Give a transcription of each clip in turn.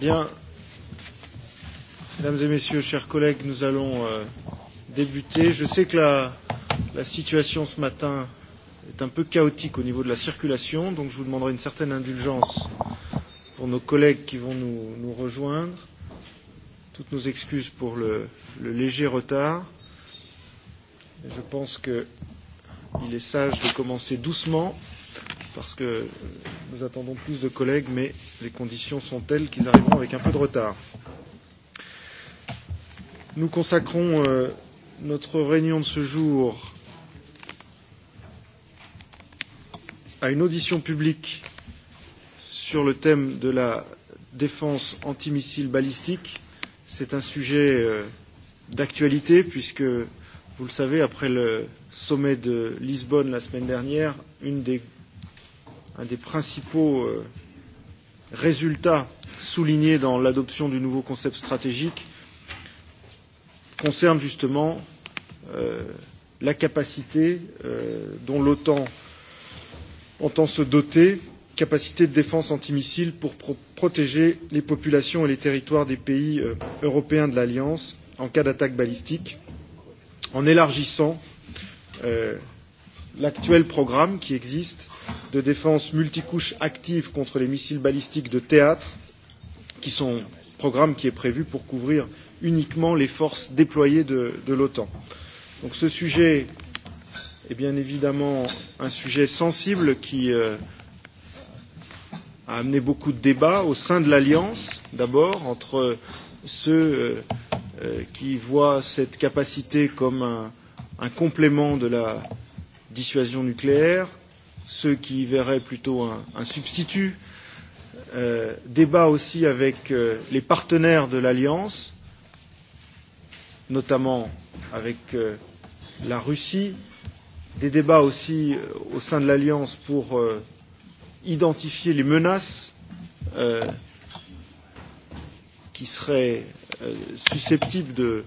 Bien. Mesdames et messieurs, chers collègues, nous allons euh, débuter. Je sais que la, la situation ce matin est un peu chaotique au niveau de la circulation, donc je vous demanderai une certaine indulgence pour nos collègues qui vont nous, nous rejoindre. Toutes nos excuses pour le, le léger retard. Et je pense qu'il est sage de commencer doucement parce que Nous attendons plus de collègues, mais les conditions sont telles qu'ils arriveront avec un peu de retard. Nous consacrons euh, notre réunion de ce jour à une audition publique sur le thème de la défense antimissile balistique. C'est un sujet euh, d'actualité puisque, vous le savez, après le sommet de Lisbonne la semaine dernière, une des un des principaux euh, résultats soulignés dans l'adoption du nouveau concept stratégique concerne justement euh, la capacité euh, dont l'OTAN entend se doter, capacité de défense antimissile pour pro protéger les populations et les territoires des pays euh, européens de l'Alliance en cas d'attaque balistique, en élargissant euh, l'actuel programme qui existe de défense multicouche active contre les missiles balistiques de théâtre, qui sont programme qui est prévu pour couvrir uniquement les forces déployées de, de l'OTAN. Donc ce sujet est bien évidemment un sujet sensible qui euh, a amené beaucoup de débats au sein de l'Alliance, d'abord, entre ceux euh, euh qui voient cette capacité comme un, un complément de la dissuasion nucléaire, ceux qui y verraient plutôt un, un substitut, euh, débat aussi avec euh, les partenaires de l'Alliance, notamment avec euh, la Russie, des débats aussi euh, au sein de l'Alliance pour euh, identifier les menaces euh, qui seraient euh, susceptibles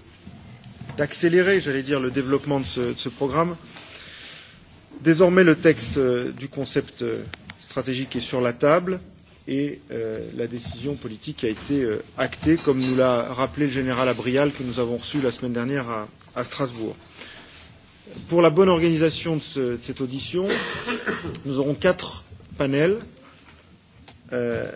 d'accélérer, j'allais dire, le développement de ce, de ce programme. Désormais, le texte euh, du concept euh, stratégique est sur la table et euh, la décision politique a été euh, actée, comme nous l'a rappelé le général Abrial que nous avons reçu la semaine dernière à, à Strasbourg. Pour la bonne organisation de, ce, de cette audition, nous aurons quatre panels. Euh,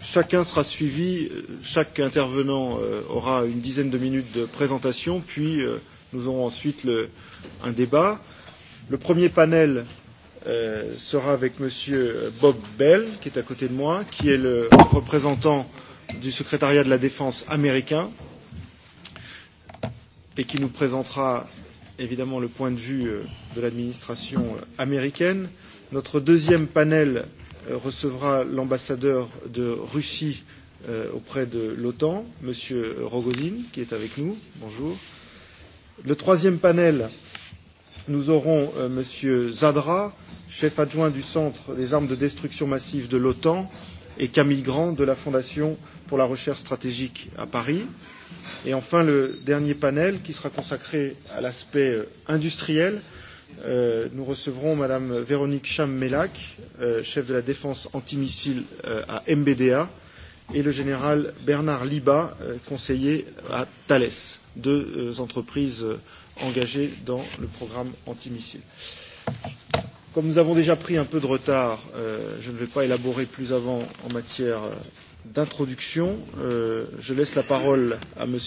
chacun sera suivi, euh, chaque intervenant euh, aura une dizaine de minutes de présentation, puis euh, nous aurons ensuite le, un débat. Euh, le premier panel euh, sera avec M. Bob Bell, qui est à côté de moi, qui est le représentant du secrétariat de la défense américain et qui nous présentera évidemment le point de vue euh, de l'administration euh, américaine. Notre deuxième panel euh, recevra l'ambassadeur de Russie auprès de l'OTAN, M. Rogozin, qui est avec nous. Bonjour. Le troisième panel nous aurons euh, M. Zadra, chef adjoint du Centre des armes de destruction massive de l'OTAN, et Camille Grand de la Fondation pour la recherche stratégique à Paris. Et enfin, le dernier panel qui sera consacré à l'aspect euh, industriel. Euh, nous recevrons Madame Véronique cham euh, chef de la défense antimissile euh, à MBDA, et le général Bernard Liba, euh, conseiller à Thales, deux euh, entreprises euh, engagés dans le programme antimissile. Comme nous avons déjà pris un peu de retard, euh, je ne vais pas élaborer plus avant en matière euh, d'introduction. Euh, je laisse la parole à M.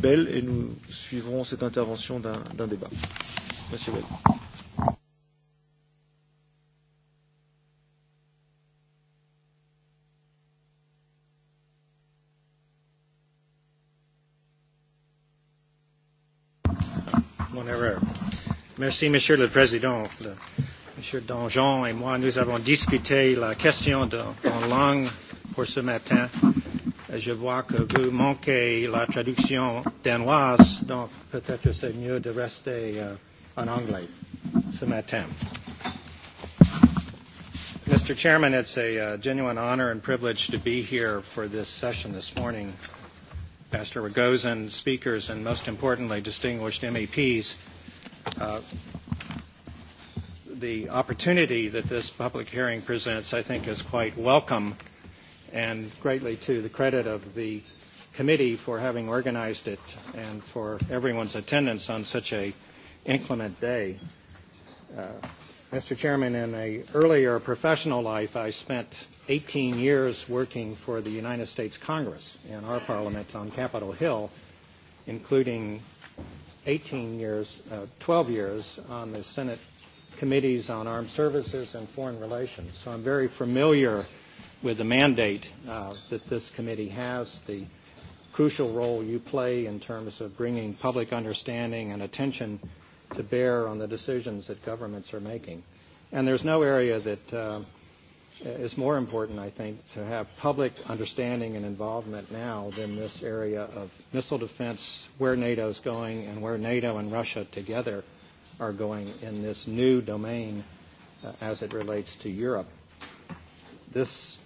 Bell et nous suivrons cette intervention d'un débat. Monsieur Bell. mon erreur. Merci, Monsieur le Président. Le, Monsieur Donjon et moi, nous avons discuté la question de, en langue pour ce matin. Je vois que vous manquez la traduction danoise, donc peut-être c'est mieux de rester euh, en anglais ce matin. Mr. Chairman, it's a uh, genuine honor and privilege to be here for this session this morning Pastor Rogozin, speakers, and most importantly, distinguished MEPs. Uh, the opportunity that this public hearing presents, I think, is quite welcome and greatly to the credit of the committee for having organized it and for everyone's attendance on such a inclement day. Uh, Mr. Chairman, in an earlier professional life, I spent 18 years working for the United States Congress in our parliament on Capitol Hill, including 18 years, uh, 12 years on the Senate committees on armed services and foreign relations. So I'm very familiar with the mandate uh, that this committee has, the crucial role you play in terms of bringing public understanding and attention to bear on the decisions that governments are making. And there's no area that uh, it's more important, I think, to have public understanding and involvement now than this area of missile defense, where NATO is going, and where NATO and Russia together are going in this new domain uh, as it relates to Europe. This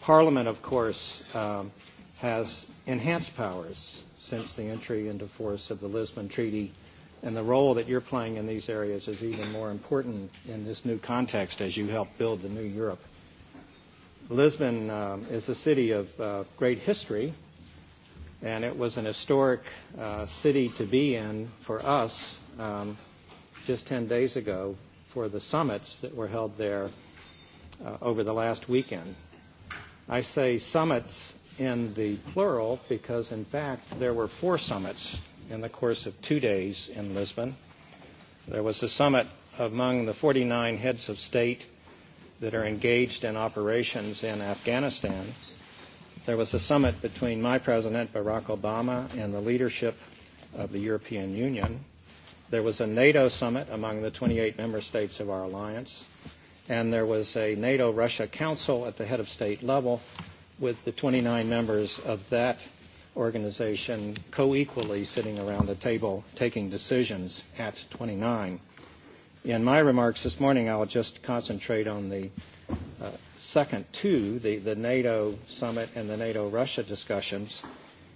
Parliament, of course, um, has enhanced powers since the entry into force of the Lisbon Treaty And the role that you're playing in these areas is even more important in this new context as you help build the new Europe. Lisbon um, is a city of uh, great history, and it was an historic uh, city to be in for us um, just 10 days ago for the summits that were held there uh, over the last weekend. I say summits in the plural because, in fact, there were four summits in the course of two days in Lisbon. There was a summit among the 49 heads of state that are engaged in operations in Afghanistan. There was a summit between my president, Barack Obama, and the leadership of the European Union. There was a NATO summit among the 28 member states of our alliance. And there was a NATO Russia Council at the head of state level with the 29 members of that organization co-equally sitting around the table taking decisions at 29. In my remarks this morning, I'll just concentrate on the uh, second two, the, the NATO summit and the NATO-Russia discussions,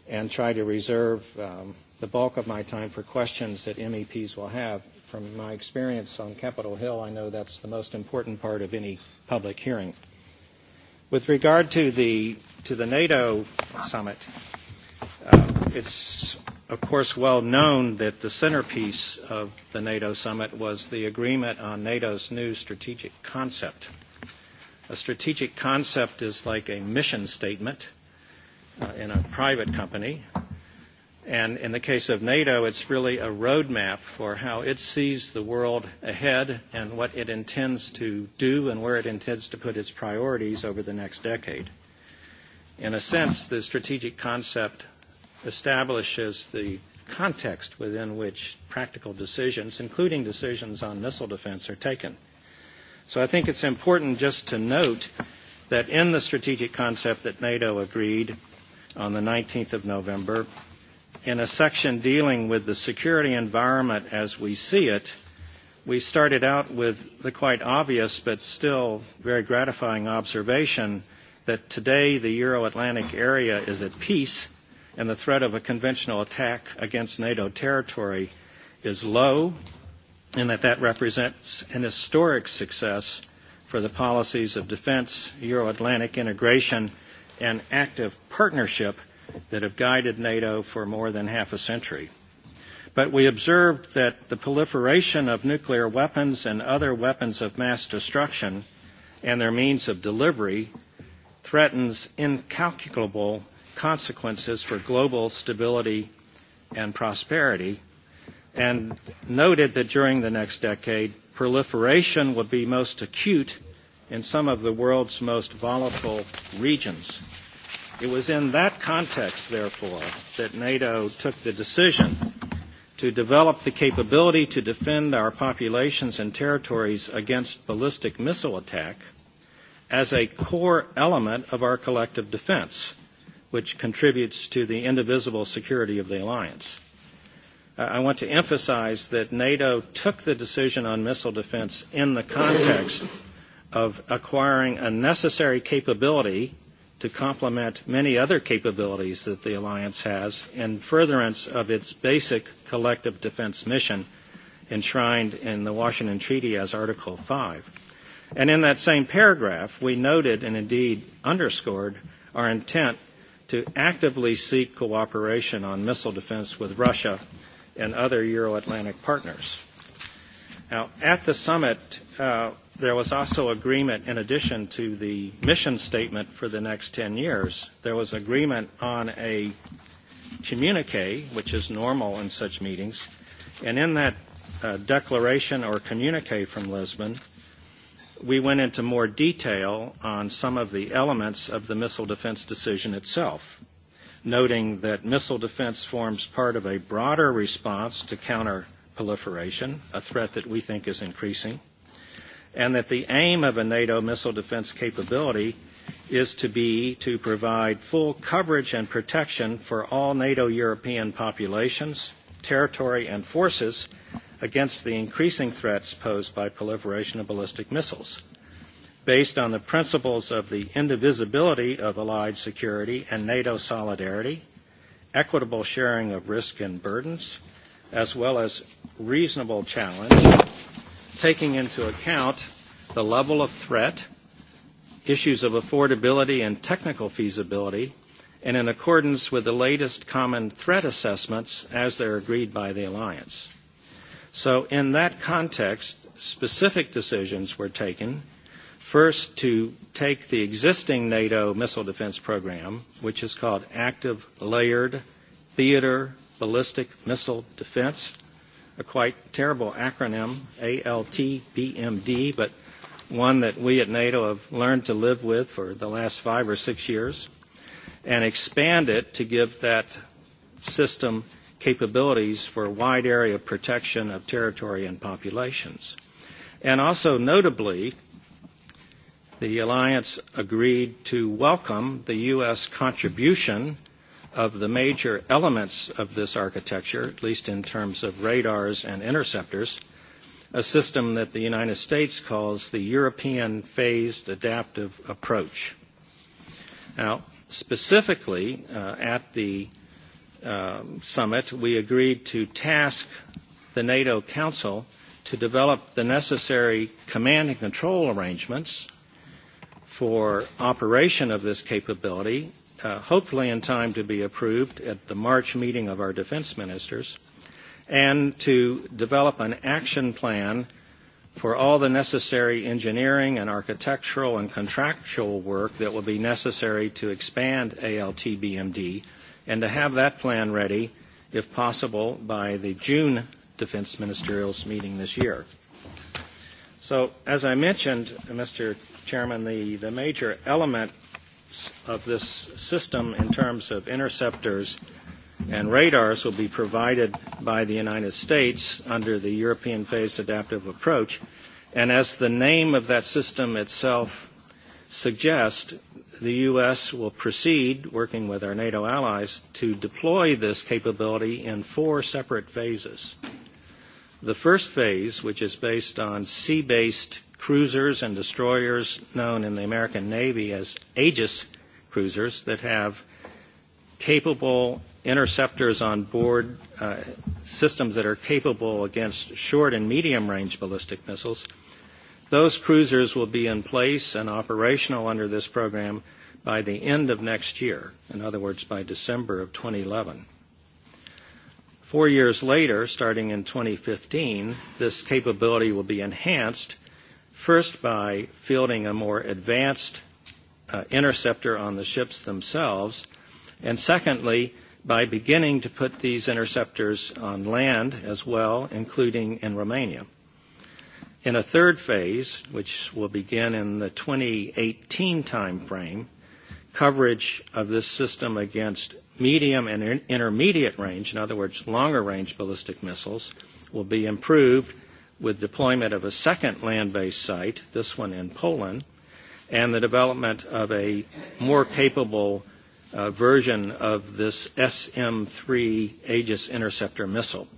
and try to reserve um, the bulk of my time for questions that MEPs will have. From my experience on Capitol Hill, I know that's the most important part of any public hearing. With regard to the, to the NATO summit, Uh, it's, of course, well known that the centerpiece of the NATO summit was the agreement on NATO's new strategic concept. A strategic concept is like a mission statement uh, in a private company. And in the case of NATO, it's really a roadmap for how it sees the world ahead and what it intends to do and where it intends to put its priorities over the next decade. In a sense, the strategic concept establishes the context within which practical decisions, including decisions on missile defense, are taken. So I think it's important just to note that in the strategic concept that NATO agreed on the 19th of November, in a section dealing with the security environment as we see it, we started out with the quite obvious but still very gratifying observation that today the Euro-Atlantic area is at peace and the threat of a conventional attack against NATO territory is low, and that that represents an historic success for the policies of defense, Euro-Atlantic integration, and active partnership that have guided NATO for more than half a century. But we observed that the proliferation of nuclear weapons and other weapons of mass destruction and their means of delivery threatens incalculable consequences for global stability and prosperity, and noted that during the next decade, proliferation would be most acute in some of the world's most volatile regions. It was in that context, therefore, that NATO took the decision to develop the capability to defend our populations and territories against ballistic missile attack as a core element of our collective defense which contributes to the indivisible security of the alliance. Uh, I want to emphasize that NATO took the decision on missile defense in the context of acquiring a necessary capability to complement many other capabilities that the alliance has in furtherance of its basic collective defense mission enshrined in the Washington Treaty as Article 5. And in that same paragraph, we noted and indeed underscored our intent to actively seek cooperation on missile defense with Russia and other Euro Atlantic partners. Now, at the summit, uh, there was also agreement, in addition to the mission statement for the next 10 years, there was agreement on a communique, which is normal in such meetings. And in that uh, declaration or communique from Lisbon, we went into more detail on some of the elements of the missile defense decision itself, noting that missile defense forms part of a broader response to counter proliferation, a threat that we think is increasing, and that the aim of a NATO missile defense capability is to be to provide full coverage and protection for all NATO European populations, territory, and forces against the increasing threats posed by proliferation of ballistic missiles, based on the principles of the indivisibility of allied security and NATO solidarity, equitable sharing of risk and burdens, as well as reasonable challenge, taking into account the level of threat, issues of affordability and technical feasibility, and in accordance with the latest common threat assessments as they're agreed by the alliance. So in that context, specific decisions were taken. First, to take the existing NATO missile defense program, which is called Active Layered Theater Ballistic Missile Defense, a quite terrible acronym, ALTBMD, but one that we at NATO have learned to live with for the last five or six years, and expand it to give that system capabilities for wide area protection of territory and populations. And also notably, the alliance agreed to welcome the U.S. contribution of the major elements of this architecture, at least in terms of radars and interceptors, a system that the United States calls the European Phased Adaptive Approach. Now, specifically uh, at the uh, summit, we agreed to task the NATO Council to develop the necessary command and control arrangements for operation of this capability, uh, hopefully in time to be approved at the March meeting of our defense ministers, and to develop an action plan for all the necessary engineering and architectural and contractual work that will be necessary to expand ALTBMD and to have that plan ready, if possible, by the June Defense Ministerials meeting this year. So, as I mentioned, Mr. Chairman, the, the major element of this system in terms of interceptors and radars will be provided by the United States under the European phased adaptive approach. And as the name of that system itself suggests, the U.S. will proceed, working with our NATO allies, to deploy this capability in four separate phases. The first phase, which is based on sea-based cruisers and destroyers known in the American Navy as Aegis cruisers that have capable interceptors on board uh, systems that are capable against short and medium range ballistic missiles – Those cruisers will be in place and operational under this program by the end of next year, in other words, by December of 2011. Four years later, starting in 2015, this capability will be enhanced first by fielding a more advanced uh, interceptor on the ships themselves, and secondly, by beginning to put these interceptors on land as well, including in Romania. In a third phase, which will begin in the 2018 timeframe, coverage of this system against medium and intermediate range, in other words, longer range ballistic missiles, will be improved with deployment of a second land-based site, this one in Poland, and the development of a more capable uh, version of this SM-3 Aegis interceptor missile.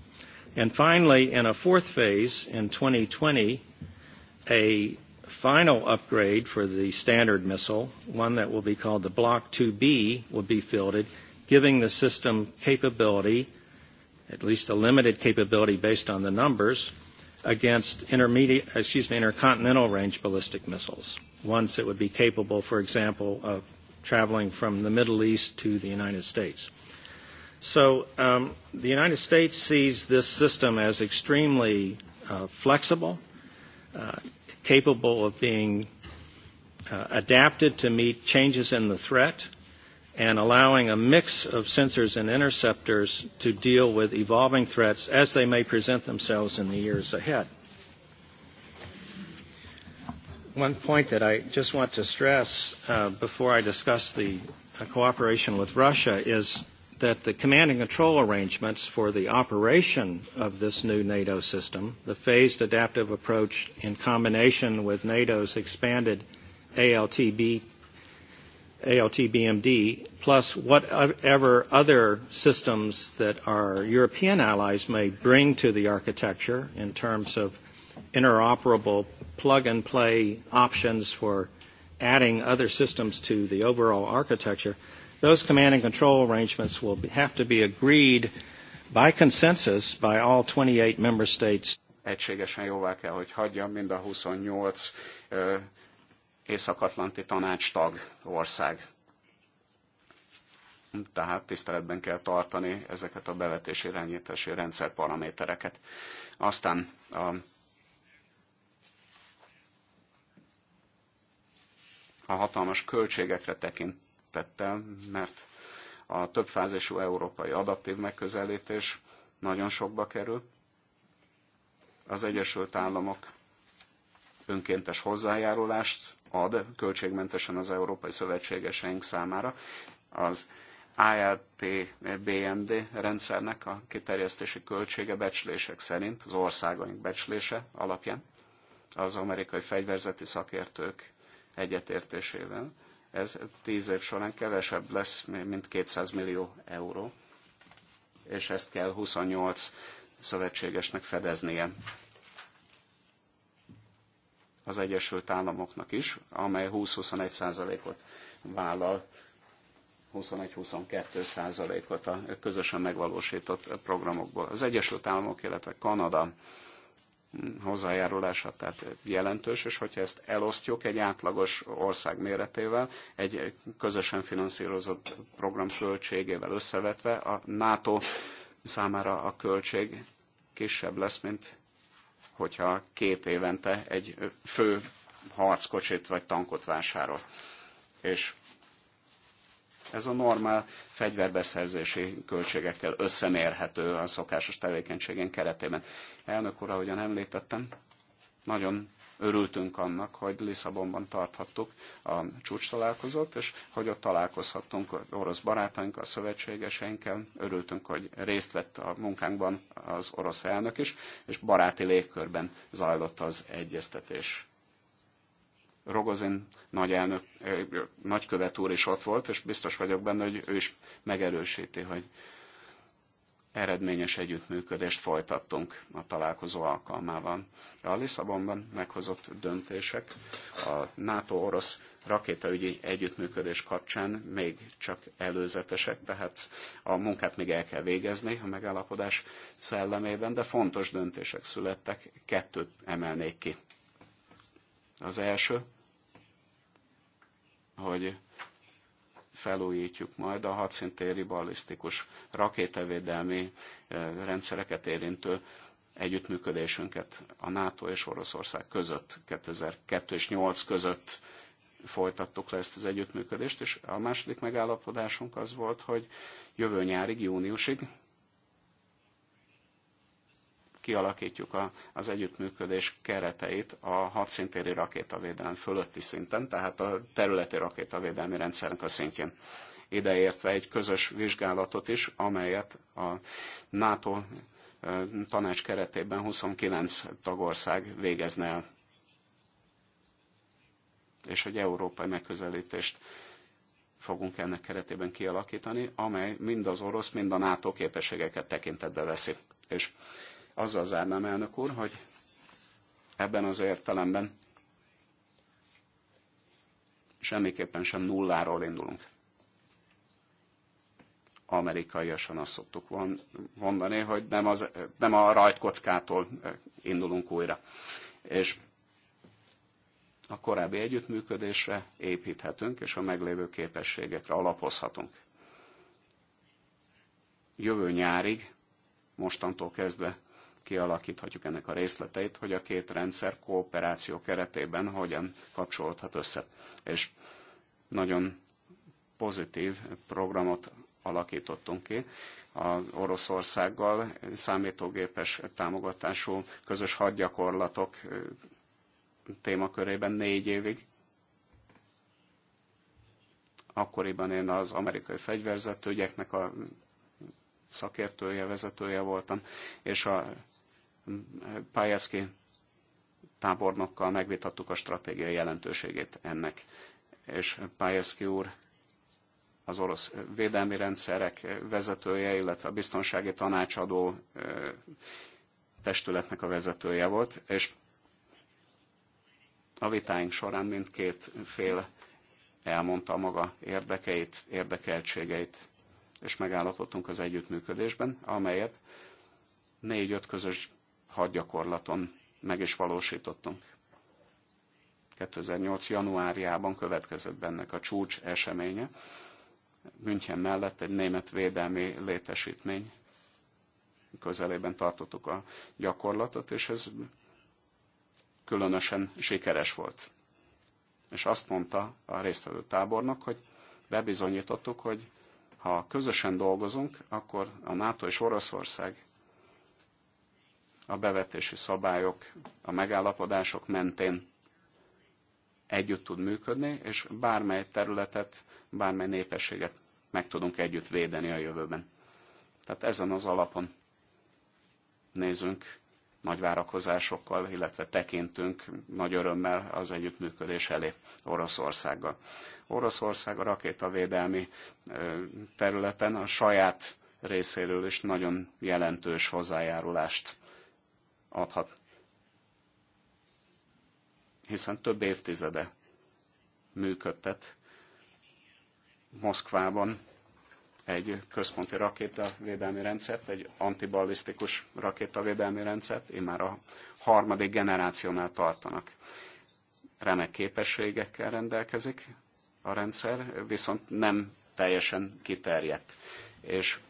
And finally, in a fourth phase in 2020, a final upgrade for the Standard missile, one that will be called the Block 2B, will be fielded, giving the system capability, at least a limited capability based on the numbers, against intermediate, excuse me, intercontinental range ballistic missiles, ones that would be capable, for example, of traveling from the Middle East to the United States. So um, the United States sees this system as extremely uh, flexible, uh, capable of being uh, adapted to meet changes in the threat, and allowing a mix of sensors and interceptors to deal with evolving threats as they may present themselves in the years ahead. One point that I just want to stress uh, before I discuss the uh, cooperation with Russia is that the command and control arrangements for the operation of this new NATO system, the phased adaptive approach in combination with NATO's expanded ALTB, ALTBMD, plus whatever other systems that our European allies may bring to the architecture in terms of interoperable plug-and-play options for adding other systems to the overall architecture – Those command and control arrangements will be, have to be agreed by consensus by all 28 member states. Egységesen jóvá kell, hogy hagyja mind a 28 uh, Észak-Atlanti Tanács tag ország. Tehát tiszteletben kell tartani ezeket a bevetés irányítási rendszer paramétereket. Aztán a a hatalmas költségekre tekint, tettel, mert a többfázisú európai adaptív megközelítés nagyon sokba kerül. Az Egyesült Államok önkéntes hozzájárulást ad költségmentesen az európai szövetségeseink számára. Az ILP-BND rendszernek a kiterjesztési költsége becslések szerint, az országaink becslése alapján, az amerikai fegyverzeti szakértők egyetértésével ez 10 év során kevesebb lesz, mint 200 millió euró, és ezt kell 28 szövetségesnek fedeznie az Egyesült Államoknak is, amely 20-21 százalékot vállal 21-22 százalékot a közösen megvalósított programokból. Az Egyesült Államok, illetve Kanada hozzájárulása, tehát jelentős, és hogyha ezt elosztjuk egy átlagos ország méretével, egy közösen finanszírozott program költségével összevetve, a NATO számára a költség kisebb lesz, mint hogyha két évente egy fő harckocsit vagy tankot vásárol. És ez a normál fegyverbeszerzési költségekkel összemérhető a szokásos tevékenységén keretében. Elnök úr, ahogyan említettem, nagyon örültünk annak, hogy Lisszabonban tarthattuk a csúcs találkozót, és hogy ott találkozhattunk orosz barátainkkal, szövetségeseinkkel. Örültünk, hogy részt vett a munkánkban az orosz elnök is, és baráti légkörben zajlott az egyeztetés. Rogozin nagy nagykövet úr is ott volt, és biztos vagyok benne, hogy ő is megerősíti, hogy eredményes együttműködést folytattunk a találkozó alkalmával. A Lisszabonban meghozott döntések a NATO-orosz rakétaügyi együttműködés kapcsán még csak előzetesek, tehát a munkát még el kell végezni a megállapodás szellemében, de fontos döntések születtek, kettőt emelnék ki. Az első, hogy felújítjuk majd a hadszintéri ballisztikus rakétavédelmi eh, rendszereket érintő együttműködésünket a NATO és Oroszország között 2002 és 8 között folytattuk le ezt az együttműködést, és a második megállapodásunk az volt, hogy jövő nyárig, júniusig kialakítjuk a, az együttműködés kereteit a hadszintéri rakétavédelem fölötti szinten, tehát a területi rakétavédelmi rendszernek a szintjén. Ideértve egy közös vizsgálatot is, amelyet a NATO tanács keretében 29 tagország végezne el. És egy európai megközelítést fogunk ennek keretében kialakítani, amely mind az orosz, mind a NATO képességeket tekintetbe veszi. És azzal zárnám, elnök úr, hogy ebben az értelemben semmiképpen sem nulláról indulunk. Amerikaiasan azt szoktuk mondani, hogy nem, az, nem a rajtkockától indulunk újra. És a korábbi együttműködésre építhetünk, és a meglévő képességekre alapozhatunk. Jövő nyárig, mostantól kezdve kialakíthatjuk ennek a részleteit, hogy a két rendszer kooperáció keretében hogyan kapcsolódhat össze. És nagyon pozitív programot alakítottunk ki az Oroszországgal számítógépes támogatású közös hadgyakorlatok témakörében négy évig. Akkoriban én az amerikai fegyverzetőgyeknek a szakértője, vezetője voltam, és a Pályevszki tábornokkal megvitattuk a stratégiai jelentőségét ennek, és Pályevszki úr az orosz védelmi rendszerek vezetője, illetve a biztonsági tanácsadó testületnek a vezetője volt, és a vitáink során mindkét fél elmondta a maga érdekeit, érdekeltségeit, és megállapodtunk az együttműködésben, amelyet négy-öt közös gyakorlaton meg is valósítottunk. 2008. januárjában következett bennek a csúcs eseménye. München mellett egy német védelmi létesítmény közelében tartottuk a gyakorlatot, és ez különösen sikeres volt. És azt mondta a résztvevő tábornok, hogy bebizonyítottuk, hogy ha közösen dolgozunk, akkor a NATO és Oroszország a bevetési szabályok, a megállapodások mentén együtt tud működni, és bármely területet, bármely népességet meg tudunk együtt védeni a jövőben. Tehát ezen az alapon nézünk nagy várakozásokkal, illetve tekintünk nagy örömmel az együttműködés elé Oroszországgal. Oroszország a rakétavédelmi területen a saját részéről is nagyon jelentős hozzájárulást adhat. Hiszen több évtizede működtet Moszkvában egy központi rakétavédelmi rendszert, egy antiballisztikus rakétavédelmi rendszert, már a harmadik generációnál tartanak. Remek képességekkel rendelkezik a rendszer, viszont nem teljesen kiterjedt. És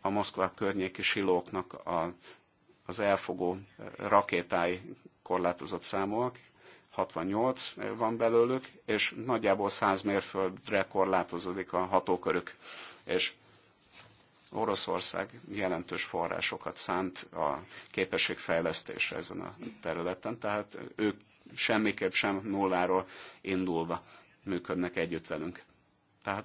a Moszkva környéki silóknak a az elfogó eh, rakétái korlátozott számúak, 68 eh, van belőlük, és nagyjából 100 mérföldre korlátozódik a hatókörük. És Oroszország jelentős forrásokat szánt a képességfejlesztésre ezen a területen, tehát ők semmiképp sem nulláról indulva működnek együtt velünk. Tehát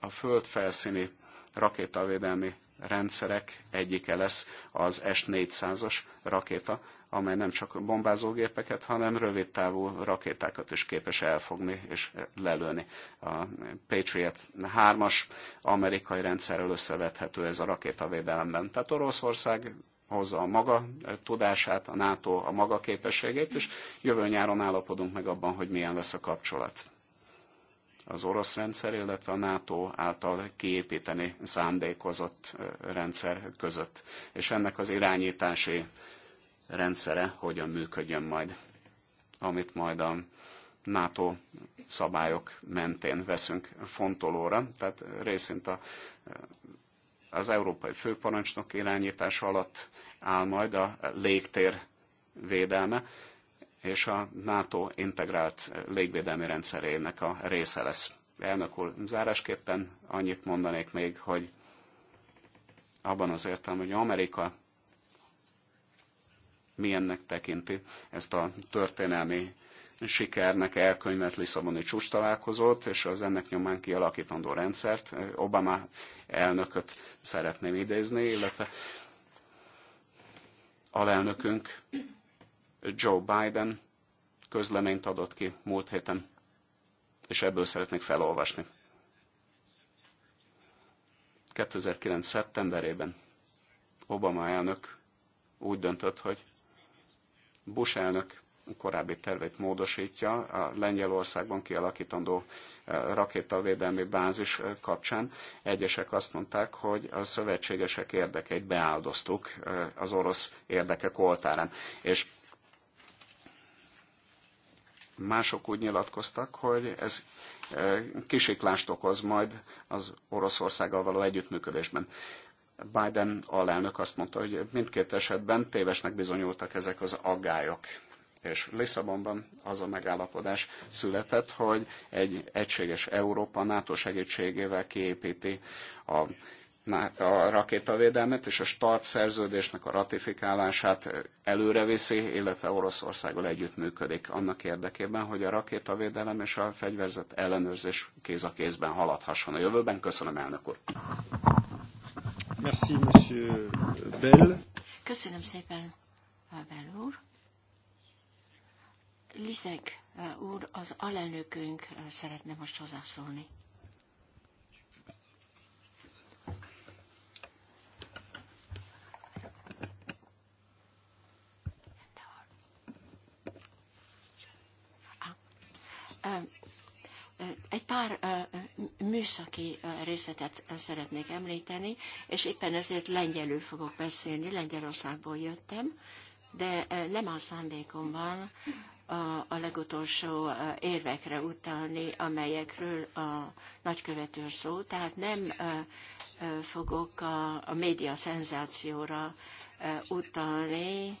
a föld felszíni rakétavédelmi rendszerek egyike lesz az S-400-as rakéta, amely nem csak bombázógépeket, hanem rövid távú rakétákat is képes elfogni és lelőni. A Patriot 3-as amerikai rendszerrel összevethető ez a rakétavédelemben. Tehát Oroszország hozza a maga tudását, a NATO a maga képességét, és jövő nyáron állapodunk meg abban, hogy milyen lesz a kapcsolat az orosz rendszer, illetve a NATO által kiépíteni szándékozott rendszer között, és ennek az irányítási rendszere hogyan működjön majd, amit majd a NATO szabályok mentén veszünk fontolóra, tehát részint a, az európai főparancsnok irányítása alatt áll majd a légtér védelme, és a NATO integrált légvédelmi rendszerének a része lesz. Elnök úr, zárásképpen annyit mondanék még, hogy abban az értelemben, hogy Amerika milyennek tekinti ezt a történelmi sikernek elkönyvet Lisszaboni csúcs találkozót, és az ennek nyomán kialakítandó rendszert. Obama elnököt szeretném idézni, illetve alelnökünk Joe Biden közleményt adott ki múlt héten, és ebből szeretnék felolvasni. 2009. szeptemberében Obama elnök úgy döntött, hogy Bush elnök korábbi tervét módosítja a Lengyelországban kialakítandó eh, rakétavédelmi bázis eh, kapcsán. Egyesek azt mondták, hogy a szövetségesek érdekeit beáldoztuk eh, az orosz érdekek oltárán. És mások úgy nyilatkoztak, hogy ez e, kisiklást okoz majd az Oroszországgal való együttműködésben. Biden alelnök azt mondta, hogy mindkét esetben tévesnek bizonyultak ezek az aggályok. És Lisszabonban az a megállapodás született, hogy egy egységes Európa NATO segítségével kiépíti a a rakétavédelmet és a START szerződésnek a ratifikálását viszi, illetve Oroszországgal együttműködik annak érdekében, hogy a rakétavédelem és a fegyverzet ellenőrzés kéz a kézben haladhasson a jövőben. Köszönöm, elnök úr! Merci, monsieur Bell. Köszönöm szépen, Bell úr. Lizek uh, úr, az alelnökünk uh, szeretne most hozzászólni. Egy pár műszaki részletet szeretnék említeni, és éppen ezért lengyelül fogok beszélni. Lengyelországból jöttem, de nem a szándékom van a legutolsó érvekre utalni, amelyekről a nagykövető szó, tehát nem fogok a, a média szenzációra utalni,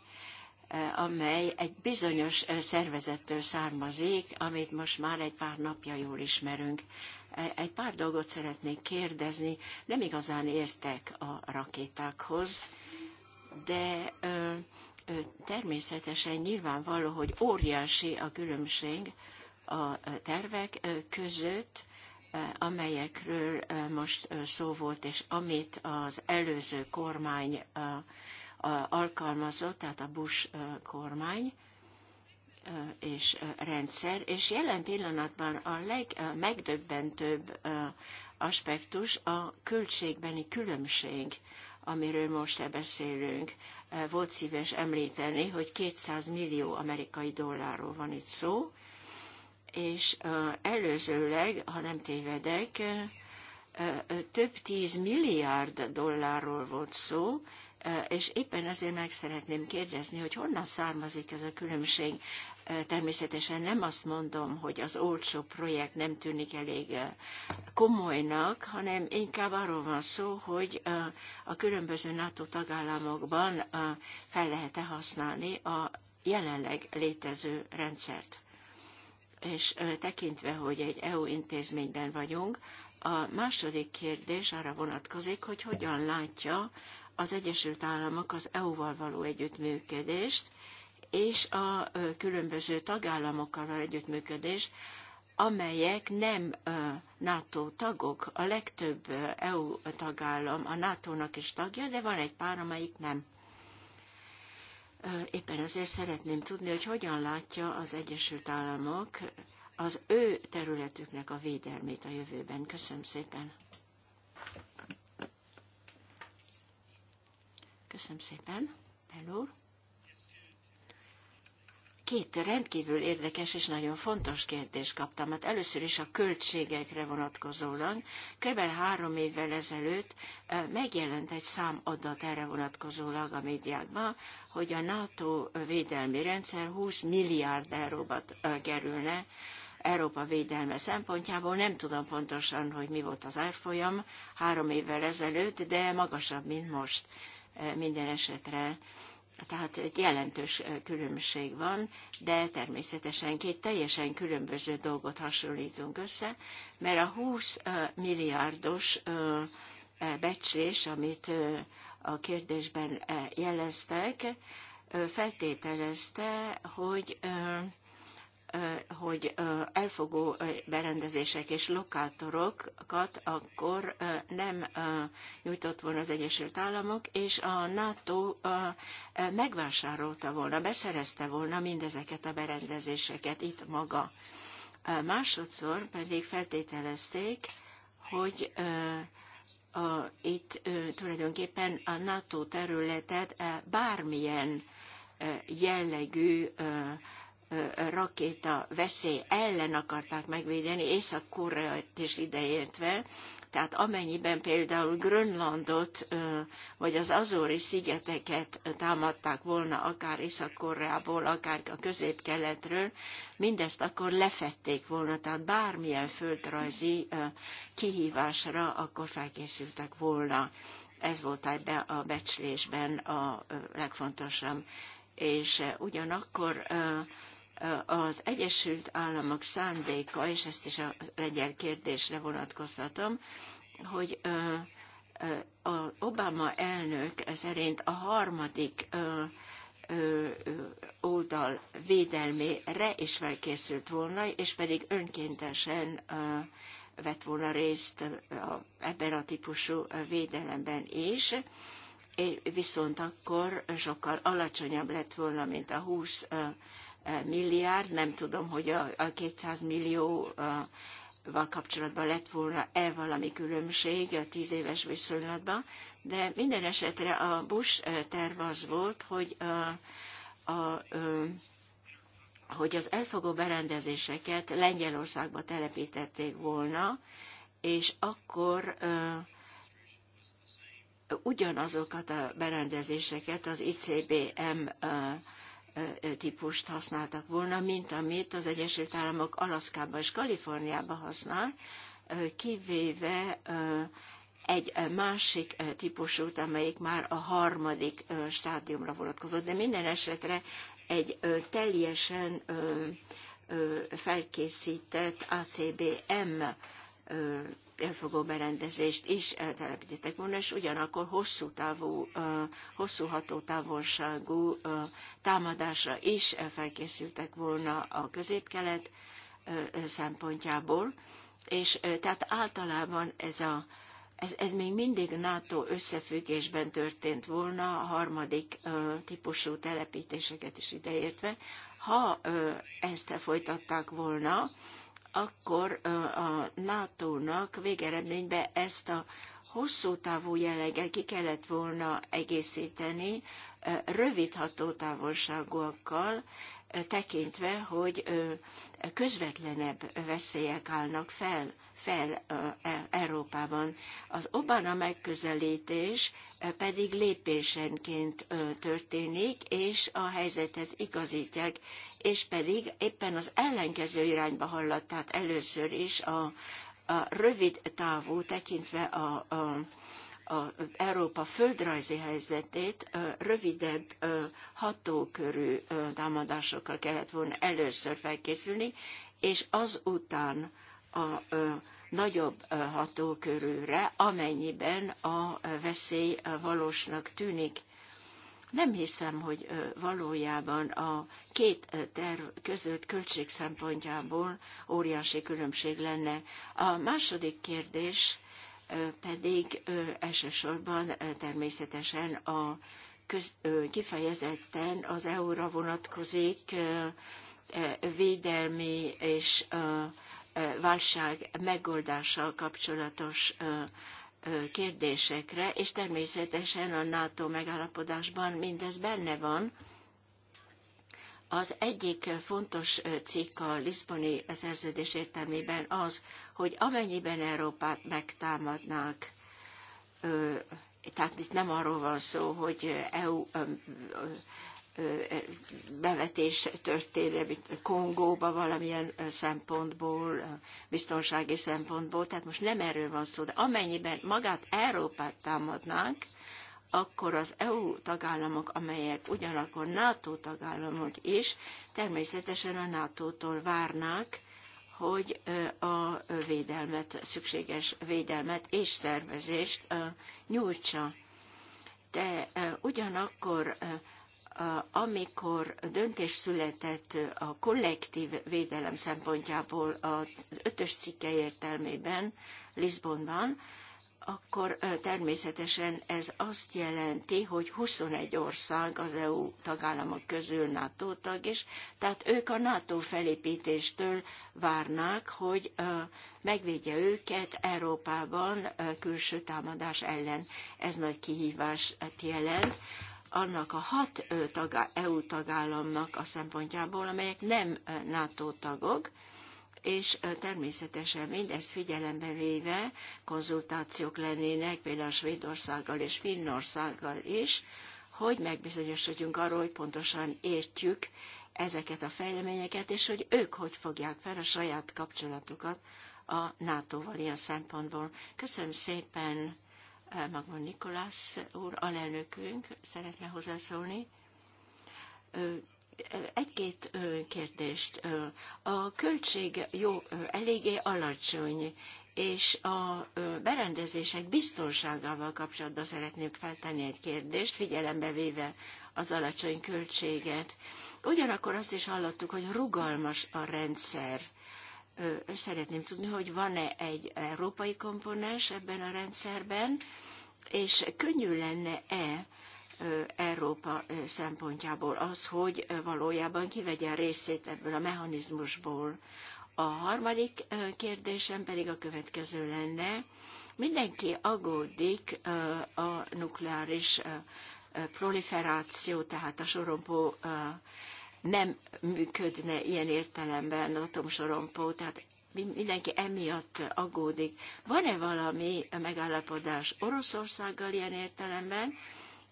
E, amely egy bizonyos e, szervezettől származik, amit most már egy pár napja jól ismerünk. E, egy pár dolgot szeretnék kérdezni. Nem igazán értek a rakétákhoz, de ö, ö, természetesen nyilvánvaló, hogy óriási a különbség a tervek között, amelyekről most szó volt, és amit az előző kormány alkalmazott, tehát a Bush kormány és rendszer, és jelen pillanatban a legmegdöbbentőbb aspektus a költségbeni különbség, amiről most beszélünk. Volt szíves említeni, hogy 200 millió amerikai dollárról van itt szó, és előzőleg, ha nem tévedek, több tíz milliárd dollárról volt szó, és éppen ezért meg szeretném kérdezni, hogy honnan származik ez a különbség. Természetesen nem azt mondom, hogy az olcsó projekt nem tűnik elég komolynak, hanem inkább arról van szó, hogy a különböző NATO tagállamokban fel lehet-e használni a jelenleg létező rendszert. És tekintve, hogy egy EU intézményben vagyunk, a második kérdés arra vonatkozik, hogy hogyan látja az Egyesült Államok az EU-val való együttműködést, és a különböző tagállamokkal való együttműködést, amelyek nem NATO tagok. A legtöbb EU tagállam a NATO-nak is tagja, de van egy pár, amelyik nem. Éppen azért szeretném tudni, hogy hogyan látja az Egyesült Államok az ő területüknek a védelmét a jövőben. Köszönöm szépen. Köszönöm szépen, Bellúr. Két rendkívül érdekes és nagyon fontos kérdést kaptam. Hát először is a költségekre vonatkozólag. Kb. három évvel ezelőtt megjelent egy számadat erre vonatkozólag a médiákban, hogy a NATO védelmi rendszer 20 milliárd euróba kerülne, Európa védelme szempontjából. Nem tudom pontosan, hogy mi volt az árfolyam három évvel ezelőtt, de magasabb, mint most minden esetre tehát egy jelentős különbség van, de természetesen két teljesen különböző dolgot hasonlítunk össze, mert a 20 milliárdos becslés, amit a kérdésben jeleztek, feltételezte, hogy hogy elfogó berendezések és lokátorokat akkor nem nyújtott volna az Egyesült Államok, és a NATO megvásárolta volna, beszerezte volna mindezeket a berendezéseket itt maga. Másodszor pedig feltételezték, hogy a, itt tulajdonképpen a NATO területet bármilyen jellegű rakéta veszély ellen akarták megvédeni Észak-Koreát is ideértve, tehát amennyiben például Grönlandot vagy az Azori szigeteket támadták volna akár Észak-Koreából, akár a közép-keletről, mindezt akkor lefették volna, tehát bármilyen földrajzi kihívásra akkor felkészültek volna. Ez volt ebbe a becslésben a legfontosabb. És ugyanakkor az Egyesült Államok szándéka, és ezt is a lengyel kérdésre vonatkoztatom, hogy a Obama elnök szerint a harmadik oldal védelmére is felkészült volna, és pedig önkéntesen vett volna részt ebben a típusú védelemben is, viszont akkor sokkal alacsonyabb lett volna, mint a 20 milliárd, nem tudom, hogy a, a 200 millió val kapcsolatban lett volna-e valami különbség a tíz éves viszonylatban, de minden esetre a Bush terv az volt, hogy a, a hogy az elfogó berendezéseket Lengyelországba telepítették volna, és akkor a, ugyanazokat a berendezéseket az ICBM a, típust használtak volna, mint amit az Egyesült Államok Alaszkában és Kaliforniában használ, kivéve egy másik típusút, amelyik már a harmadik stádiumra vonatkozott, de minden esetre egy teljesen felkészített ACBM elfogó berendezést is eltelepítettek volna, és ugyanakkor hosszú távú, hosszú hatótávolságú támadásra is felkészültek volna a középkelet szempontjából, és tehát általában ez a ez, ez még mindig NATO összefüggésben történt volna, a harmadik típusú telepítéseket is ideértve. Ha ezt folytatták volna, akkor a NATO-nak végeredményben ezt a hosszú távú jelleggel ki kellett volna egészíteni rövid hatótávolságúakkal, tekintve, hogy közvetlenebb veszélyek állnak fel, fel e, Európában. Az Obama megközelítés pedig lépésenként történik, és a helyzethez igazítják és pedig éppen az ellenkező irányba hallott, tehát először is a, a rövid távú tekintve a, a a Európa földrajzi helyzetét rövidebb, hatókörű támadásokkal kellett volna először felkészülni, és azután a nagyobb hatókörűre, amennyiben a veszély valósnak tűnik. Nem hiszem, hogy valójában a két terv között költség szempontjából óriási különbség lenne. A második kérdés pedig elsősorban természetesen a köz, kifejezetten az EU-ra vonatkozik védelmi és válság megoldással kapcsolatos kérdésekre, és természetesen a NATO megállapodásban mindez benne van. Az egyik fontos cikk a Lisboni szerződés értelmében az, hogy amennyiben Európát megtámadnák, tehát itt nem arról van szó, hogy EU bevetés mint Kongóba valamilyen szempontból, biztonsági szempontból, tehát most nem erről van szó, de amennyiben magát Európát támadnánk, akkor az EU tagállamok, amelyek ugyanakkor NATO tagállamok is, természetesen a NATO-tól várnák, hogy a védelmet, szükséges védelmet és szervezést nyújtsa. De ugyanakkor amikor döntés született a kollektív védelem szempontjából az ötös cikke értelmében Lisbonban, akkor természetesen ez azt jelenti, hogy 21 ország az EU tagállamok közül NATO tag is, tehát ők a NATO felépítéstől várnák, hogy megvédje őket Európában külső támadás ellen. Ez nagy kihívást jelent annak a hat tagá, EU tagállamnak a szempontjából, amelyek nem NATO tagok, és természetesen mindezt figyelembe véve konzultációk lennének például Svédországgal és Finnországgal is, hogy megbizonyosodjunk arról, hogy pontosan értjük ezeket a fejleményeket, és hogy ők hogy fogják fel a saját kapcsolatukat a NATO-val ilyen szempontból. Köszönöm szépen! Eh, Magvan Nikolász úr, alelnökünk szeretne hozzászólni. Eh, egy-két kérdést. A költség jó, eléggé alacsony, és a berendezések biztonságával kapcsolatban szeretnék feltenni egy kérdést, figyelembe véve az alacsony költséget. Ugyanakkor azt is hallottuk, hogy rugalmas a rendszer szeretném tudni, hogy van-e egy európai komponens ebben a rendszerben, és könnyű lenne-e Európa szempontjából az, hogy valójában kivegye a részét ebből a mechanizmusból. A harmadik kérdésem pedig a következő lenne. Mindenki aggódik a nukleáris proliferáció, tehát a sorompó nem működne ilyen értelemben atomsorompó, tehát mindenki emiatt aggódik. Van-e valami megállapodás Oroszországgal ilyen értelemben,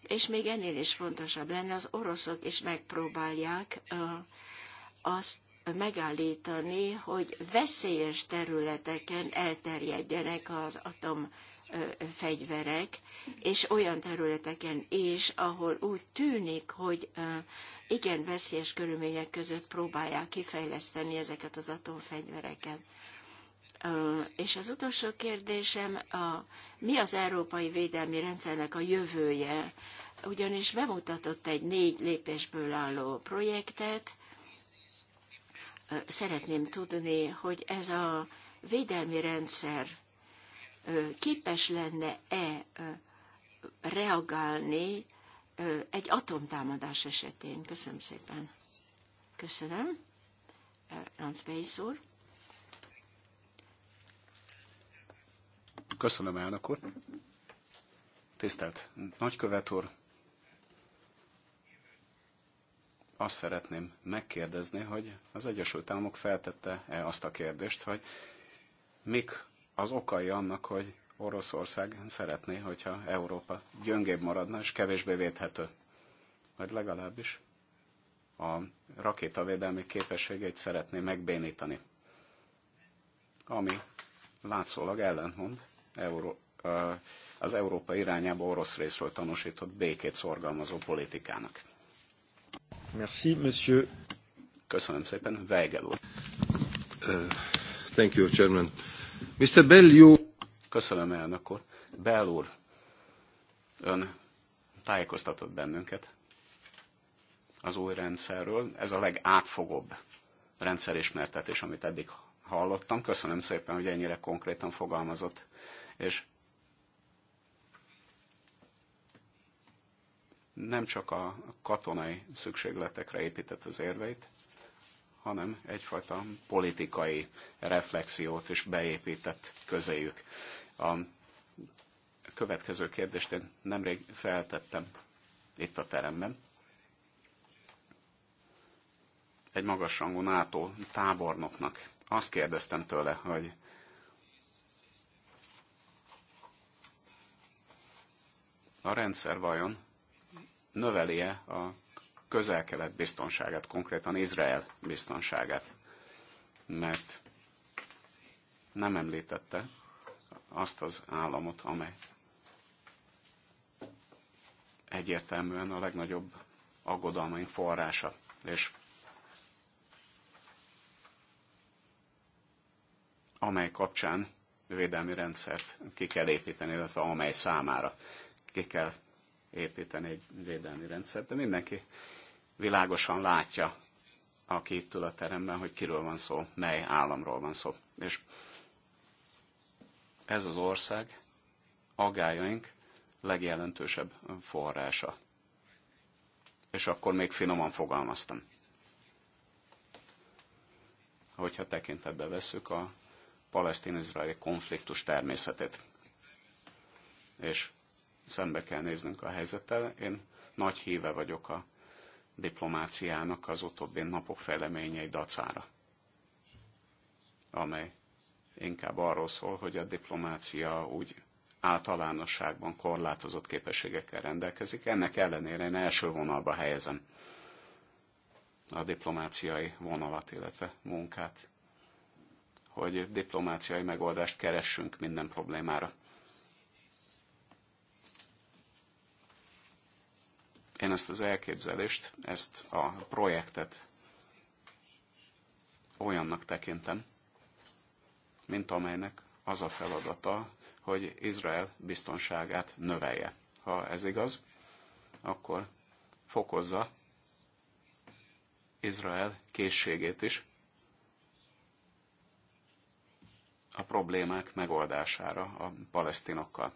és még ennél is fontosabb lenne, az oroszok is megpróbálják azt megállítani, hogy veszélyes területeken elterjedjenek az atom fegyverek, és olyan területeken is, ahol úgy tűnik, hogy igen veszélyes körülmények között próbálják kifejleszteni ezeket az atomfegyvereket. És az utolsó kérdésem, a, mi az európai védelmi rendszernek a jövője? Ugyanis bemutatott egy négy lépésből álló projektet. Szeretném tudni, hogy ez a védelmi rendszer képes lenne-e reagálni egy atomtámadás esetén. Köszönöm szépen. Köszönöm. Lanz úr. Köszönöm, elnök úr. Tisztelt nagykövet úr, azt szeretném megkérdezni, hogy az Egyesült Államok feltette-e azt a kérdést, hogy mik az okai annak, hogy Oroszország szeretné, hogyha Európa gyöngébb maradna és kevésbé védhető. Vagy legalábbis a rakétavédelmi képességeit szeretné megbénítani. Ami látszólag ellentmond Euró- az Európa irányába orosz részről tanúsított békét szorgalmazó politikának. Merci, monsieur. Köszönöm szépen, Weigel úr. Uh, thank you, chairman. Mr. Bell, you... Köszönöm, elnök úr. Bell úr, ön tájékoztatott bennünket az új rendszerről. Ez a legátfogóbb rendszerismertetés, amit eddig hallottam. Köszönöm szépen, hogy ennyire konkrétan fogalmazott. És nem csak a katonai szükségletekre épített az érveit, hanem egyfajta politikai reflexiót is beépített közéjük. A következő kérdést én nemrég feltettem itt a teremben. Egy magasrangú NATO tábornoknak azt kérdeztem tőle, hogy a rendszer vajon növeli-e a közel-kelet biztonságát, konkrétan Izrael biztonságát. Mert nem említette azt az államot, amely egyértelműen a legnagyobb aggodalmaink forrása. És amely kapcsán védelmi rendszert ki kell építeni, illetve amely számára ki kell építeni egy védelmi rendszert, de mindenki világosan látja, aki itt ül a teremben, hogy kiről van szó, mely államról van szó. És ez az ország agályaink legjelentősebb forrása. És akkor még finoman fogalmaztam. Hogyha tekintetbe veszük a palesztin-izraeli konfliktus természetét. És szembe kell néznünk a helyzettel. Én nagy híve vagyok a diplomáciának az utóbbi napok fejleményei dacára, amely inkább arról szól, hogy a diplomácia úgy általánosságban korlátozott képességekkel rendelkezik. Ennek ellenére én első vonalba helyezem a diplomáciai vonalat, illetve munkát, hogy diplomáciai megoldást keressünk minden problémára. Én ezt az elképzelést, ezt a projektet olyannak tekintem, mint amelynek az a feladata, hogy Izrael biztonságát növelje. Ha ez igaz, akkor fokozza Izrael készségét is a problémák megoldására a palesztinokkal.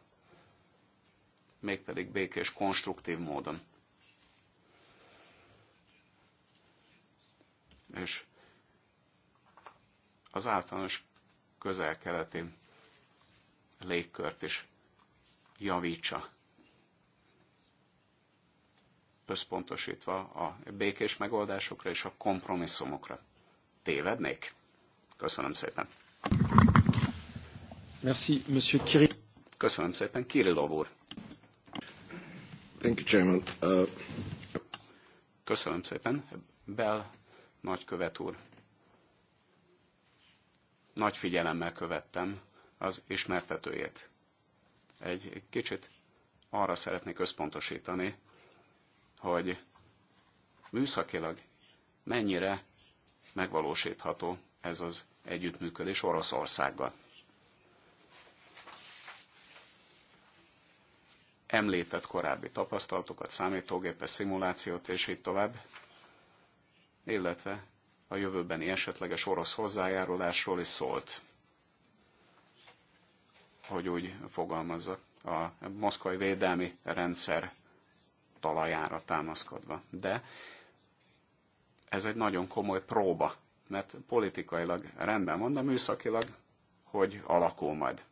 Mégpedig békés, konstruktív módon. és az általános közel-keleti légkört is javítsa, összpontosítva a békés megoldásokra és a kompromisszumokra. Tévednék? Köszönöm szépen. Merci, Monsieur Kiri. Köszönöm szépen, Kirillov úr. Thank you, Chairman. Uh... Köszönöm szépen. Bell nagykövet úr. Nagy figyelemmel követtem az ismertetőjét. Egy kicsit arra szeretnék összpontosítani, hogy műszakilag mennyire megvalósítható ez az együttműködés Oroszországgal. Említett korábbi tapasztalatokat, számítógépes szimulációt és így tovább illetve a jövőbeni esetleges orosz hozzájárulásról is szólt, hogy úgy fogalmazza, a moszkvai védelmi rendszer talajára támaszkodva. De ez egy nagyon komoly próba, mert politikailag rendben mondom, műszakilag, hogy alakul majd.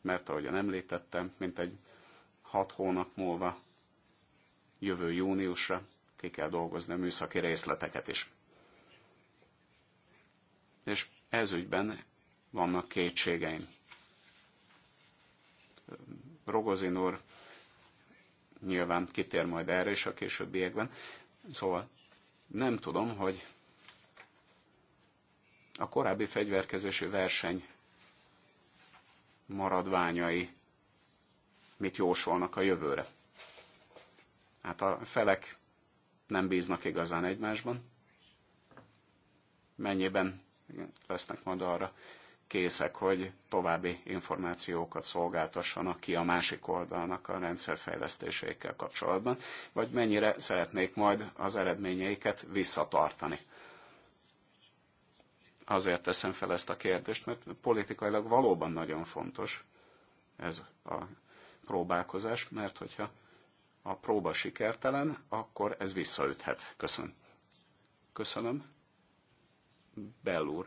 Mert ahogyan említettem, mint egy hat hónap múlva, jövő júniusra ki kell dolgozni a műszaki részleteket is. És ez ügyben vannak kétségeim. Rogozin úr nyilván kitér majd erre is a későbbiekben. Szóval nem tudom, hogy a korábbi fegyverkezési verseny maradványai mit jósolnak a jövőre. Hát a felek nem bíznak igazán egymásban, mennyiben lesznek majd arra készek, hogy további információkat szolgáltassanak ki a másik oldalnak a rendszerfejlesztéseikkel kapcsolatban, vagy mennyire szeretnék majd az eredményeiket visszatartani. Azért teszem fel ezt a kérdést, mert politikailag valóban nagyon fontos ez a próbálkozás, mert hogyha a próba sikertelen, akkor ez visszaüthet. Köszönöm. Köszönöm. Bell úr,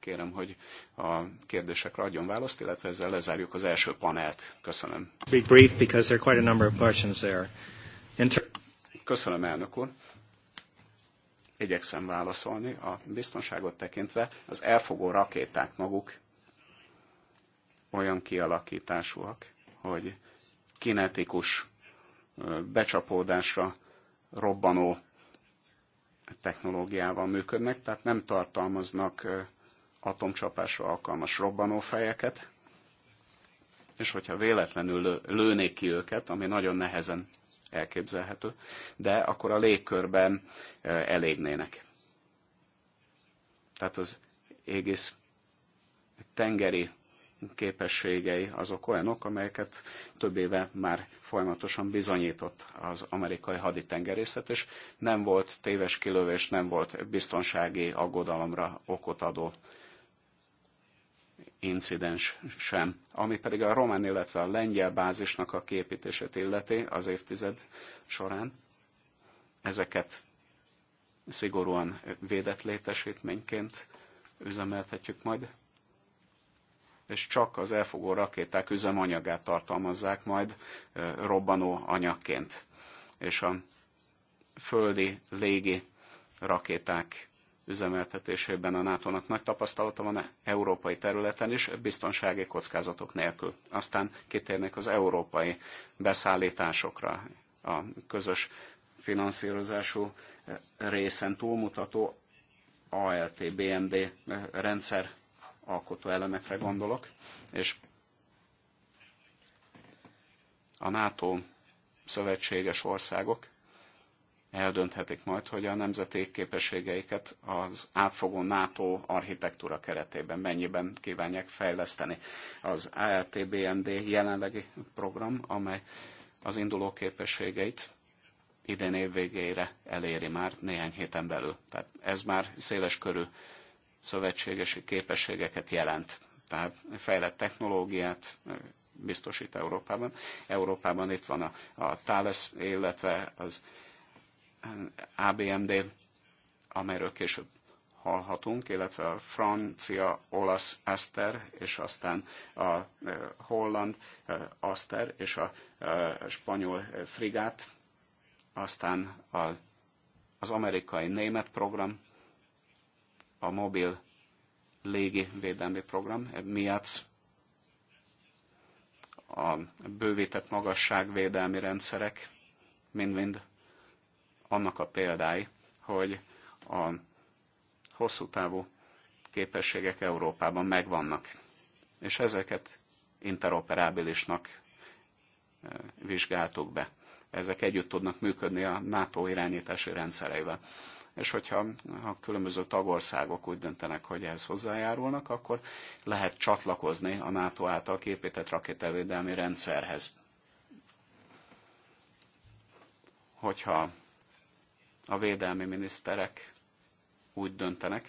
kérem, hogy a kérdésekre adjon választ, illetve ezzel lezárjuk az első panelt. Köszönöm. Be brief because there are quite a number of questions there. Inter- Köszönöm, elnök úr. Igyekszem válaszolni. A biztonságot tekintve az elfogó rakéták maguk olyan kialakításúak, hogy kinetikus becsapódásra robbanó technológiával működnek, tehát nem tartalmaznak atomcsapásra alkalmas robbanófejeket, és hogyha véletlenül lőnék ki őket, ami nagyon nehezen elképzelhető, de akkor a légkörben elégnének. Tehát az egész tengeri képességei azok olyanok, amelyeket több éve már folyamatosan bizonyított az amerikai haditengerészet, és nem volt téves kilövés, nem volt biztonsági aggodalomra okot adó incidens sem. Ami pedig a román, illetve a lengyel bázisnak a képítését illeti az évtized során, ezeket szigorúan védett létesítményként üzemeltetjük majd és csak az elfogó rakéták üzemanyagát tartalmazzák majd robbanó anyagként. És a földi, légi rakéták üzemeltetésében a NATO-nak nagy tapasztalata van e európai területen is, biztonsági kockázatok nélkül. Aztán kitérnek az európai beszállításokra, a közös finanszírozású részen túlmutató ALT-BMD rendszer alkotó elemekre gondolok, és a NATO szövetséges országok eldönthetik majd, hogy a nemzeti képességeiket az átfogó NATO architektúra keretében mennyiben kívánják fejleszteni. Az ALTBMD jelenlegi program, amely az induló képességeit idén év végére eléri már néhány héten belül. Tehát ez már széles körű szövetségesi képességeket jelent. Tehát fejlett technológiát biztosít Európában. Európában itt van a, a Thales, illetve az ABMD, amelyről később hallhatunk, illetve a francia, olasz Aster és aztán a holland Aster és a spanyol frigát, aztán az amerikai német program, a mobil légi védelmi program e miatt a bővített magasságvédelmi rendszerek mind-mind annak a példái, hogy a hosszú távú képességek Európában megvannak, és ezeket interoperábilisnak e, vizsgáltuk be. Ezek együtt tudnak működni a NATO irányítási rendszereivel és hogyha a különböző tagországok úgy döntenek, hogy ehhez hozzájárulnak, akkor lehet csatlakozni a NATO által képített rakétavédelmi rendszerhez. Hogyha a védelmi miniszterek úgy döntenek,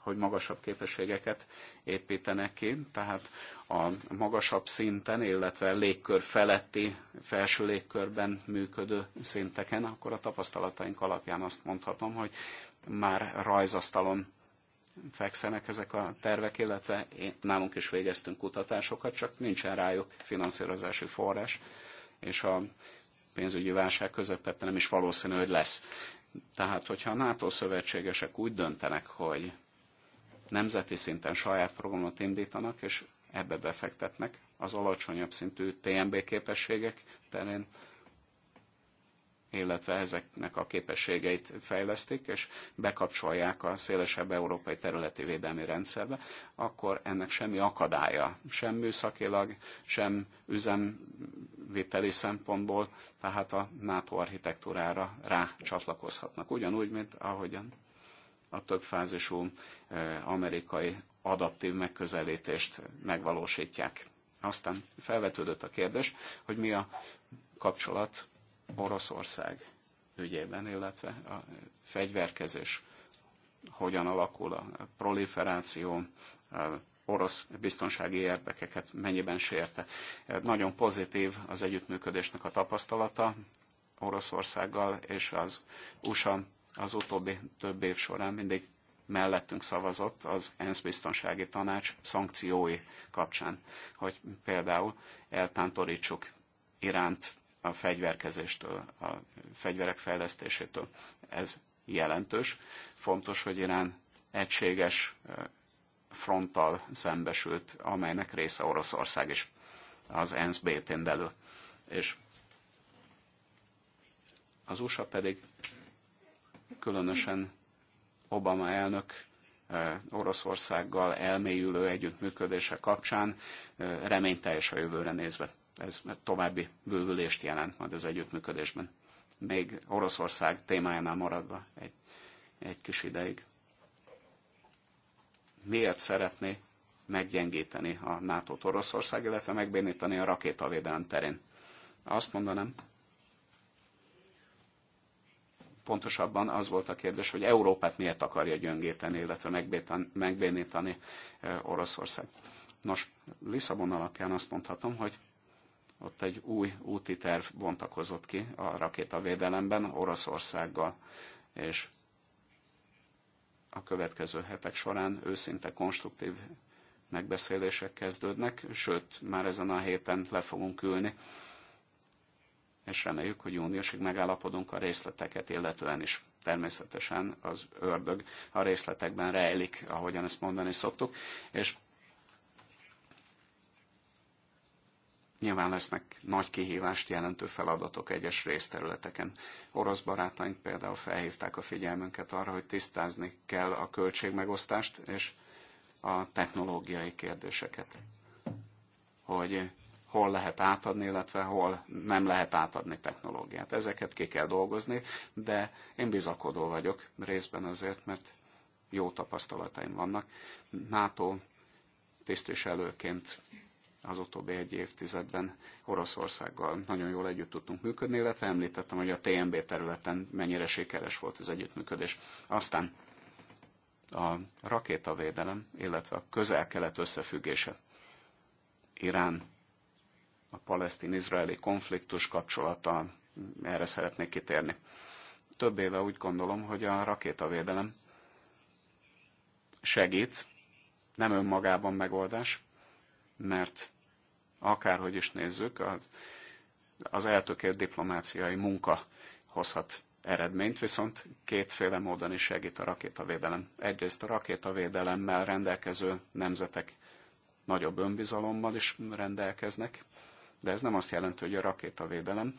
hogy magasabb képességeket építenek ki, tehát a magasabb szinten, illetve légkör feletti, felső légkörben működő szinteken, akkor a tapasztalataink alapján azt mondhatom, hogy már rajzasztalon fekszenek ezek a tervek, illetve én, nálunk is végeztünk kutatásokat, csak nincsen rájuk finanszírozási forrás, és a pénzügyi válság közepette nem is valószínű, hogy lesz. Tehát, hogyha a NATO szövetségesek úgy döntenek, hogy nemzeti szinten saját programot indítanak, és ebbe befektetnek az alacsonyabb szintű TMB képességek terén, illetve ezeknek a képességeit fejlesztik, és bekapcsolják a szélesebb európai területi védelmi rendszerbe, akkor ennek semmi akadálya, sem műszakilag, sem üzemviteli szempontból, tehát a NATO architektúrára rácsatlakozhatnak. Ugyanúgy, mint ahogyan a többfázisú eh, amerikai adaptív megközelítést megvalósítják. Aztán felvetődött a kérdés, hogy mi a kapcsolat Oroszország ügyében, illetve a fegyverkezés hogyan alakul a proliferáció, a orosz biztonsági érdekeket mennyiben sérte. Nagyon pozitív az együttműködésnek a tapasztalata Oroszországgal és az USA az utóbbi több év során mindig mellettünk szavazott az ENSZ biztonsági tanács szankciói kapcsán, hogy például eltántorítsuk Iránt a fegyverkezéstől, a fegyverek fejlesztésétől. Ez jelentős. Fontos, hogy Irán egységes fronttal szembesült, amelynek része Oroszország is az ENSZ bétén belül. És az USA pedig különösen Obama elnök eh, Oroszországgal elmélyülő együttműködése kapcsán eh, reményteljes a jövőre nézve. Ez további bővülést jelent majd az együttműködésben. Még Oroszország témájánál maradva egy, egy kis ideig. Miért szeretné meggyengíteni a NATO-t Oroszország, illetve megbénítani a rakétavédelem terén? Azt mondanám, pontosabban az volt a kérdés, hogy Európát miért akarja gyöngéteni, illetve megbénítani eh, Oroszország. Nos, Lisszabon alapján azt mondhatom, hogy ott egy új úti terv bontakozott ki a rakétavédelemben Oroszországgal, és a következő hetek során őszinte konstruktív megbeszélések kezdődnek, sőt, már ezen a héten le fogunk ülni és reméljük, hogy júniusig megállapodunk a részleteket illetően is. Természetesen az ördög a részletekben rejlik, ahogyan ezt mondani szoktuk, és Nyilván lesznek nagy kihívást jelentő feladatok egyes részterületeken. Orosz barátaink például felhívták a figyelmünket arra, hogy tisztázni kell a költségmegosztást és a technológiai kérdéseket. Hogy hol lehet átadni, illetve hol nem lehet átadni technológiát. Ezeket ki kell dolgozni, de én bizakodó vagyok részben azért, mert jó tapasztalataim vannak. NATO tisztviselőként az utóbbi egy évtizedben Oroszországgal nagyon jól együtt tudtunk működni, illetve említettem, hogy a TMB területen mennyire sikeres volt az együttműködés. Aztán a rakétavédelem, illetve a közel-kelet összefüggése. Irán a palesztin-izraeli konfliktus kapcsolata, erre szeretnék kitérni. Több éve úgy gondolom, hogy a rakétavédelem segít, nem önmagában megoldás, mert akárhogy is nézzük, az, eltökélt diplomáciai munka hozhat eredményt, viszont kétféle módon is segít a rakétavédelem. Egyrészt a rakétavédelemmel rendelkező nemzetek nagyobb önbizalommal is rendelkeznek, de ez nem azt jelenti, hogy a rakétavédelem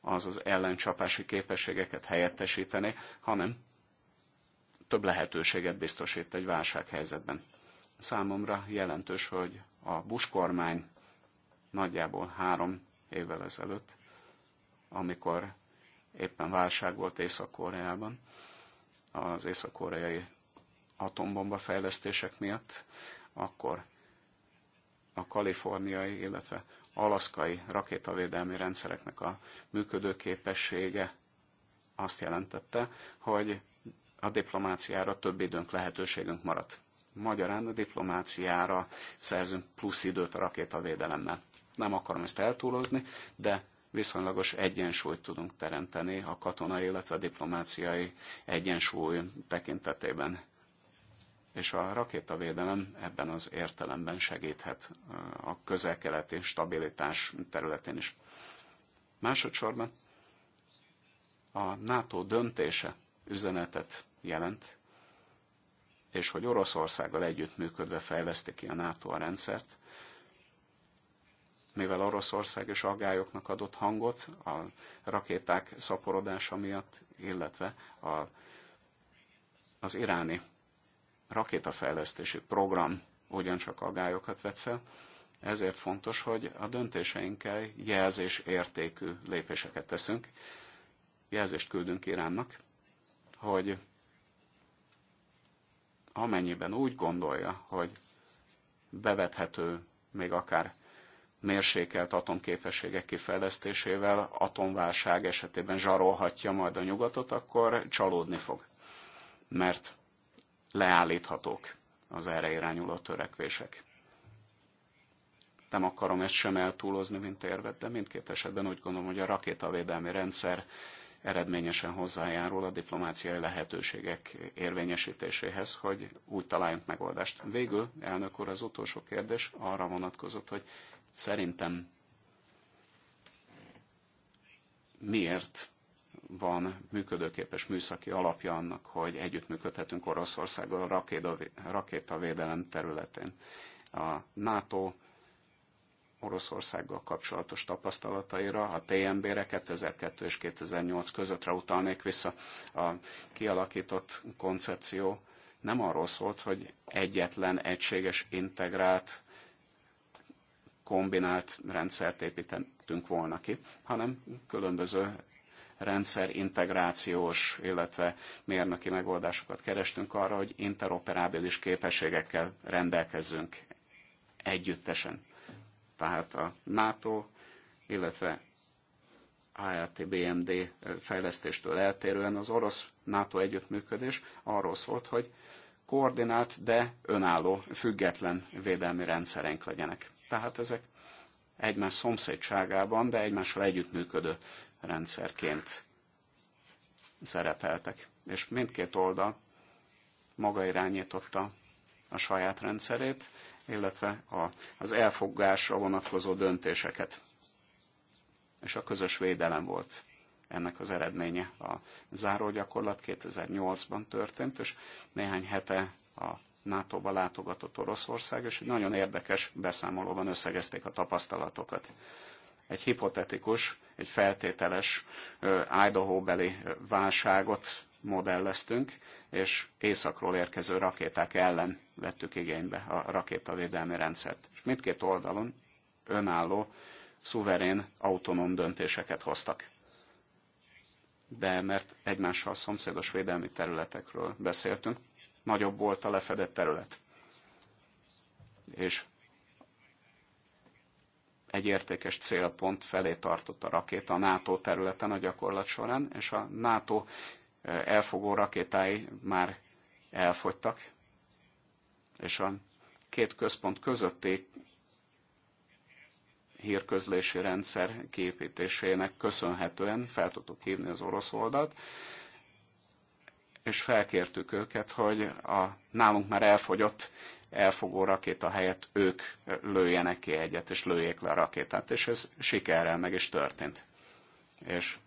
az az ellencsapási képességeket helyettesítené, hanem több lehetőséget biztosít egy válsághelyzetben. Számomra jelentős, hogy a Bush kormány nagyjából három évvel ezelőtt, amikor éppen válság volt Észak-Koreában, az észak-koreai atombomba fejlesztések miatt, akkor a kaliforniai, illetve alaszkai rakétavédelmi rendszereknek a működőképessége azt jelentette, hogy a diplomáciára több időnk lehetőségünk maradt. Magyarán a diplomáciára szerzünk plusz időt a rakétavédelemmel. Nem akarom ezt eltúlozni, de viszonylagos egyensúlyt tudunk teremteni a katonai, illetve a diplomáciai egyensúly tekintetében és a rakétavédelem ebben az értelemben segíthet a közel-keleti stabilitás területén is. Másodszorban a NATO döntése üzenetet jelent, és hogy Oroszországgal együttműködve fejleszti ki a NATO a rendszert, mivel Oroszország és aggályoknak adott hangot a rakéták szaporodása miatt, illetve a, az iráni rakétafejlesztési program ugyancsak agályokat vet fel, ezért fontos, hogy a döntéseinkkel jelzés értékű lépéseket teszünk. Jelzést küldünk Iránnak, hogy amennyiben úgy gondolja, hogy bevethető még akár mérsékelt atomképességek kifejlesztésével atomválság esetében zsarolhatja majd a nyugatot, akkor csalódni fog. Mert leállíthatók az erre irányuló törekvések. Nem akarom ezt sem eltúlozni, mint érvet, de mindkét esetben úgy gondolom, hogy a rakétavédelmi rendszer eredményesen hozzájárul a diplomáciai lehetőségek érvényesítéséhez, hogy úgy találjunk megoldást. Végül, elnök úr, az utolsó kérdés arra vonatkozott, hogy szerintem miért van működőképes műszaki alapja annak, hogy együttműködhetünk Oroszországgal a rakétavédelem területén. A NATO Oroszországgal kapcsolatos tapasztalataira, a TMB-re 2002 és 2008 közöttre utalnék vissza. A kialakított koncepció nem arról szólt, hogy egyetlen egységes, integrált, kombinált rendszert építettünk volna ki, hanem különböző rendszerintegrációs, illetve mérnöki megoldásokat kerestünk arra, hogy interoperábilis képességekkel rendelkezzünk együttesen. Tehát a NATO, illetve ART-BMD fejlesztéstől eltérően az orosz NATO együttműködés arról szólt, hogy koordinált, de önálló, független védelmi rendszereink legyenek. Tehát ezek egymás szomszédságában, de egymással együttműködő rendszerként szerepeltek. És mindkét oldal maga irányította a saját rendszerét, illetve a, az elfogásra vonatkozó döntéseket. És a közös védelem volt ennek az eredménye. A zárógyakorlat 2008-ban történt, és néhány hete a NATO-ba látogatott Oroszország, és egy nagyon érdekes beszámolóban összegezték a tapasztalatokat egy hipotetikus, egy feltételes Idaho-beli válságot modelleztünk, és északról érkező rakéták ellen vettük igénybe a rakétavédelmi rendszert. És mindkét oldalon önálló, szuverén, autonóm döntéseket hoztak. De mert egymással szomszédos védelmi területekről beszéltünk, nagyobb volt a lefedett terület. És egy értékes célpont felé tartott a rakéta a NATO területen a gyakorlat során, és a NATO eh, elfogó rakétái már elfogytak, és a két központ közötti hírközlési rendszer kiépítésének köszönhetően fel tudtuk hívni az orosz oldalt, és felkértük őket, hogy a nálunk már elfogyott elfogó rakéta helyett ők lőjenek ki egyet, és lőjék le a rakétát, és ez sikerrel meg is történt. És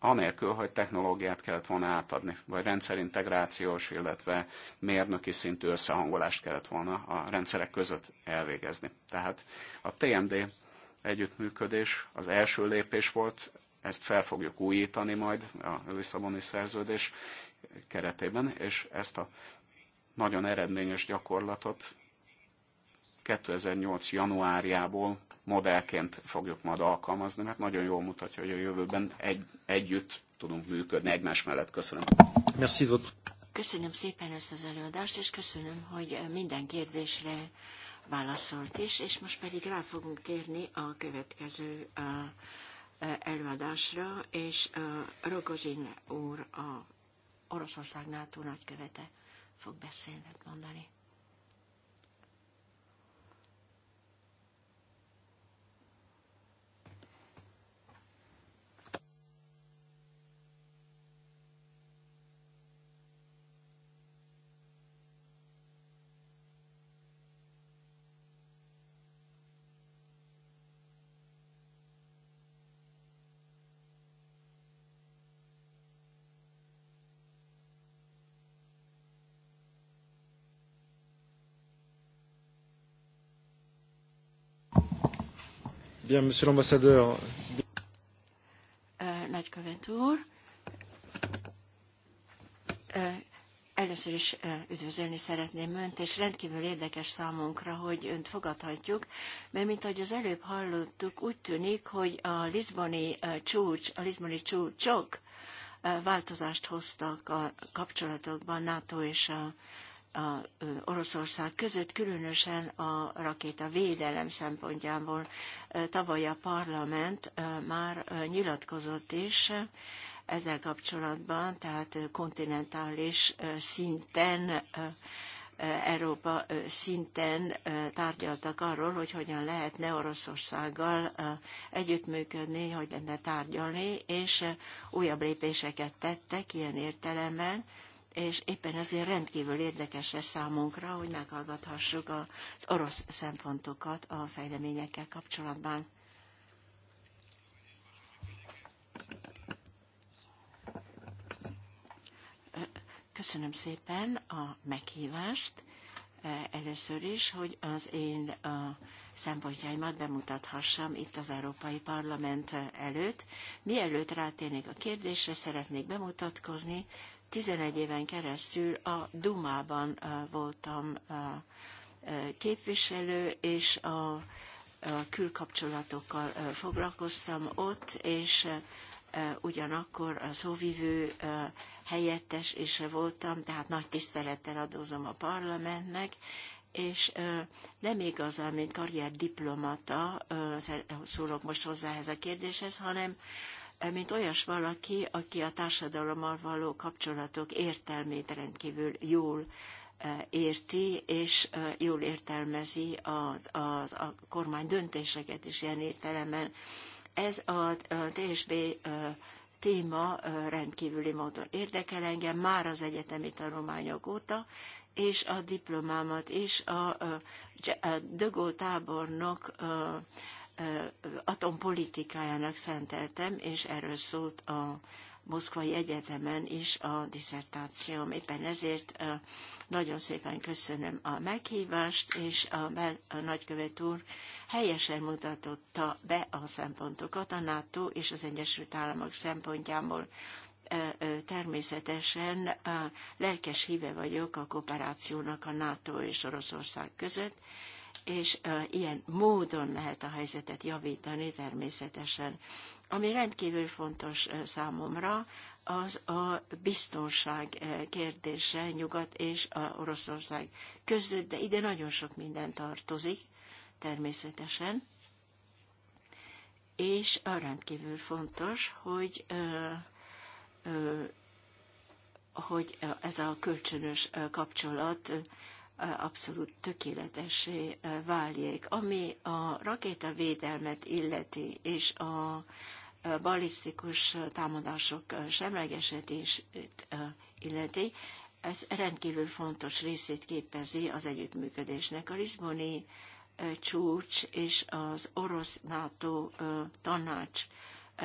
anélkül, hogy technológiát kellett volna átadni, vagy rendszerintegrációs, illetve mérnöki szintű összehangolást kellett volna a rendszerek között elvégezni. Tehát a TMD együttműködés az első lépés volt, ezt fel fogjuk újítani majd a Lisszaboni szerződés keretében, és ezt a nagyon eredményes gyakorlatot 2008. januárjából modellként fogjuk majd alkalmazni, mert nagyon jól mutatja, hogy a jövőben egy, együtt tudunk működni egymás mellett. Köszönöm. Merci Köszönöm szépen ezt az előadást, és köszönöm, hogy minden kérdésre válaszolt is, és most pedig rá fogunk térni a következő előadásra, és Rogozin úr a Oroszország NATO nagykövete fog beszélni, mondani. Bien, monsieur l'ambassadeur. Euh, nagykövet úr, először is üdvözölni szeretném Önt, és rendkívül érdekes számunkra, hogy Önt fogadhatjuk, mert mint ahogy az előbb hallottuk, úgy tűnik, hogy a Lisboni csúcs, a Lisboni csúcsok változást hoztak a kapcsolatokban NATO és a Oroszország között, különösen a rakéta védelem szempontjából. Tavaly a parlament már nyilatkozott is ezzel kapcsolatban, tehát kontinentális szinten Európa szinten tárgyaltak arról, hogy hogyan lehetne Oroszországgal együttműködni, hogy lehetne tárgyalni, és újabb lépéseket tettek ilyen értelemben, és éppen ezért rendkívül érdekes lesz számunkra, hogy meghallgathassuk az orosz szempontokat a fejleményekkel kapcsolatban. Köszönöm szépen a meghívást először is, hogy az én a szempontjaimat bemutathassam itt az Európai Parlament előtt. Mielőtt rátérnék a kérdésre, szeretnék bemutatkozni, 11 éven keresztül a Dumában voltam képviselő, és a külkapcsolatokkal foglalkoztam ott, és ugyanakkor a szóvivő helyettes is voltam, tehát nagy tisztelettel adózom a parlamentnek, és nem igazán, mint karrierdiplomata szólok most hozzá ehhez a kérdéshez, hanem mint olyas valaki, aki a társadalommal való kapcsolatok értelmét rendkívül jól e, érti, és e, jól értelmezi a a, a kormány döntéseket is ilyen értelemben. Ez a TSB e, téma rendkívüli módon érdekel engem már az egyetemi tanulmányok óta, és a diplomámat is a, a Dögó tábornok atompolitikájának szenteltem, és erről szólt a Moszkvai Egyetemen is a diszertációm. Éppen ezért nagyon szépen köszönöm a meghívást, és a, bel, a nagykövet úr helyesen mutatotta be a szempontokat a NATO és az Egyesült Államok szempontjából. Természetesen lelkes híve vagyok a kooperációnak a NATO és Oroszország között, és ilyen módon lehet a helyzetet javítani természetesen. Ami rendkívül fontos számomra, az a biztonság kérdése Nyugat és a Oroszország között, de ide nagyon sok minden tartozik, természetesen. És a rendkívül fontos, hogy hogy ez a kölcsönös kapcsolat abszolút tökéletesé váljék. Ami a rakétavédelmet illeti, és a balisztikus támadások semlegesítését illeti, ez rendkívül fontos részét képezi az együttműködésnek. A Lisboni csúcs és az orosz NATO tanács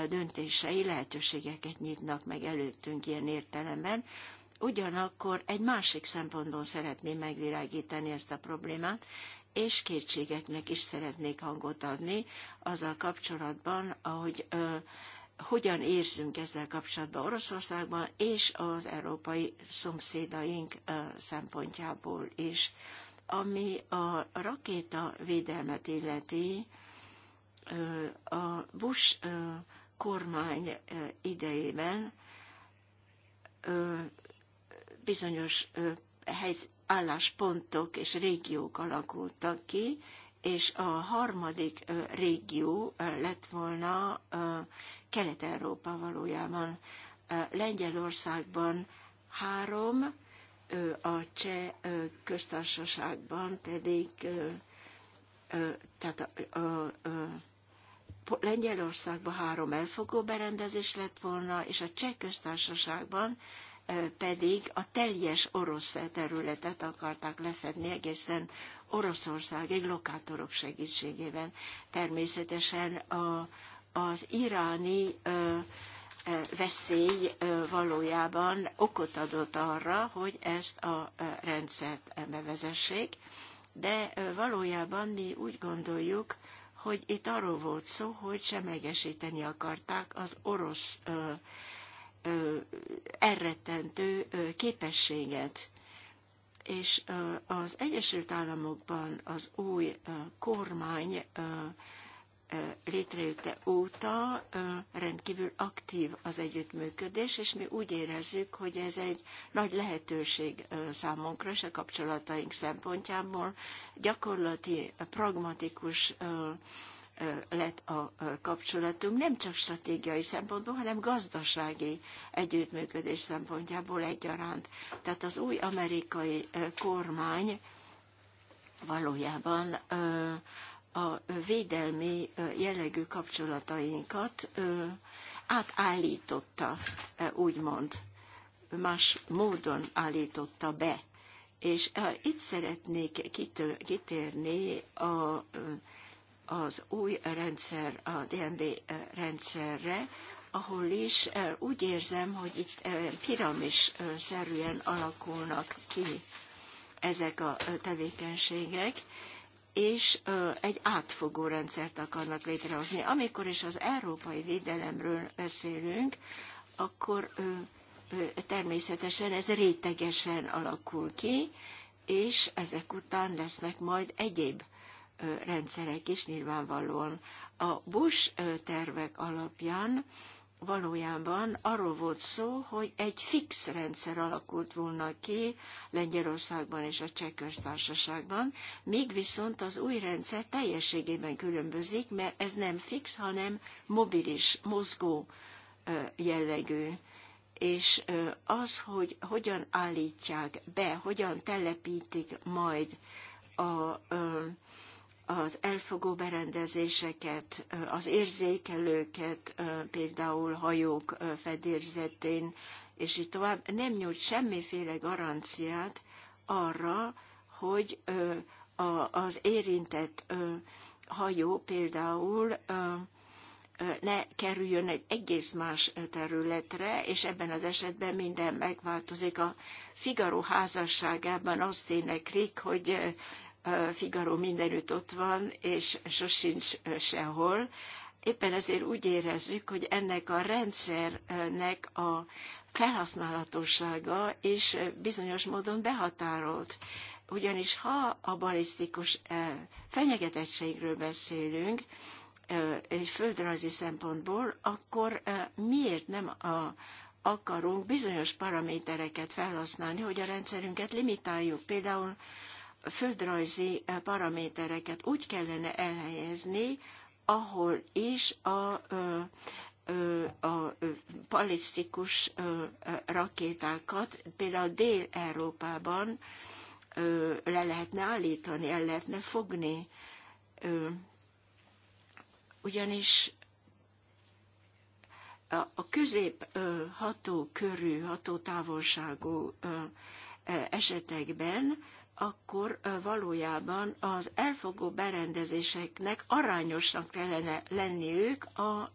döntései lehetőségeket nyitnak meg előttünk ilyen értelemben, Ugyanakkor egy másik szempontból szeretném megvilágítani ezt a problémát, és kétségeknek is szeretnék hangot adni azzal kapcsolatban, ahogy ö, hogyan érzünk ezzel kapcsolatban Oroszországban és az európai szomszédaink ö, szempontjából is. Ami a rakéta védelmet illeti, ö, a Bush ö, kormány idejében bizonyos hely álláspontok és régiók alakultak ki, és a harmadik régió lett volna Kelet-Európa valójában. Lengyelországban három, a cseh köztársaságban pedig tehát a, a, a, Lengyelországban három elfogó berendezés lett volna, és a cseh köztársaságban pedig a teljes orosz területet akarták lefedni egészen Oroszországig lokátorok segítségével. Természetesen a, az iráni ö, veszély valójában okot adott arra, hogy ezt a rendszert bevezessék, de valójában mi úgy gondoljuk, hogy itt arról volt szó, hogy semlegesíteni akarták az orosz elrettentő képességet. És az Egyesült Államokban az új kormány létrejötte óta rendkívül aktív az együttműködés, és mi úgy érezzük, hogy ez egy nagy lehetőség számunkra és a kapcsolataink szempontjából gyakorlati, pragmatikus lett a kapcsolatunk, nem csak stratégiai szempontból, hanem gazdasági együttműködés szempontjából egyaránt. Tehát az új amerikai kormány valójában a védelmi jellegű kapcsolatainkat átállította, úgymond, más módon állította be. És itt szeretnék kitérni a az új rendszer, a DNB eh, rendszerre, ahol is eh, úgy érzem, hogy itt eh, piramis szerűen alakulnak ki ezek a tevékenységek, és egy átfogó rendszert akarnak létrehozni. Amikor is az európai védelemről beszélünk, akkor természetesen ez rétegesen alakul ki, és ezek után lesznek majd egyéb rendszerek is nyilvánvalóan. A Bush tervek alapján valójában arról volt szó, hogy egy fix rendszer alakult volna ki Lengyelországban és a Cseh köztársaságban, még viszont az új rendszer teljességében különbözik, mert ez nem fix, hanem mobilis, mozgó jellegű. És az, hogy hogyan állítják be, hogyan telepítik majd a, a az elfogó berendezéseket, az érzékelőket, például hajók fedélzetén, és így tovább, nem nyújt semmiféle garanciát arra, hogy az érintett hajó például ne kerüljön egy egész más területre, és ebben az esetben minden megváltozik. A Figaro házasságában azt éneklik, hogy Figaro mindenütt ott van, és sosincs sehol. Éppen ezért úgy érezzük, hogy ennek a rendszernek a felhasználhatósága és bizonyos módon behatárolt. Ugyanis ha a balisztikus fenyegetettségről beszélünk, egy földrajzi szempontból, akkor miért nem a, akarunk bizonyos paramétereket felhasználni, hogy a rendszerünket limitáljuk. Például földrajzi eh, paramétereket úgy kellene elhelyezni, ahol is a, a palisztikus rakétákat például Dél-Európában le lehetne állítani, el lehetne fogni. Ugyanis a közép ható körű ható távolságú esetekben akkor valójában az elfogó berendezéseknek arányosnak kellene lenniük a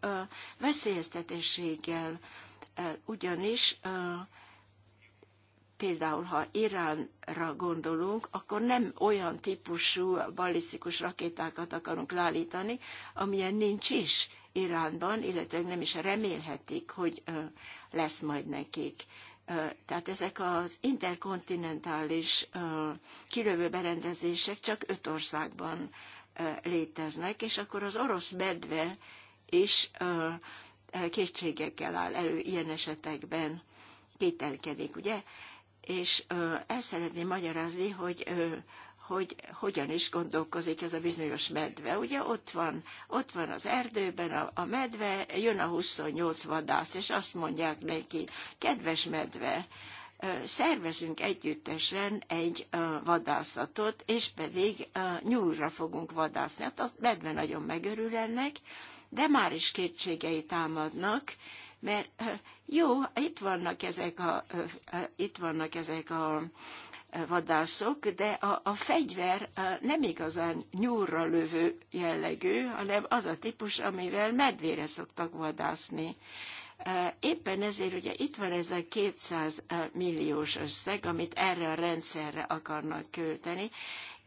veszélyeztetességgel, ugyanis például ha Iránra gondolunk, akkor nem olyan típusú ballisztikus rakétákat akarunk lállítani, amilyen nincs is Iránban, illetve nem is remélhetik, hogy lesz majd nekik. Tehát ezek az interkontinentális kilövő berendezések csak öt országban léteznek, és akkor az orosz medve is kétségekkel áll elő ilyen esetekben, kételkedik, ugye? És ezt szeretném magyarázni, hogy hogy hogyan is gondolkozik ez a bizonyos medve. Ugye ott van, ott van az erdőben a, a medve, jön a 28 vadász, és azt mondják neki, kedves medve, szervezünk együttesen egy vadászatot, és pedig nyúlra fogunk vadászni. Hát a medve nagyon megörül ennek, de már is kétségei támadnak, mert jó, itt vannak ezek a, itt vannak ezek a vadászok, de a, a fegyver nem igazán nyúlra lövő jellegű, hanem az a típus, amivel medvére szoktak vadászni. E, éppen ezért ugye itt van ez a 200 e, milliós összeg, amit erre a rendszerre akarnak költeni.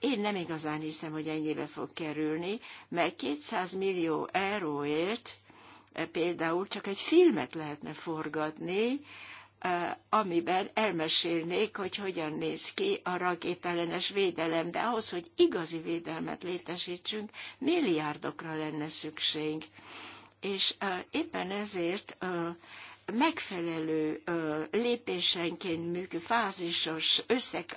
Én nem igazán hiszem, hogy ennyibe fog kerülni, mert 200 millió euróért e, például csak egy filmet lehetne forgatni, amiben elmesélnék, hogy hogyan néz ki a rakétellenes védelem, de ahhoz, hogy igazi védelmet létesítsünk, milliárdokra lenne szükség. És éppen ezért megfelelő lépésenként működő, fázisos,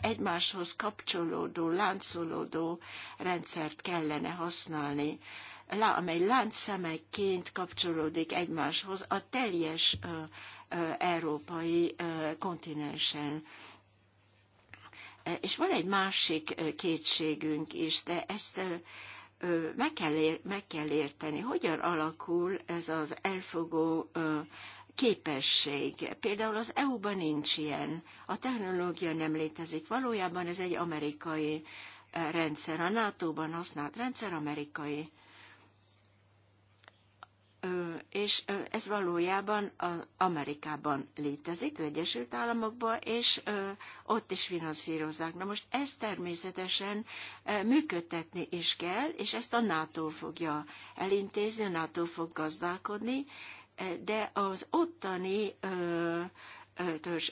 egymáshoz kapcsolódó, láncolódó rendszert kellene használni amely láncszemekként kapcsolódik egymáshoz a teljes európai kontinensen. És van egy másik kétségünk is, de ezt meg kell, ér, meg kell érteni, hogyan alakul ez az elfogó képesség. Például az EU-ban nincs ilyen. A technológia nem létezik. Valójában ez egy amerikai rendszer. A NATO-ban használt rendszer amerikai és ez valójában Amerikában létezik, az Egyesült Államokban, és ott is finanszírozzák. Na most ezt természetesen működtetni is kell, és ezt a NATO fogja elintézni, a NATO fog gazdálkodni, de az ottani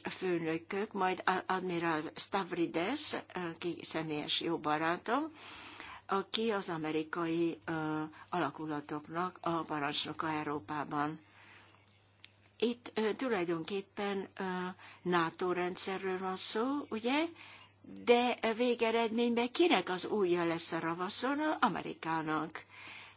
főnökök, majd Admiral Stavrides, aki személyes jó barátom, aki az amerikai alakulatoknak a parancsnoka Európában. Itt tulajdonképpen NATO rendszerről van szó, ugye? De végeredményben kinek az újja lesz a ravaszon? Amerikának.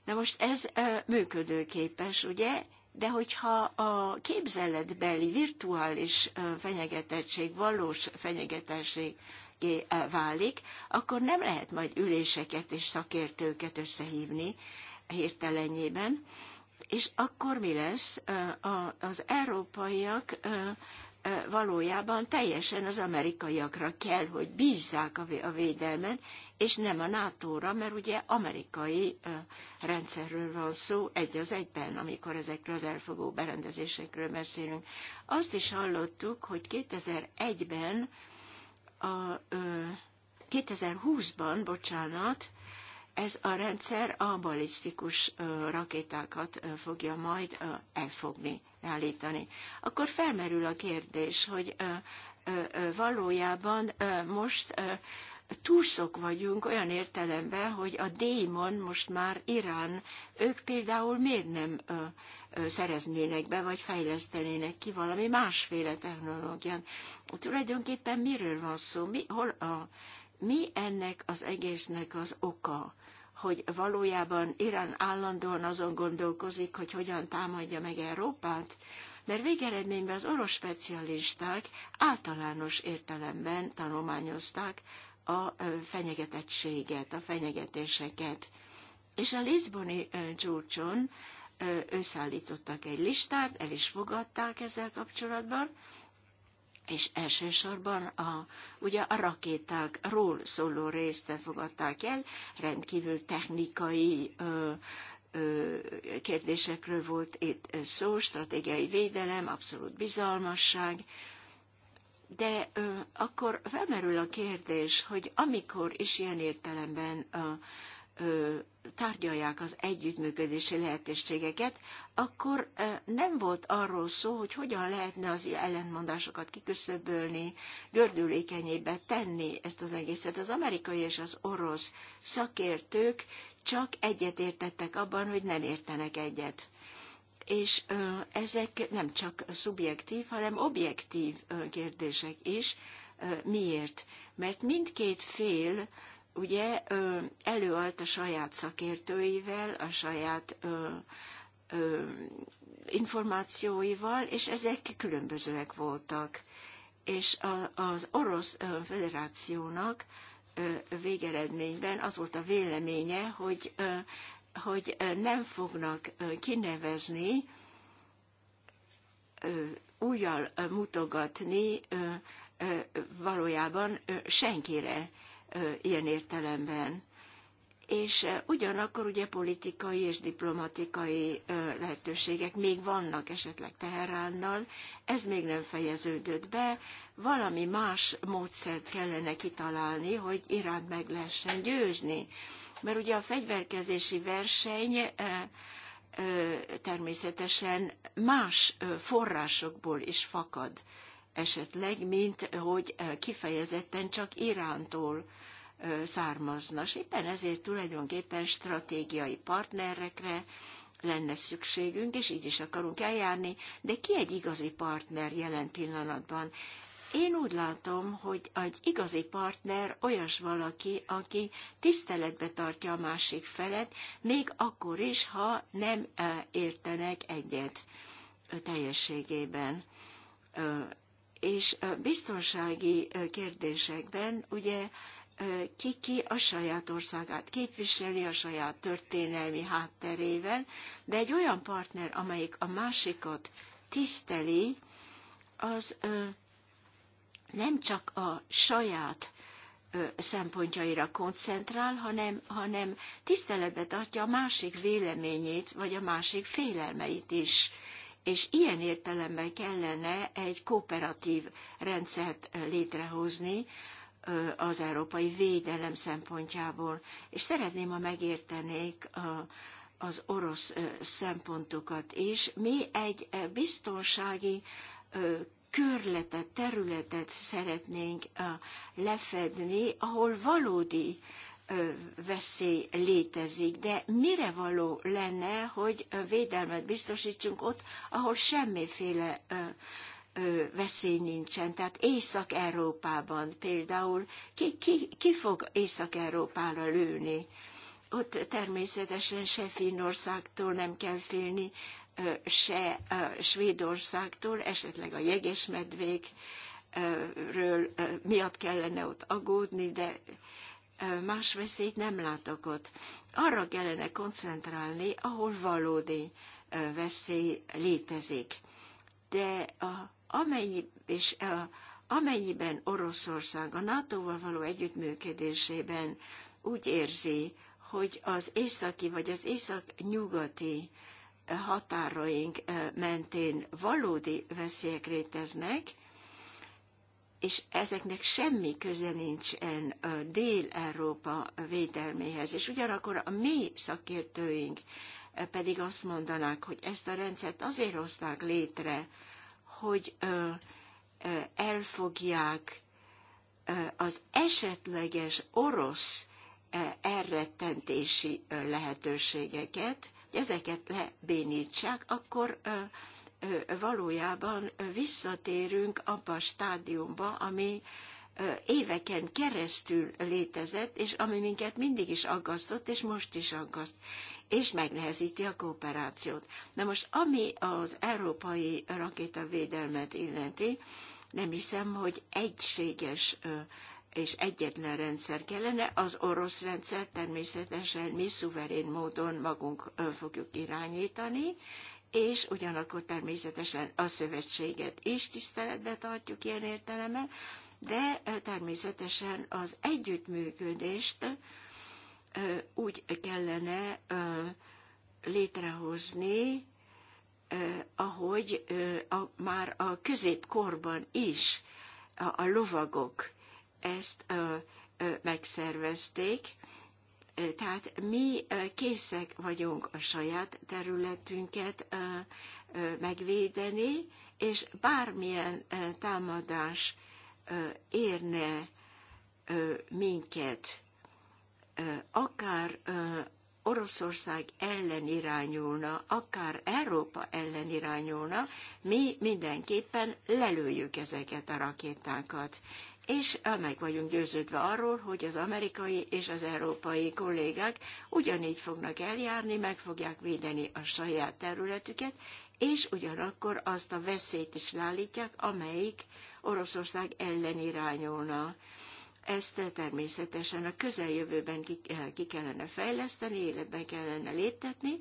Na most ez működőképes, ugye? De hogyha a képzeletbeli virtuális fenyegetettség, valós fenyegetettség Eh, válik, akkor nem lehet majd üléseket és szakértőket összehívni hirtelenjében, és akkor mi lesz? Eh, az európaiak eh, valójában teljesen az amerikaiakra kell, hogy bízzák a védelmet, és nem a NATO-ra, mert ugye amerikai rendszerről van szó egy az egyben, amikor ezekről az elfogó berendezésekről beszélünk. Azt is hallottuk, hogy 2001-ben a 2020-ban, bocsánat, ez a rendszer a balisztikus rakétákat fogja majd elfogni, állítani. Akkor felmerül a kérdés, hogy valójában most sok vagyunk olyan értelemben, hogy a démon most már Irán, ők például miért nem ö, ö, szereznének be, vagy fejlesztenének ki valami másféle technológián. Tulajdonképpen miről van szó? Mi, hol a, mi ennek az egésznek az oka? hogy valójában Irán állandóan azon gondolkozik, hogy hogyan támadja meg Európát, mert végeredményben az orosz specialisták általános értelemben tanulmányozták a fenyegetettséget, a fenyegetéseket. És a Lisboni csúcson összeállítottak egy listát, el is fogadták ezzel kapcsolatban, és elsősorban a, ugye a rakétákról szóló részt fogadták el, rendkívül technikai ö, ö, kérdésekről volt itt szó, stratégiai védelem, abszolút bizalmasság, de ö, akkor felmerül a kérdés, hogy amikor is ilyen értelemben ö, ö, tárgyalják az együttműködési lehetőségeket, akkor ö, nem volt arról szó, hogy hogyan lehetne az ellentmondásokat kiküszöbölni, gördülékenyébe tenni ezt az egészet. Az amerikai és az orosz szakértők csak egyet abban, hogy nem értenek egyet és ezek nem csak szubjektív, hanem objektív kérdések is. Miért? Mert mindkét fél ugye előállt a saját szakértőivel, a saját információival, és ezek különbözőek voltak. És az Orosz Federációnak végeredményben az volt a véleménye, hogy hogy nem fognak kinevezni, újjal mutogatni valójában senkire ilyen értelemben. És ugyanakkor ugye politikai és diplomatikai lehetőségek még vannak esetleg Teheránnal, ez még nem fejeződött be, valami más módszert kellene kitalálni, hogy Irán meg lehessen győzni mert ugye a fegyverkezési verseny természetesen más forrásokból is fakad esetleg, mint hogy kifejezetten csak Irántól származna. És éppen ezért tulajdonképpen stratégiai partnerekre lenne szükségünk, és így is akarunk eljárni, de ki egy igazi partner jelen pillanatban? Én úgy látom, hogy egy igazi partner olyas valaki, aki tiszteletbe tartja a másik felet, még akkor is, ha nem értenek egyet teljességében és biztonsági kérdésekben ugye ki-ki a saját országát képviseli, a saját történelmi hátterével, de egy olyan partner, amelyik a másikat tiszteli, az nem csak a saját szempontjaira koncentrál, hanem, hanem tiszteletbe tartja a másik véleményét, vagy a másik félelmeit is. És ilyen értelemben kellene egy kooperatív rendszert létrehozni az európai védelem szempontjából. És szeretném, ha megértenék az orosz szempontokat is. Mi egy biztonsági körletet, területet szeretnénk lefedni, ahol valódi veszély létezik, de mire való lenne, hogy védelmet biztosítsunk ott, ahol semmiféle veszély nincsen. Tehát Észak-Európában például ki, ki, ki fog Észak-Európára lőni? Ott természetesen se Finnországtól nem kell félni, se Svédországtól, esetleg a jegesmedvékről miatt kellene ott aggódni, de más veszélyt nem látok ott. Arra kellene koncentrálni, ahol valódi veszély létezik. De a, amennyi, és a, amennyiben Oroszország a NATO-val való együttműködésében úgy érzi, hogy az északi vagy az észak-nyugati határaink mentén valódi veszélyek léteznek, és ezeknek semmi köze nincsen Dél-Európa védelméhez. És ugyanakkor a mi szakértőink pedig azt mondanák, hogy ezt a rendszert azért hozták létre, hogy elfogják az esetleges orosz elrettentési lehetőségeket, hogy ezeket lebénítsák, akkor valójában visszatérünk abba a stádiumba, ami éveken keresztül létezett, és ami minket mindig is aggasztott, és most is aggaszt, és megnehezíti a kooperációt. Na most, ami az európai rakétavédelmet illeti, nem hiszem, hogy egységes és egyetlen rendszer kellene, az orosz rendszer természetesen mi szuverén módon magunk fogjuk irányítani, és ugyanakkor természetesen a szövetséget is tiszteletbe tartjuk ilyen értelemben, de természetesen az együttműködést úgy kellene létrehozni, ahogy a, már a középkorban is a, a lovagok ezt megszervezték. Tehát mi készek vagyunk a saját területünket megvédeni, és bármilyen támadás érne minket, akár Oroszország ellen irányulna, akár Európa ellen irányulna, mi mindenképpen lelőjük ezeket a rakétákat és meg vagyunk győződve arról, hogy az amerikai és az európai kollégák ugyanígy fognak eljárni, meg fogják védeni a saját területüket, és ugyanakkor azt a veszélyt is leállítják, amelyik Oroszország ellen irányulna. Ezt természetesen a közeljövőben ki, ki kellene fejleszteni, életben kellene léptetni,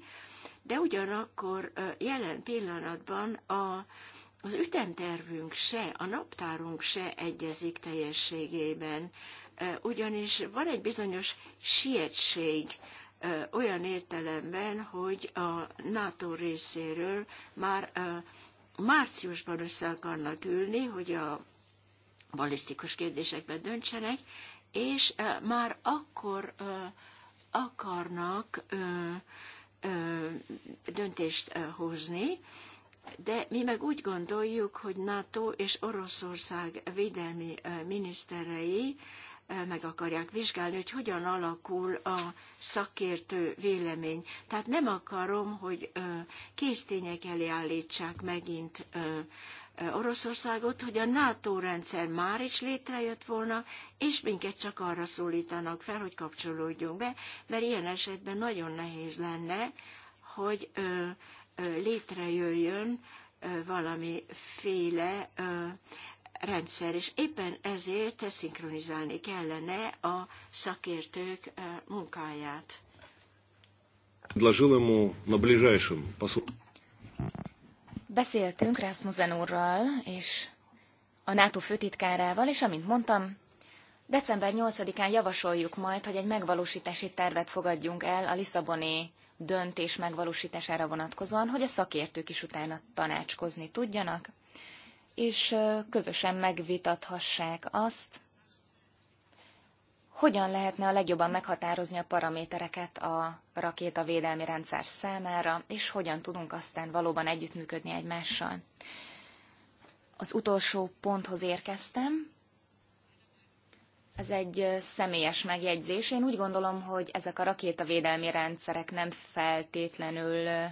de ugyanakkor jelen pillanatban a, az ütemtervünk se, a naptárunk se egyezik teljességében, e, ugyanis van egy bizonyos sietség, e, olyan értelemben, hogy a NATO részéről már e, márciusban össze akarnak ülni, hogy a balisztikus kérdésekben döntsenek, és már akkor akarnak döntést hozni, de mi meg úgy gondoljuk, hogy NATO és Oroszország védelmi miniszterei meg akarják vizsgálni, hogy hogyan alakul a szakértő vélemény. Tehát nem akarom, hogy késztények elé állítsák megint Oroszországot, hogy a NATO rendszer már is létrejött volna, és minket csak arra szólítanak fel, hogy kapcsolódjunk be, mert ilyen esetben nagyon nehéz lenne, hogy létrejöjjön valamiféle rendszer, és éppen ezért szinkronizálni kellene a szakértők munkáját. Beszéltünk Rasmussen úrral és a NATO főtitkárával, és amint mondtam, december 8-án javasoljuk majd, hogy egy megvalósítási tervet fogadjunk el a Lisszaboni döntés megvalósítására vonatkozóan, hogy a szakértők is utána tanácskozni tudjanak, és közösen megvitathassák azt, hogyan lehetne a legjobban meghatározni a paramétereket a védelmi rendszer számára, és hogyan tudunk aztán valóban együttműködni egymással. Az utolsó ponthoz érkeztem, ez egy személyes megjegyzés. Én úgy gondolom, hogy ezek a rakétavédelmi rendszerek nem feltétlenül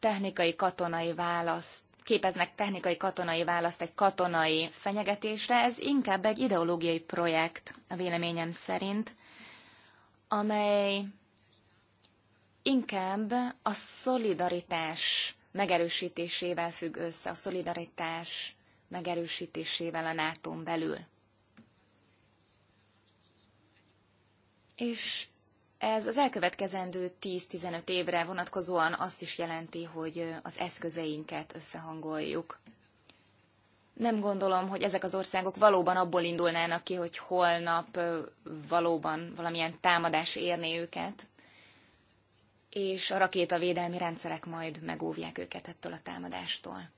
technikai katonai választ képeznek technikai katonai választ egy katonai fenyegetésre, ez inkább egy ideológiai projekt, a véleményem szerint, amely inkább a szolidaritás megerősítésével függ össze, a szolidaritás megerősítésével a nato belül. és ez az elkövetkezendő 10-15 évre vonatkozóan azt is jelenti, hogy az eszközeinket összehangoljuk. Nem gondolom, hogy ezek az országok valóban abból indulnának ki, hogy holnap valóban valamilyen támadás érné őket, és a rakétavédelmi rendszerek majd megóvják őket ettől a támadástól.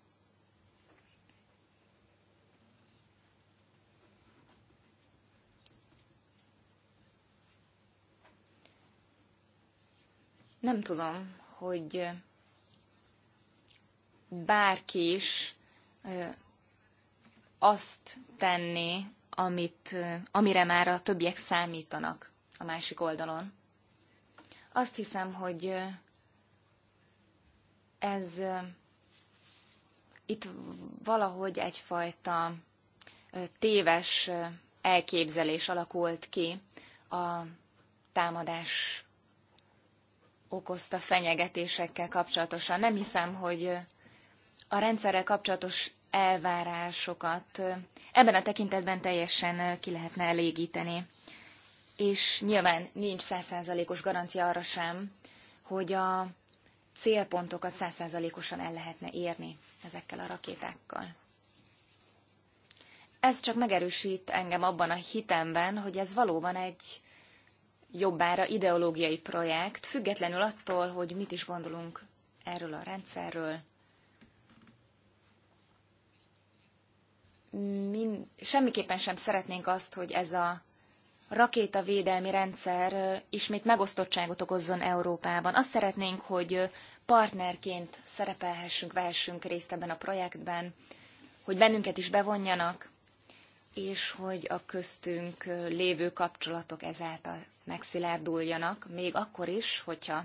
Nem tudom, hogy bárki is azt tenni, amit, amire már a többiek számítanak a másik oldalon. Azt hiszem, hogy ez itt valahogy egyfajta téves elképzelés alakult ki a támadás okozta fenyegetésekkel kapcsolatosan. Nem hiszem, hogy a rendszerrel kapcsolatos elvárásokat ebben a tekintetben teljesen ki lehetne elégíteni. És nyilván nincs százszázalékos garancia arra sem, hogy a célpontokat százszázalékosan el lehetne érni ezekkel a rakétákkal. Ez csak megerősít engem abban a hitemben, hogy ez valóban egy jobbára ideológiai projekt, függetlenül attól, hogy mit is gondolunk erről a rendszerről. Mi semmiképpen sem szeretnénk azt, hogy ez a rakétavédelmi rendszer ismét megosztottságot okozzon Európában. Azt szeretnénk, hogy partnerként szerepelhessünk, vehessünk részt ebben a projektben, hogy bennünket is bevonjanak, és hogy a köztünk lévő kapcsolatok ezáltal megszilárduljanak, még akkor is, hogyha,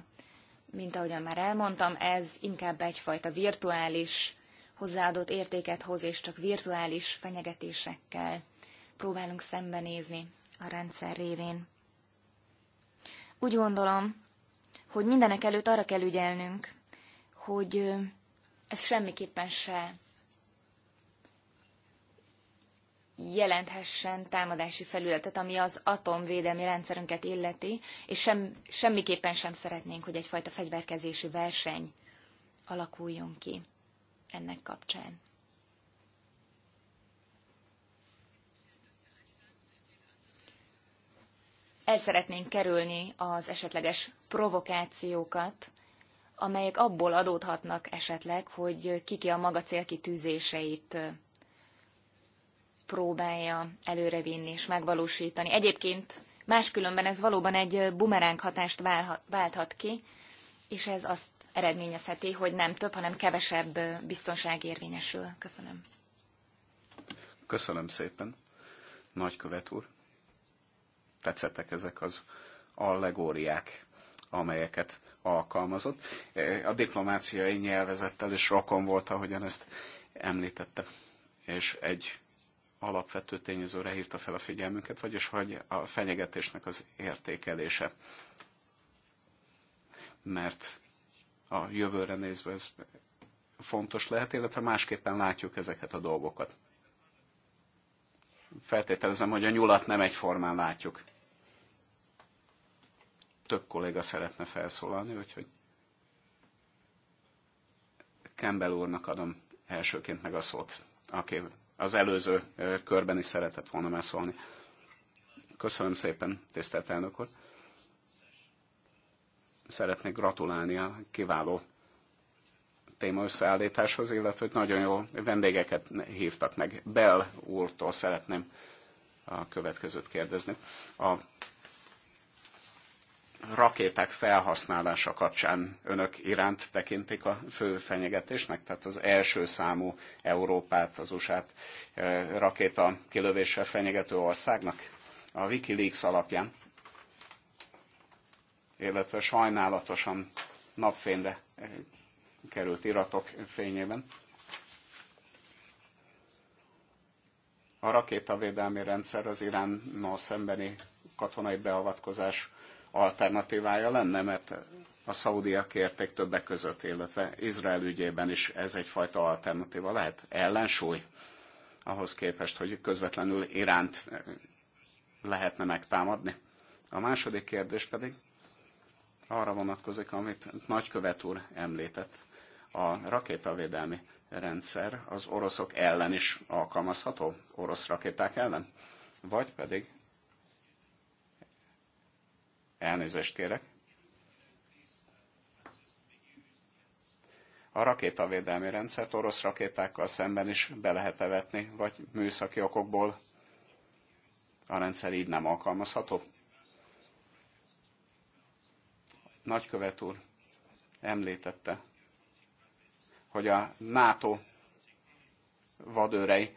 mint ahogyan már elmondtam, ez inkább egyfajta virtuális hozzáadott értéket hoz, és csak virtuális fenyegetésekkel próbálunk szembenézni a rendszer révén. Úgy gondolom, hogy mindenek előtt arra kell ügyelnünk, hogy ez semmiképpen se jelenthessen támadási felületet, ami az atomvédelmi rendszerünket illeti, és sem, semmiképpen sem szeretnénk, hogy egyfajta fegyverkezési verseny alakuljon ki ennek kapcsán. El szeretnénk kerülni az esetleges provokációkat, amelyek abból adódhatnak esetleg, hogy kiki a maga célkitűzéseit próbálja előrevinni és megvalósítani. Egyébként máskülönben ez valóban egy bumeráng hatást válthat ki, és ez azt eredményezheti, hogy nem több, hanem kevesebb biztonság érvényesül. Köszönöm. Köszönöm szépen, nagykövet úr. Tetszettek ezek az allegóriák, amelyeket alkalmazott. E, a diplomáciai nyelvezettel is rokon volt, ahogyan ezt említette. És egy alapvető tényezőre hívta fel a figyelmünket, vagyis hogy a fenyegetésnek az értékelése. Mert a jövőre nézve ez fontos lehet, illetve másképpen látjuk ezeket a dolgokat. Feltételezem, hogy a nyulat nem egyformán látjuk. Több kolléga szeretne felszólalni, úgyhogy Campbell úrnak adom elsőként meg a szót, aki az előző körben is szeretett volna megszólni. Köszönöm szépen, tisztelt elnök úr. Szeretnék gratulálni a kiváló téma összeállításhoz, illetve hogy nagyon jó vendégeket hívtak meg. Bell úrtól szeretném a következőt kérdezni. A rakéták felhasználása kapcsán önök iránt tekintik a fő fenyegetésnek, tehát az első számú Európát, az USA-t eh, rakéta kilövéssel fenyegető országnak a Wikileaks alapján, illetve sajnálatosan napfényre eh, került iratok fényében. A rakétavédelmi rendszer az Iránnal szembeni katonai beavatkozás alternatívája lenne, mert a szaudiak érték többek között, illetve Izrael ügyében is ez egyfajta alternatíva lehet, ellensúly ahhoz képest, hogy közvetlenül Iránt lehetne megtámadni. A második kérdés pedig arra vonatkozik, amit nagykövet úr említett. A rakétavédelmi rendszer az oroszok ellen is alkalmazható, orosz rakéták ellen, vagy pedig Elnézést kérek. A rakétavédelmi rendszert orosz rakétákkal szemben is be lehet vetni, vagy műszaki okokból a rendszer így nem alkalmazható. Nagykövet úr említette, hogy a NATO vadőrei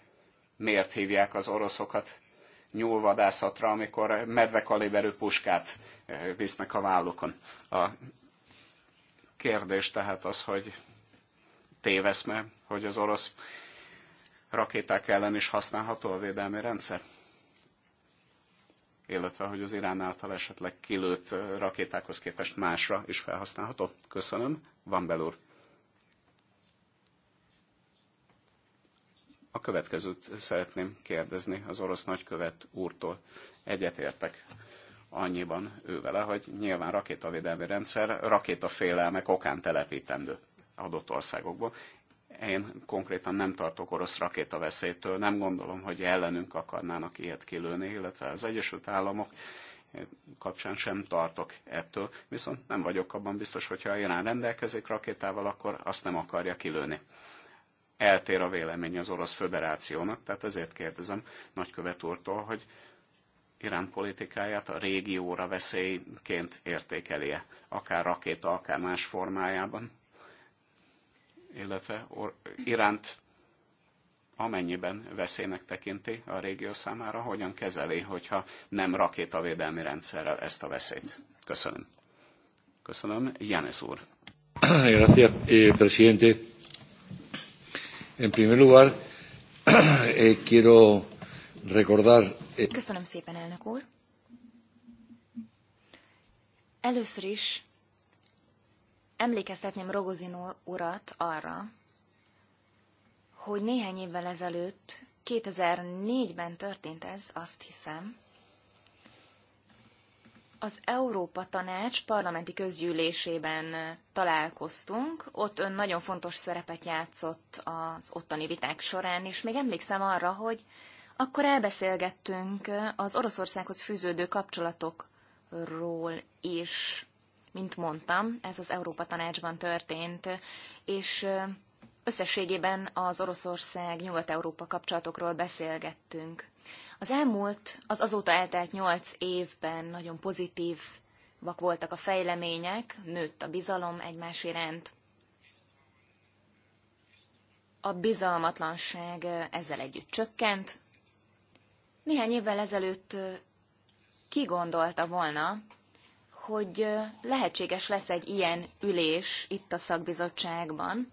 miért hívják az oroszokat nyúlvadászatra, amikor medvekaliberű puskát eh, visznek a vállukon. A kérdés tehát az, hogy téveszme, hogy az orosz rakéták ellen is használható a védelmi rendszer? illetve hogy az Irán által esetleg kilőtt eh, rakétákhoz képest másra is felhasználható. Köszönöm. Van A következőt szeretném kérdezni az orosz nagykövet úrtól. Egyetértek annyiban ő vele, hogy nyilván rakétavédelmi rendszer rakétafélelmek okán telepítendő adott országokból. Én konkrétan nem tartok orosz veszélytől, nem gondolom, hogy ellenünk akarnának ilyet kilőni, illetve az Egyesült Államok kapcsán sem tartok ettől, viszont nem vagyok abban biztos, hogyha Irán rendelkezik rakétával, akkor azt nem akarja kilőni eltér a vélemény az Orosz Föderációnak, tehát ezért kérdezem nagykövet úrtól, hogy Irán politikáját a régióra veszélyként értékelje, akár rakéta, akár más formájában, illetve Iránt amennyiben veszélynek tekinti a régió számára, hogyan kezeli, hogyha nem rakétavédelmi rendszerrel ezt a veszélyt. Köszönöm. Köszönöm. János úr. Gracias, eh, presidente. En primer lugar, eh, quiero recordar... Eh... Köszönöm szépen, elnök úr. Először is emlékeztetném Rogozin urat arra, hogy néhány évvel ezelőtt, 2004-ben történt ez, azt hiszem, az Európa Tanács parlamenti közgyűlésében találkoztunk, ott ön nagyon fontos szerepet játszott az ottani viták során, és még emlékszem arra, hogy akkor elbeszélgettünk az Oroszországhoz fűződő kapcsolatokról is, mint mondtam, ez az Európa Tanácsban történt, és összességében az Oroszország-Nyugat-Európa kapcsolatokról beszélgettünk. Az elmúlt, az azóta eltelt nyolc évben nagyon pozitívak voltak a fejlemények, nőtt a bizalom egymás iránt. A bizalmatlanság ezzel együtt csökkent. Néhány évvel ezelőtt ki gondolta volna, hogy lehetséges lesz egy ilyen ülés itt a szakbizottságban,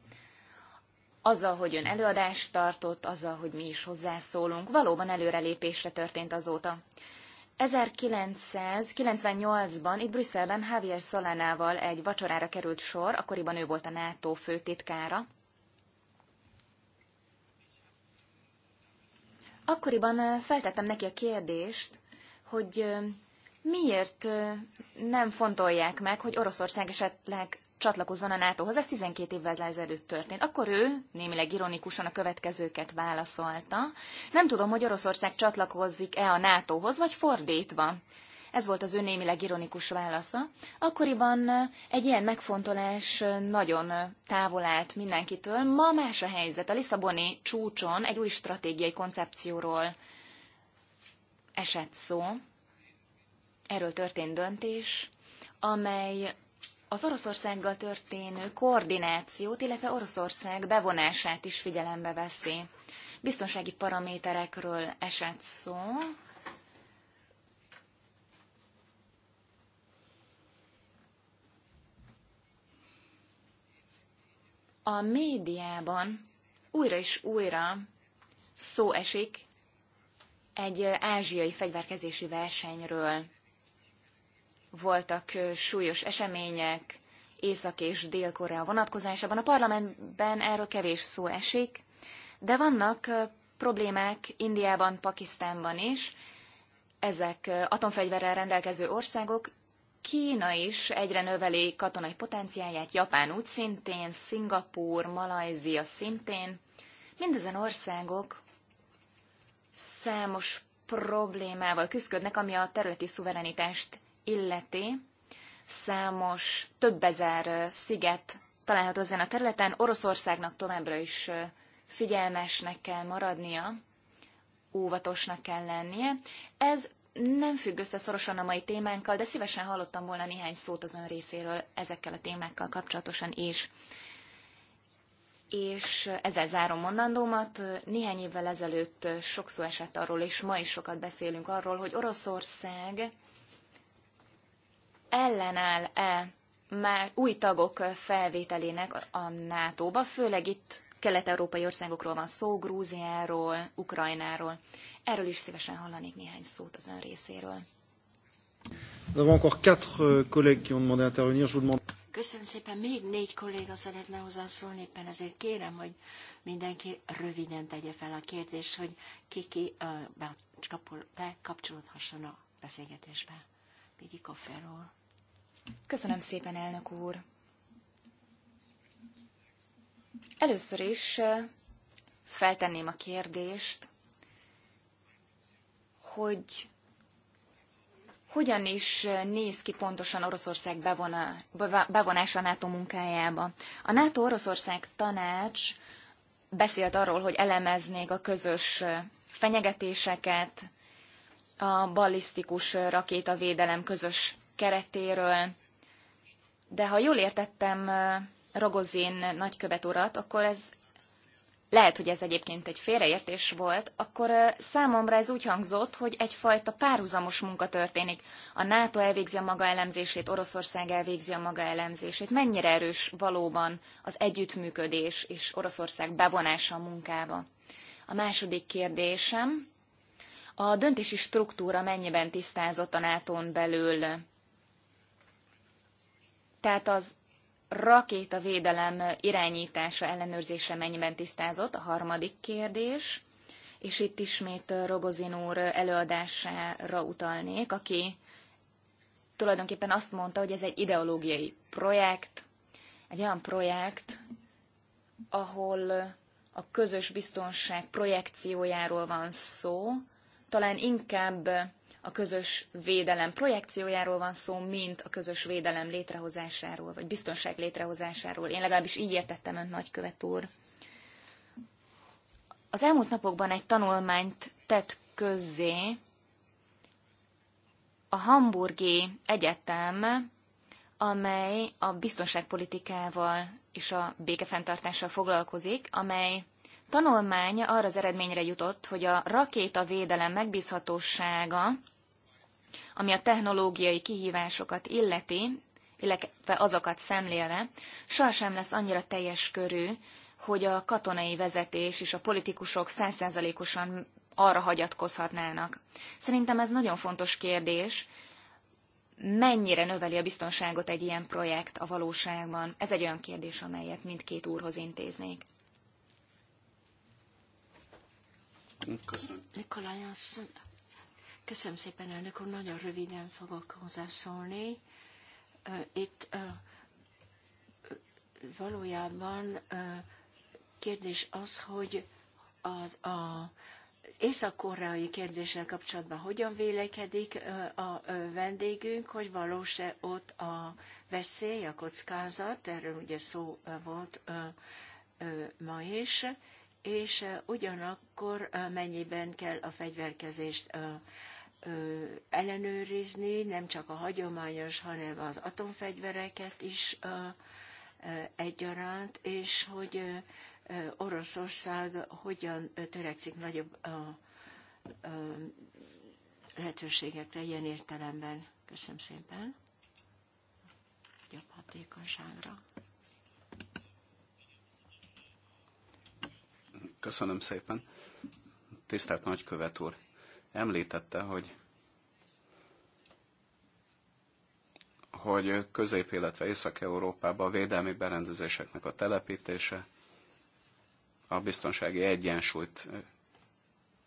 azzal, hogy ön előadást tartott, azzal, hogy mi is hozzászólunk, valóban előrelépésre történt azóta. 1998-ban itt Brüsszelben Javier Solanával egy vacsorára került sor, akkoriban ő volt a NATO főtitkára. Akkoriban feltettem neki a kérdést, hogy miért nem fontolják meg, hogy Oroszország esetleg csatlakozzon a NATO-hoz. Ez 12 évvel ezelőtt történt. Akkor ő némileg ironikusan a következőket válaszolta. Nem tudom, hogy Oroszország csatlakozzik-e a NATO-hoz, vagy fordítva. Ez volt az ő némileg ironikus válasza. Akkoriban egy ilyen megfontolás nagyon távol állt mindenkitől. Ma más a helyzet. A Lisszaboni csúcson egy új stratégiai koncepcióról esett szó. Erről történt döntés, amely az Oroszországgal történő koordinációt, illetve Oroszország bevonását is figyelembe veszi. Biztonsági paraméterekről esett szó. A médiában újra és újra szó esik egy ázsiai fegyverkezési versenyről voltak súlyos események Észak- és Dél-Korea vonatkozásában. A parlamentben erről kevés szó esik, de vannak problémák Indiában, Pakisztánban is. Ezek atomfegyverrel rendelkező országok, Kína is egyre növeli katonai potenciáját, Japán úgy szintén, Szingapúr, Malajzia szintén. Mindezen országok számos problémával küzdködnek, ami a területi szuverenitást illeti, számos, több ezer sziget található ezen a területen. Oroszországnak továbbra is figyelmesnek kell maradnia, óvatosnak kell lennie. Ez nem függ össze szorosan a mai témánkkal, de szívesen hallottam volna néhány szót az ön részéről ezekkel a témákkal kapcsolatosan is. És ezzel zárom mondandómat. Néhány évvel ezelőtt sok szó esett arról, és ma is sokat beszélünk arról, hogy Oroszország ellenáll-e már új tagok felvételének a NATO-ba, főleg itt kelet-európai országokról van szó, Grúziáról, Ukrajnáról. Erről is szívesen hallanék néhány szót az ön részéről. Euh, Köszönöm szépen, még négy kolléga szeretne hozzászólni, éppen ezért kérem, hogy mindenki röviden tegye fel a kérdést, hogy ki-ki bekapcsolódhasson a beszélgetésbe. Pidi úr. Köszönöm szépen, elnök úr. Először is feltenném a kérdést, hogy hogyan is néz ki pontosan Oroszország bevona, bevonása a NATO munkájába. A NATO-Oroszország tanács beszélt arról, hogy elemeznék a közös fenyegetéseket, a ballisztikus rakétavédelem közös keretéről, de ha jól értettem Rogozin nagykövet urat, akkor ez lehet, hogy ez egyébként egy félreértés volt, akkor számomra ez úgy hangzott, hogy egyfajta párhuzamos munka történik. A NATO elvégzi a maga elemzését, Oroszország elvégzi a maga elemzését. Mennyire erős valóban az együttműködés és Oroszország bevonása a munkába? A második kérdésem, a döntési struktúra mennyiben tisztázott a NATO-n belül? tehát az rakétavédelem irányítása, ellenőrzése mennyiben tisztázott, a harmadik kérdés, és itt ismét Rogozin úr előadására utalnék, aki tulajdonképpen azt mondta, hogy ez egy ideológiai projekt, egy olyan projekt, ahol a közös biztonság projekciójáról van szó, talán inkább a közös védelem projekciójáról van szó, mint a közös védelem létrehozásáról, vagy biztonság létrehozásáról. Én legalábbis így értettem önt, nagykövet úr. Az elmúlt napokban egy tanulmányt tett közzé a Hamburgi Egyetem, amely a biztonságpolitikával és a békefenntartással foglalkozik, amely tanulmánya arra az eredményre jutott, hogy a rakétavédelem megbízhatósága ami a technológiai kihívásokat illeti, illetve azokat szemlélve, sohasem lesz annyira teljes körű, hogy a katonai vezetés és a politikusok százszerzalékosan arra hagyatkozhatnának. Szerintem ez nagyon fontos kérdés, mennyire növeli a biztonságot egy ilyen projekt a valóságban? Ez egy olyan kérdés, amelyet mindkét úrhoz intéznék. Köszönöm. Nikolaj Köszönöm szépen, elnök úr, nagyon röviden fogok hozzászólni. Itt valójában kérdés az, hogy az a észak-koreai kérdéssel kapcsolatban hogyan vélekedik a vendégünk, hogy valós-e ott a veszély, a kockázat, erről ugye szó volt ma is, és ugyanakkor mennyiben kell a fegyverkezést ellenőrizni nem csak a hagyományos, hanem az atomfegyvereket is egyaránt, és hogy Oroszország hogyan törekszik nagyobb lehetőségekre ilyen értelemben. Köszönöm szépen. Jobb hatékonyságra. Köszönöm szépen. Tisztelt Nagykövet úr, említette, hogy hogy Közép, illetve Észak-Európában a védelmi berendezéseknek a telepítése a biztonsági egyensúlyt eh,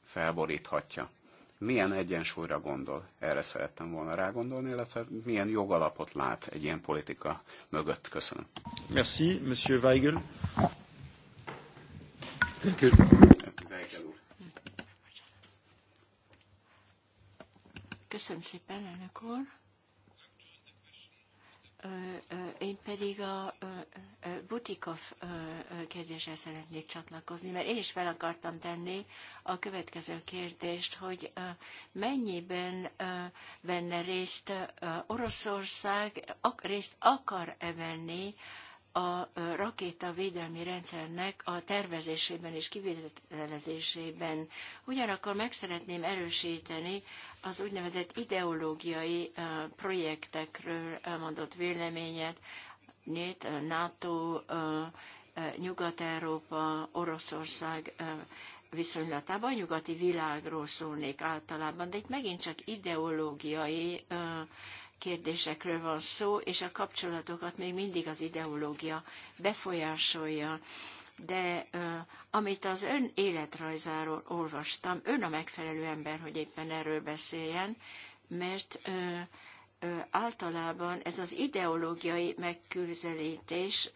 felboríthatja. Milyen egyensúlyra gondol? Erre szerettem volna rágondolni, illetve milyen jogalapot lát egy ilyen politika mögött? Köszönöm. Merci, Monsieur Weigel. Thank you. Köszönöm szépen, elnök úr. Én pedig a Butikov kérdésre szeretnék csatlakozni, mert én is fel akartam tenni a következő kérdést, hogy mennyiben venne részt Oroszország, részt akar-e venni a rakétavédelmi rendszernek a tervezésében és kivitelezésében. Ugyanakkor meg szeretném erősíteni az úgynevezett ideológiai projektekről mondott véleményet, NATO, Nyugat-Európa, Oroszország viszonylatában, a nyugati világról szólnék általában, de itt megint csak ideológiai kérdésekről van szó, és a kapcsolatokat még mindig az ideológia befolyásolja. De amit az ön életrajzáról olvastam, ön a megfelelő ember, hogy éppen erről beszéljen, mert általában ez az ideológiai megküzelítés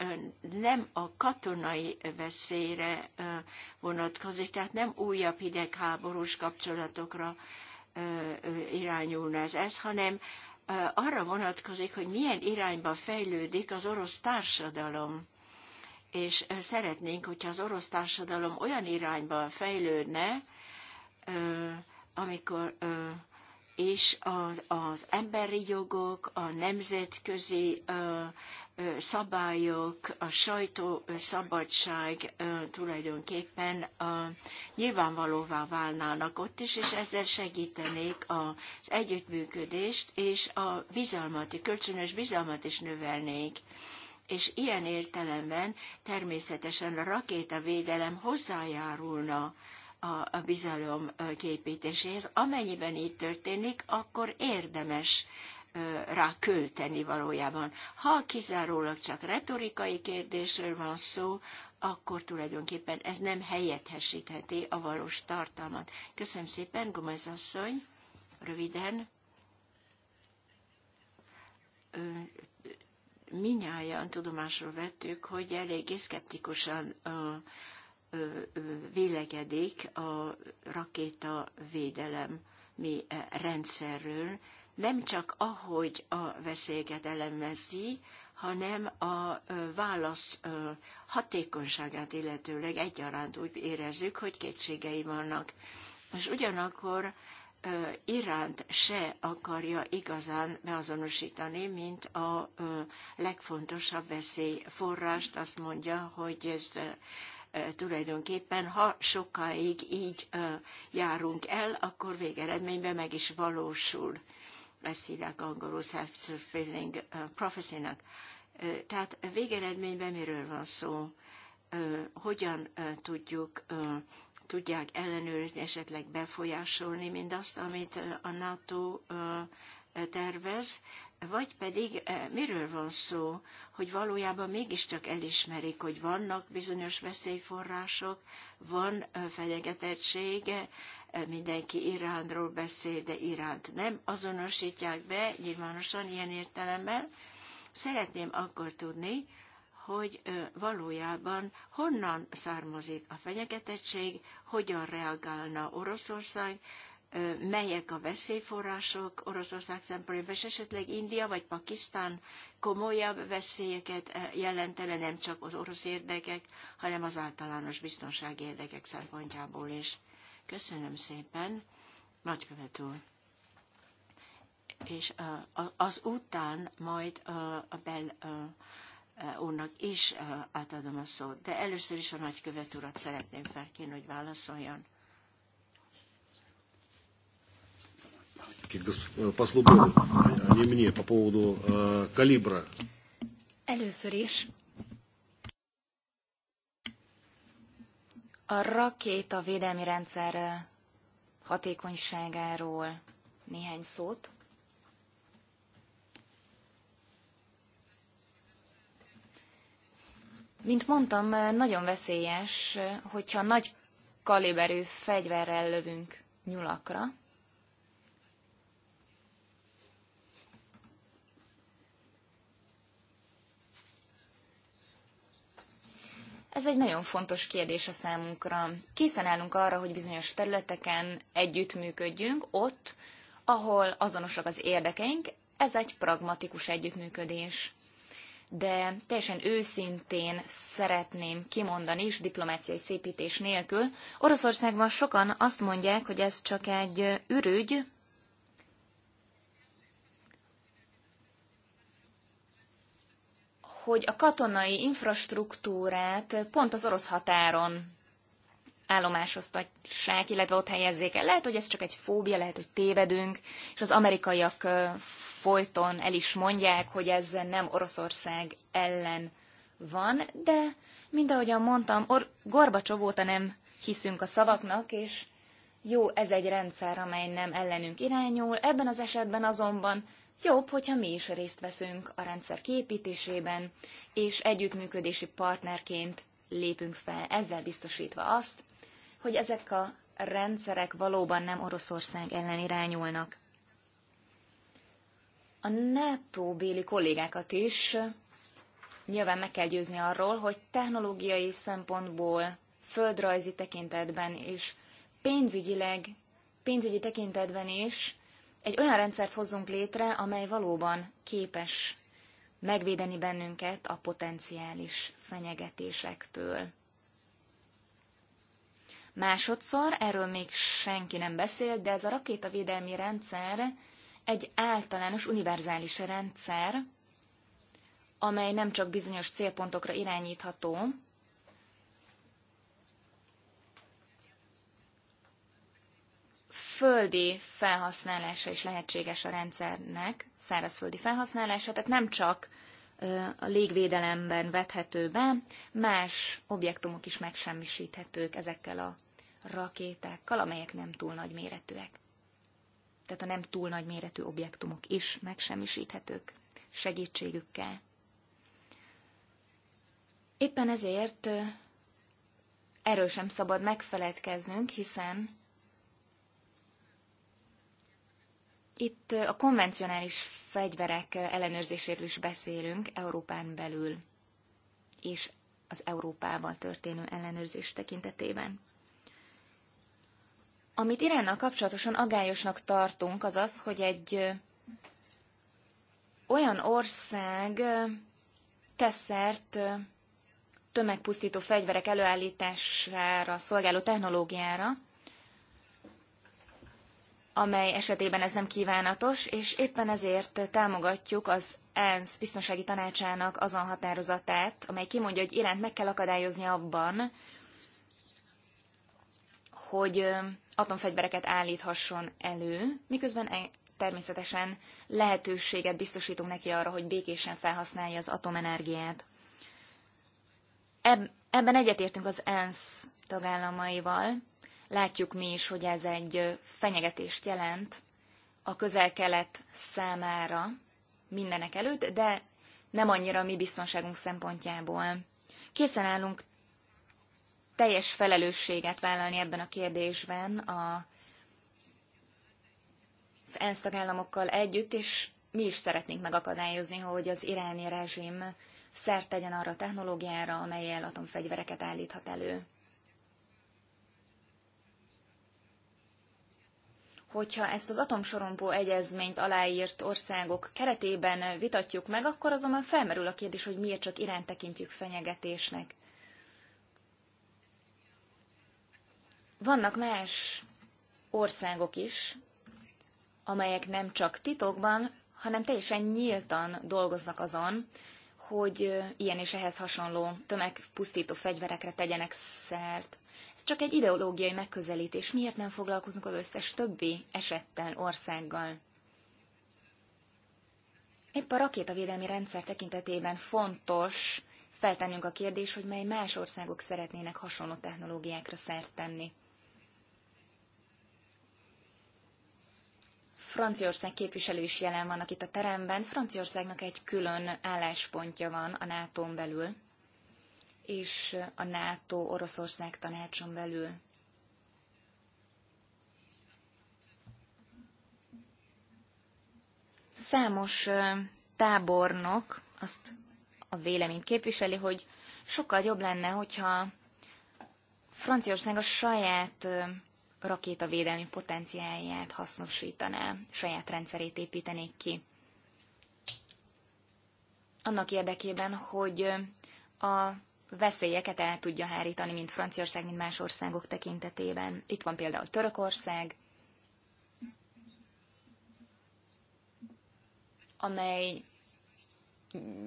nem a katonai veszélyre vonatkozik, tehát nem újabb hidegháborús kapcsolatokra irányulna ez, hanem arra vonatkozik, hogy milyen irányba fejlődik az orosz társadalom. És szeretnénk, hogyha az orosz társadalom olyan irányba fejlődne, amikor és az, az emberi jogok, a nemzetközi szabályok, a sajtó szabadság tulajdonképpen nyilvánvalóvá válnának ott is, és ezzel segítenék az együttműködést, és a bizalmat, a kölcsönös bizalmat is növelnék és ilyen értelemben természetesen a rakétavédelem hozzájárulna a, a bizalom képítéséhez. Amennyiben így történik, akkor érdemes rá költeni valójában. Ha kizárólag csak retorikai kérdésről van szó, akkor tulajdonképpen ez nem helyettesítheti a valós tartalmat. Köszönöm szépen, Gomez asszony, röviden. Minnyáján tudomásról vettük, hogy eléggé szkeptikusan vélegedik a rakétavédelem mi rendszerről, nem csak ahogy a veszélyeket elemezi, hanem a válasz hatékonyságát illetőleg egyaránt úgy érezzük, hogy kétségei vannak. És ugyanakkor iránt se akarja igazán beazonosítani, mint a legfontosabb veszélyforrást. Azt mondja, hogy ez tulajdonképpen, ha sokáig így járunk el, akkor végeredményben meg is valósul ezt hívják angolul self-fulfilling prophecy-nak. Tehát végeredményben miről van szó? Hogyan tudjuk tudják ellenőrizni, esetleg befolyásolni mindazt, amit a NATO tervez, vagy pedig miről van szó, hogy valójában mégiscsak elismerik, hogy vannak bizonyos veszélyforrások, van fenyegetettsége, mindenki Iránról beszél, de Iránt nem azonosítják be nyilvánosan ilyen értelemben. Szeretném akkor tudni, hogy valójában honnan származik a fenyegetettség, hogyan reagálna Oroszország, melyek a veszélyforrások Oroszország szempontjából, és esetleg India vagy Pakisztán komolyabb veszélyeket jelentene nem csak az orosz érdekek, hanem az általános biztonsági érdekek szempontjából is. Köszönöm szépen, nagykövet úr. És az után majd a Bell úrnak is átadom a szót, de először is a nagykövet urat szeretném felkérni, hogy válaszoljon. Először is A rakéta védelmi rendszer hatékonyságáról néhány szót. Mint mondtam, nagyon veszélyes, hogyha nagy kaliberű fegyverrel lövünk nyulakra. Ez egy nagyon fontos kérdés a számunkra. Készen állunk arra, hogy bizonyos területeken együttműködjünk, ott, ahol azonosak az érdekeink, ez egy pragmatikus együttműködés. De teljesen őszintén szeretném kimondani is, diplomáciai szépítés nélkül, Oroszországban sokan azt mondják, hogy ez csak egy ürügy, hogy a katonai infrastruktúrát pont az orosz határon állomásoztassák, illetve ott helyezzék el. Lehet, hogy ez csak egy fóbia, lehet, hogy tévedünk, és az amerikaiak folyton el is mondják, hogy ez nem Oroszország ellen van, de mint ahogyan mondtam, Or- Gorbacsov óta nem hiszünk a szavaknak, és jó, ez egy rendszer, amely nem ellenünk irányul. Ebben az esetben azonban jobb, hogyha mi is részt veszünk a rendszer kiépítésében, és együttműködési partnerként lépünk fel, ezzel biztosítva azt, hogy ezek a rendszerek valóban nem Oroszország ellen irányulnak. A NATO béli kollégákat is nyilván meg kell győzni arról, hogy technológiai szempontból, földrajzi tekintetben és pénzügyileg, pénzügyi tekintetben is egy olyan rendszert hozzunk létre, amely valóban képes megvédeni bennünket a potenciális fenyegetésektől. Másodszor, erről még senki nem beszélt, de ez a rakétavédelmi rendszer egy általános, univerzális rendszer, amely nem csak bizonyos célpontokra irányítható, földi felhasználása is lehetséges a rendszernek, szárazföldi felhasználása, tehát nem csak a légvédelemben vethető be, más objektumok is megsemmisíthetők ezekkel a rakétákkal, amelyek nem túl nagy méretűek. Tehát a nem túl nagy méretű objektumok is megsemmisíthetők segítségükkel. Éppen ezért erről sem szabad megfeledkeznünk, hiszen Itt a konvencionális fegyverek ellenőrzéséről is beszélünk Európán belül és az Európával történő ellenőrzés tekintetében. Amit Iránnal kapcsolatosan agályosnak tartunk, az az, hogy egy olyan ország teszert tömegpusztító fegyverek előállítására szolgáló technológiára, amely esetében ez nem kívánatos, és éppen ezért támogatjuk az ENSZ biztonsági tanácsának azon határozatát, amely kimondja, hogy Iránt meg kell akadályozni abban, hogy atomfegyvereket állíthasson elő, miközben e- természetesen lehetőséget biztosítunk neki arra, hogy békésen felhasználja az atomenergiát. Ebben egyetértünk az ENSZ tagállamaival, Látjuk mi is, hogy ez egy fenyegetést jelent a közel-kelet számára mindenek előtt, de nem annyira a mi biztonságunk szempontjából. Készen állunk teljes felelősséget vállalni ebben a kérdésben a, az ENSZ tagállamokkal együtt, és mi is szeretnénk megakadályozni, hogy az iráni rezsim szert tegyen arra a technológiára, amelyel atomfegyvereket állíthat elő. hogyha ezt az atomsorompó egyezményt aláírt országok keretében vitatjuk meg, akkor azonban felmerül a kérdés, hogy miért csak Irán tekintjük fenyegetésnek. Vannak más országok is, amelyek nem csak titokban, hanem teljesen nyíltan dolgoznak azon, hogy ilyen és ehhez hasonló tömegpusztító fegyverekre tegyenek szert. Ez csak egy ideológiai megközelítés. Miért nem foglalkozunk az összes többi esettel, országgal? Épp a rakétavédelmi rendszer tekintetében fontos feltennünk a kérdés, hogy mely más országok szeretnének hasonló technológiákra szert tenni. Franciaország képviselő is jelen vannak itt a teremben. Franciaországnak egy külön álláspontja van a nato belül, és a NATO-Oroszország tanácson belül. Számos tábornok azt a véleményt képviseli, hogy sokkal jobb lenne, hogyha Franciaország a saját rakétavédelmi potenciáját hasznosítaná, saját rendszerét építenék ki. Annak érdekében, hogy a veszélyeket el tudja hárítani, mint Franciaország, mint más országok tekintetében. Itt van például Törökország, amely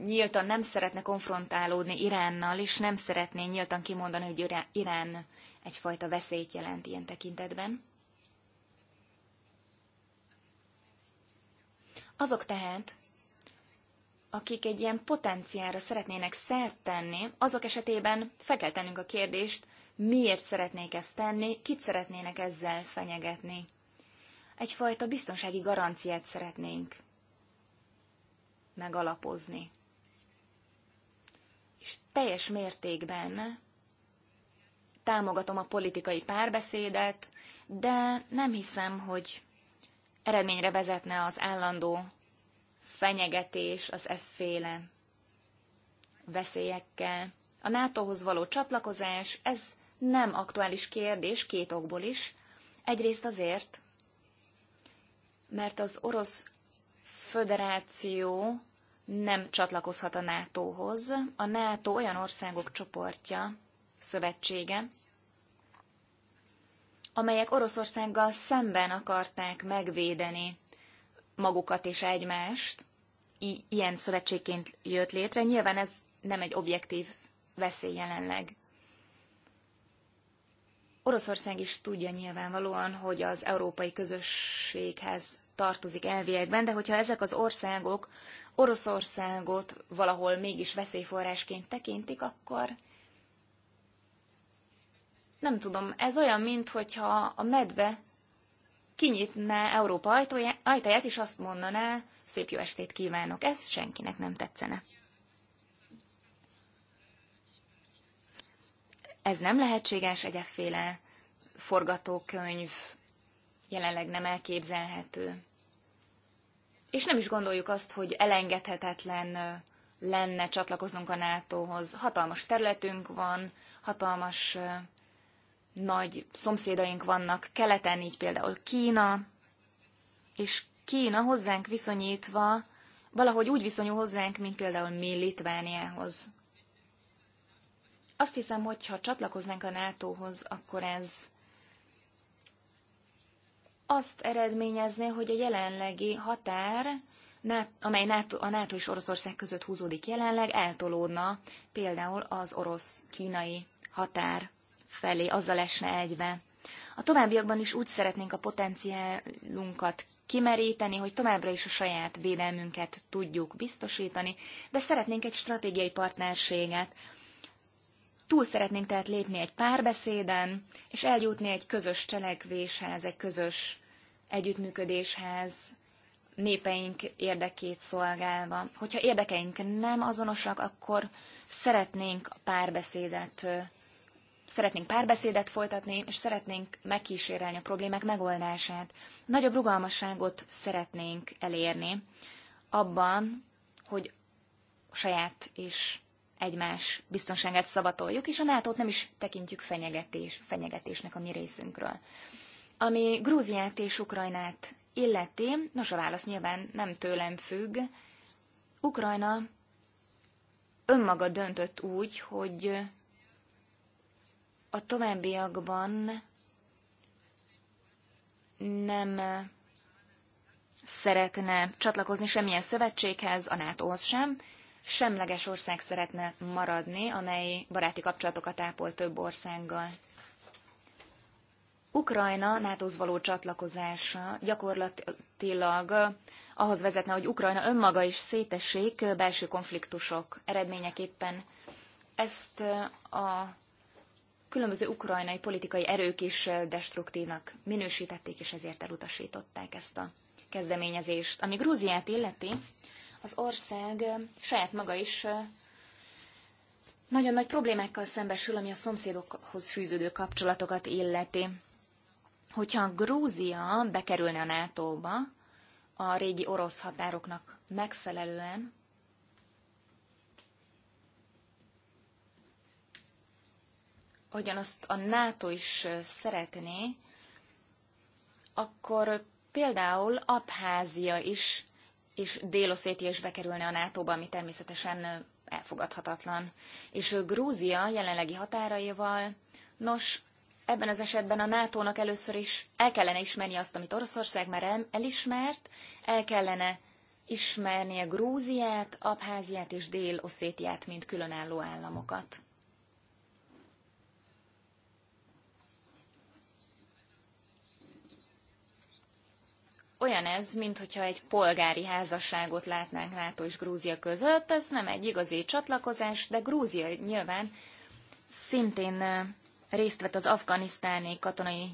nyíltan nem szeretne konfrontálódni Iránnal, és nem szeretné nyíltan kimondani, hogy Irán egyfajta veszélyt jelent ilyen tekintetben. Azok tehát, akik egy ilyen potenciára szeretnének szert tenni, azok esetében fel kell tennünk a kérdést, miért szeretnék ezt tenni, kit szeretnének ezzel fenyegetni. Egyfajta biztonsági garanciát szeretnénk megalapozni. És teljes mértékben támogatom a politikai párbeszédet, de nem hiszem, hogy eredményre vezetne az állandó fenyegetés az efféle veszélyekkel. A NATO-hoz való csatlakozás, ez nem aktuális kérdés két okból is. Egyrészt azért, mert az Orosz Föderáció nem csatlakozhat a NATO-hoz. A NATO olyan országok csoportja, szövetsége, amelyek Oroszországgal szemben akarták megvédeni magukat és egymást. I- ilyen szövetségként jött létre. Nyilván ez nem egy objektív veszély jelenleg. Oroszország is tudja nyilvánvalóan, hogy az európai közösséghez tartozik elviekben, de hogyha ezek az országok Oroszországot valahol mégis veszélyforrásként tekintik, akkor nem tudom, ez olyan, mint hogyha a medve kinyitne Európa ajtaját, és azt mondaná, szép jó estét kívánok. Ez senkinek nem tetszene. Ez nem lehetséges, egyféle forgatókönyv jelenleg nem elképzelhető. És nem is gondoljuk azt, hogy elengedhetetlen lenne csatlakozunk a NATO-hoz. Hatalmas területünk van, hatalmas nagy szomszédaink vannak keleten, így például Kína, és Kína hozzánk viszonyítva valahogy úgy viszonyul hozzánk, mint például mi Litvániához. Azt hiszem, hogy ha csatlakoznánk a NATO-hoz, akkor ez azt eredményezné, hogy a jelenlegi határ, amely a NATO és Oroszország között húzódik jelenleg, eltolódna például az orosz-kínai határ felé, azzal esne egybe. A továbbiakban is úgy szeretnénk a potenciálunkat kimeríteni, hogy továbbra is a saját védelmünket tudjuk biztosítani, de szeretnénk egy stratégiai partnerséget. Túl szeretnénk tehát lépni egy párbeszéden, és eljutni egy közös cselekvéshez, egy közös együttműködéshez, népeink érdekét szolgálva. Hogyha érdekeink nem azonosak, akkor szeretnénk a párbeszédet szeretnénk párbeszédet folytatni, és szeretnénk megkísérelni a problémák megoldását. Nagyobb rugalmasságot szeretnénk elérni abban, hogy saját és egymás biztonságát szavatoljuk, és a nato nem is tekintjük fenyegetés, fenyegetésnek a mi részünkről. Ami Grúziát és Ukrajnát illeti, nos a válasz nyilván nem tőlem függ, Ukrajna önmaga döntött úgy, hogy a továbbiakban nem szeretne csatlakozni semmilyen szövetséghez, a NATO-hoz sem, semleges ország szeretne maradni, amely baráti kapcsolatokat ápol több országgal. Ukrajna NATO-hoz való csatlakozása gyakorlatilag ahhoz vezetne, hogy Ukrajna önmaga is szétessék belső konfliktusok eredményeképpen. Ezt a különböző ukrajnai politikai erők is eh, destruktívnak minősítették, és ezért elutasították ezt a kezdeményezést. Ami Grúziát illeti, az ország eh, saját maga is eh, nagyon nagy problémákkal szembesül, ami a szomszédokhoz fűződő kapcsolatokat illeti. Hogyha Grúzia bekerülne a NATO-ba, a régi orosz határoknak megfelelően, ahogyan azt a NATO is szeretné, akkor például Abházia is és Déloszétia is bekerülne a NATO-ba, ami természetesen elfogadhatatlan. És Grúzia jelenlegi határaival, nos, ebben az esetben a NATO-nak először is el kellene ismerni azt, amit Oroszország már elismert, el kellene ismernie Grúziát, Abháziát és Dél-Oszétiát, mint különálló államokat. olyan ez, mintha egy polgári házasságot látnánk NATO és Grúzia között. Ez nem egy igazi csatlakozás, de Grúzia nyilván szintén részt vett az afganisztáni katonai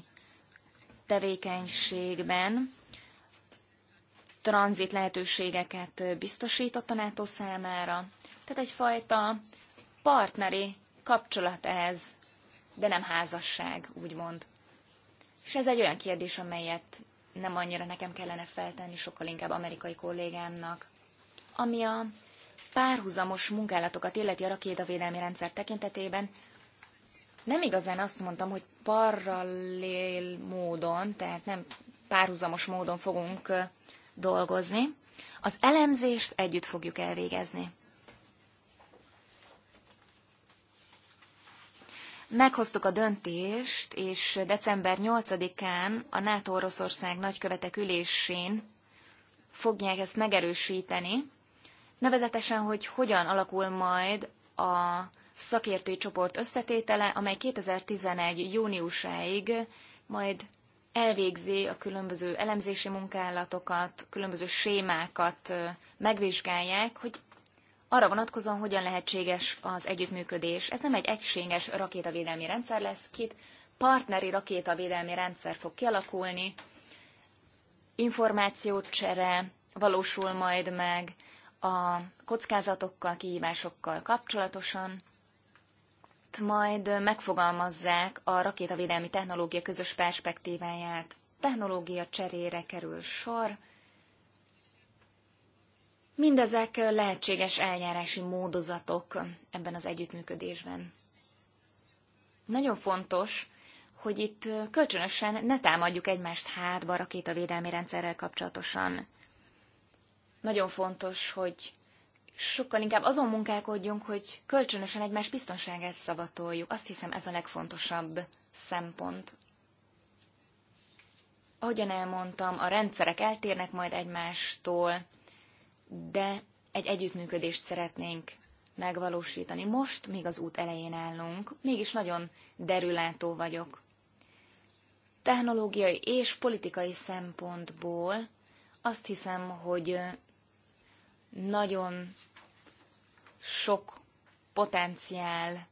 tevékenységben, tranzit lehetőségeket biztosított a NATO számára. Tehát egyfajta partneri kapcsolat ez, de nem házasság, úgymond. És ez egy olyan kérdés, amelyet nem annyira nekem kellene feltenni, sokkal inkább amerikai kollégámnak. Ami a párhuzamos munkálatokat illeti a rakétavédelmi rendszer tekintetében, nem igazán azt mondtam, hogy parallél módon, tehát nem párhuzamos módon fogunk dolgozni. Az elemzést együtt fogjuk elvégezni. Meghoztuk a döntést, és december 8-án a NATO-Oroszország nagykövetek ülésén fogják ezt megerősíteni, nevezetesen, hogy hogyan alakul majd a szakértői csoport összetétele, amely 2011. júniusáig majd elvégzi a különböző elemzési munkálatokat, különböző sémákat megvizsgálják, hogy arra vonatkozóan, hogyan lehetséges az együttműködés. Ez nem egy egységes rakétavédelmi rendszer lesz, két partneri rakétavédelmi rendszer fog kialakulni, információcsere valósul majd meg a kockázatokkal, kihívásokkal kapcsolatosan, majd megfogalmazzák a rakétavédelmi technológia közös perspektíváját. Technológia cserére kerül sor, Mindezek lehetséges eljárási módozatok ebben az együttműködésben. Nagyon fontos, hogy itt kölcsönösen ne támadjuk egymást hátba védelmi rendszerrel kapcsolatosan. Nagyon fontos, hogy sokkal inkább azon munkálkodjunk, hogy kölcsönösen egymás biztonságát szavatoljuk. Azt hiszem ez a legfontosabb szempont. Ahogyan elmondtam, a rendszerek eltérnek majd egymástól, de egy együttműködést szeretnénk megvalósítani. Most még az út elején állunk, mégis nagyon derülátó vagyok. Technológiai és politikai szempontból azt hiszem, hogy nagyon sok potenciál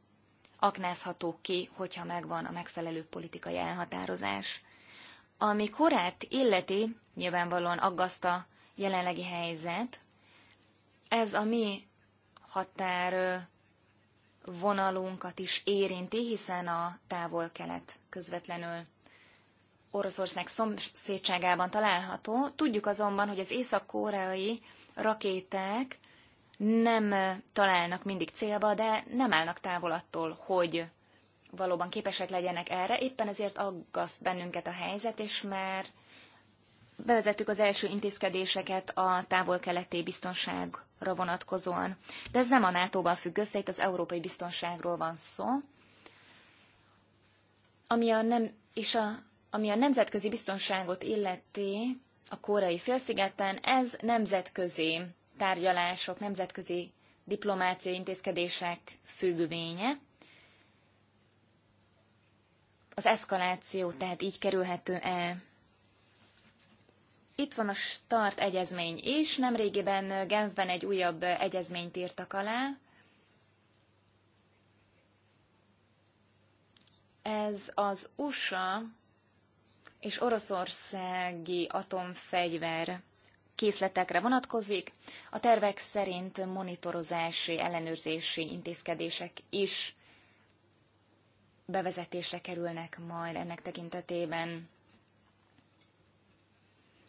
aknázható ki, hogyha megvan a megfelelő politikai elhatározás. Ami korát illeti, nyilvánvalóan a jelenlegi helyzet. Ez a mi határ vonalunkat is érinti, hiszen a távol-kelet közvetlenül Oroszország szomszédságában található. Tudjuk azonban, hogy az észak-koreai rakéták nem találnak mindig célba, de nem állnak távol attól, hogy valóban képesek legyenek erre. Éppen ezért aggaszt bennünket a helyzet, és már bevezettük az első intézkedéseket a távol-keleti biztonságra vonatkozóan. De ez nem a NATO-val függ össze, itt az európai biztonságról van szó, ami a, nem, és a, ami a nemzetközi biztonságot illeti a koreai félszigeten, ez nemzetközi tárgyalások, nemzetközi diplomáciai intézkedések függvénye. Az eszkaláció tehát így kerülhető el. Itt van a start egyezmény is. Nemrégiben Genfben egy újabb egyezményt írtak alá. Ez az USA és oroszországi atomfegyver készletekre vonatkozik. A tervek szerint monitorozási, ellenőrzési intézkedések is bevezetésre kerülnek majd ennek tekintetében.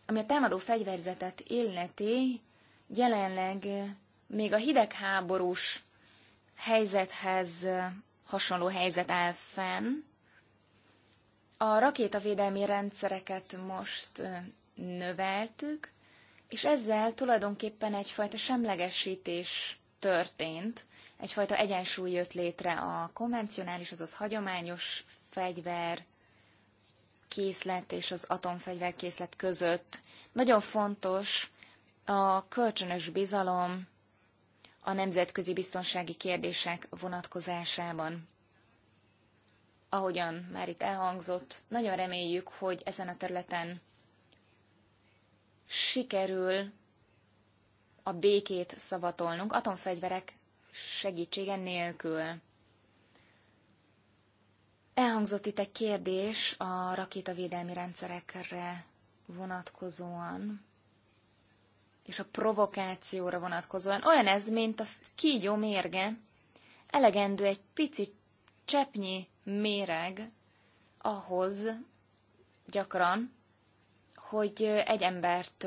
Ami a támadó fegyverzetet illeti, jelenleg még a hidegháborús helyzethez hasonló helyzet áll fenn. A rakétavédelmi rendszereket most növeltük, és ezzel tulajdonképpen egyfajta semlegesítés történt, egyfajta egyensúly jött létre a konvencionális, azaz hagyományos fegyver készlet és az atomfegyverkészlet között. Nagyon fontos a kölcsönös bizalom a nemzetközi biztonsági kérdések vonatkozásában. Ahogyan már itt elhangzott, nagyon reméljük, hogy ezen a területen sikerül a békét szavatolnunk atomfegyverek segítsége nélkül. Elhangzott itt egy kérdés a rakétavédelmi rendszerekre vonatkozóan, és a provokációra vonatkozóan. Olyan ez, mint a kígyó mérge. Elegendő egy pici cseppnyi méreg ahhoz gyakran, hogy egy embert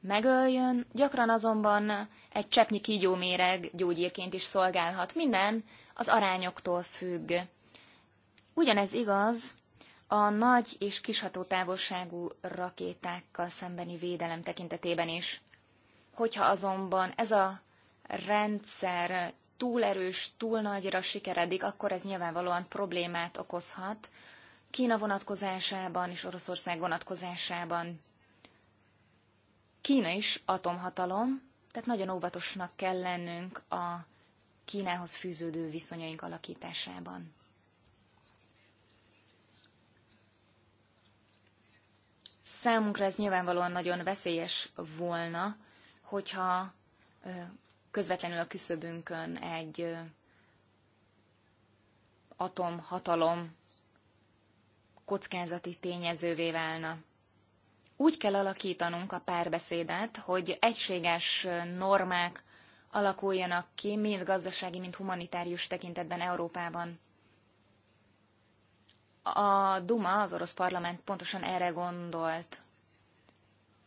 megöljön, gyakran azonban egy cseppnyi méreg gyógyírként is szolgálhat. Minden az arányoktól függ. Ugyanez igaz a nagy és távolságú rakétákkal szembeni védelem tekintetében is. Hogyha azonban ez a rendszer túl erős, túl nagyra sikeredik, akkor ez nyilvánvalóan problémát okozhat Kína vonatkozásában és Oroszország vonatkozásában. Kína is atomhatalom, tehát nagyon óvatosnak kell lennünk a Kínához fűződő viszonyaink alakításában. Számunkra ez nyilvánvalóan nagyon veszélyes volna, hogyha közvetlenül a küszöbünkön egy atomhatalom kockázati tényezővé válna. Úgy kell alakítanunk a párbeszédet, hogy egységes normák alakuljanak ki, mind gazdasági, mind humanitárius tekintetben Európában. A Duma, az orosz parlament pontosan erre gondolt.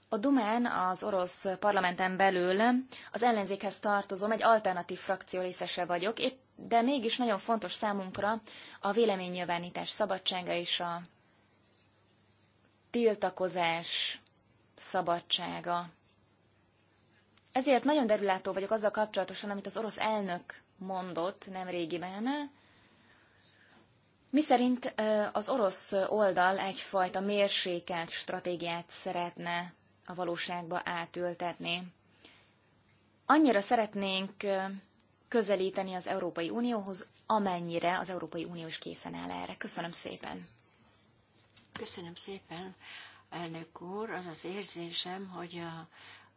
A Dumán, az orosz parlamenten belül az ellenzékhez tartozom, egy alternatív frakció részese vagyok, épp, de mégis nagyon fontos számunkra a véleménynyilvánítás szabadsága és a tiltakozás szabadsága. Ezért nagyon derülátó vagyok azzal kapcsolatosan, amit az orosz elnök mondott nem régiben, Miszerint az orosz oldal egyfajta mérsékelt stratégiát szeretne a valóságba átültetni. Annyira szeretnénk közelíteni az Európai Unióhoz, amennyire az Európai Unió is készen áll erre. Köszönöm szépen. Köszönöm szépen, elnök úr. Az az érzésem, hogy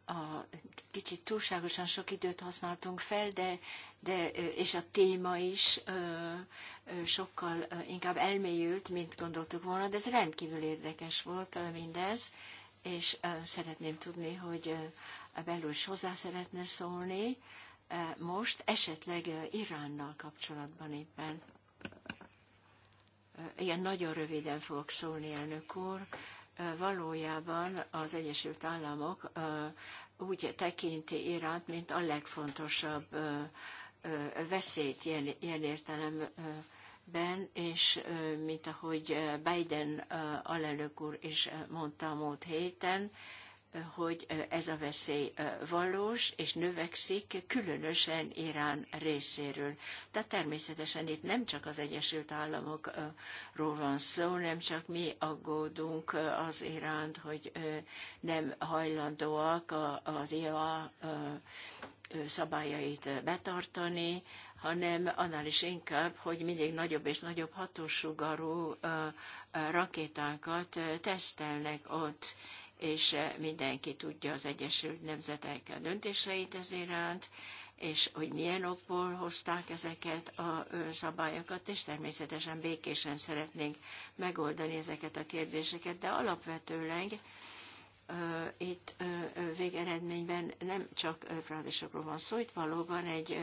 a, a kicsit túlságosan sok időt használtunk fel, de, de és a téma is sokkal inkább elmélyült, mint gondoltuk volna, de ez rendkívül érdekes volt mindez, és szeretném tudni, hogy a belős hozzá szeretne szólni most, esetleg Iránnal kapcsolatban éppen. Igen, nagyon röviden fogok szólni, elnök úr. Valójában az Egyesült Államok úgy tekinti Iránt, mint a legfontosabb veszélyt ilyen, ilyen értelemben ben, és mint ahogy Biden alelnök úr is mondta a múlt héten, hogy ez a veszély valós és növekszik, különösen Irán részéről. Tehát természetesen itt nem csak az Egyesült Államokról van szó, nem csak mi aggódunk az Iránt, hogy nem hajlandóak az IA szabályait betartani, hanem annál is inkább, hogy mindig nagyobb és nagyobb hatósugarú rakétákat tesztelnek ott, és mindenki tudja az Egyesült Nemzetek döntéseit ez iránt, és hogy milyen okból hozták ezeket a szabályokat, és természetesen békésen szeretnénk megoldani ezeket a kérdéseket, de alapvetőleg itt végeredményben nem csak frázisokról van szó, itt valóban egy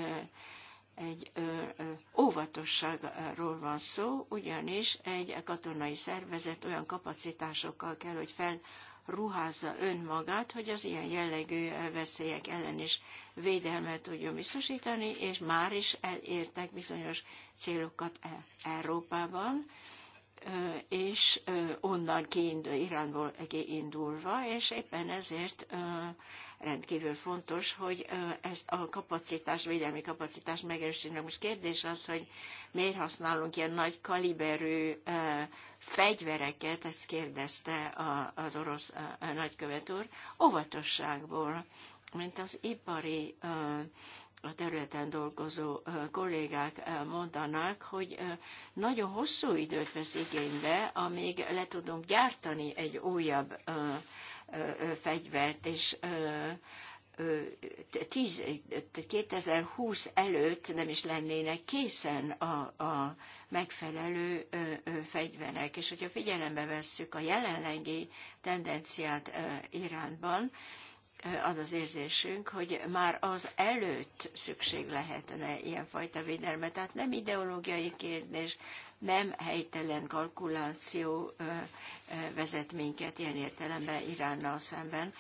egy ö, ö, óvatosságról van szó, ugyanis egy katonai szervezet olyan kapacitásokkal kell, hogy felruházza önmagát, hogy az ilyen jellegű veszélyek ellen is védelmet tudjon biztosítani, és már is elértek bizonyos célokat e, Európában, és onnan kiindul, Iránból kiindulva, és éppen ezért rendkívül fontos, hogy ezt a kapacitás, védelmi kapacitás megerősítünk. Most kérdés az, hogy miért használunk ilyen nagy kaliberű fegyvereket, ezt kérdezte az orosz nagykövet úr, óvatosságból, mint az ipari a területen dolgozó kollégák mondanák, hogy nagyon hosszú időt vesz igénybe, amíg le tudunk gyártani egy újabb fegyvert, és 10, 2020 előtt nem is lennének készen a, a megfelelő fegyverek. És hogyha figyelembe vesszük a jelenlegi tendenciát Iránban, az az érzésünk, hogy már az előtt szükség lehetne ilyenfajta védelmet. Tehát nem ideológiai kérdés, nem helytelen kalkuláció vezet minket ilyen értelemben Iránnal szemben.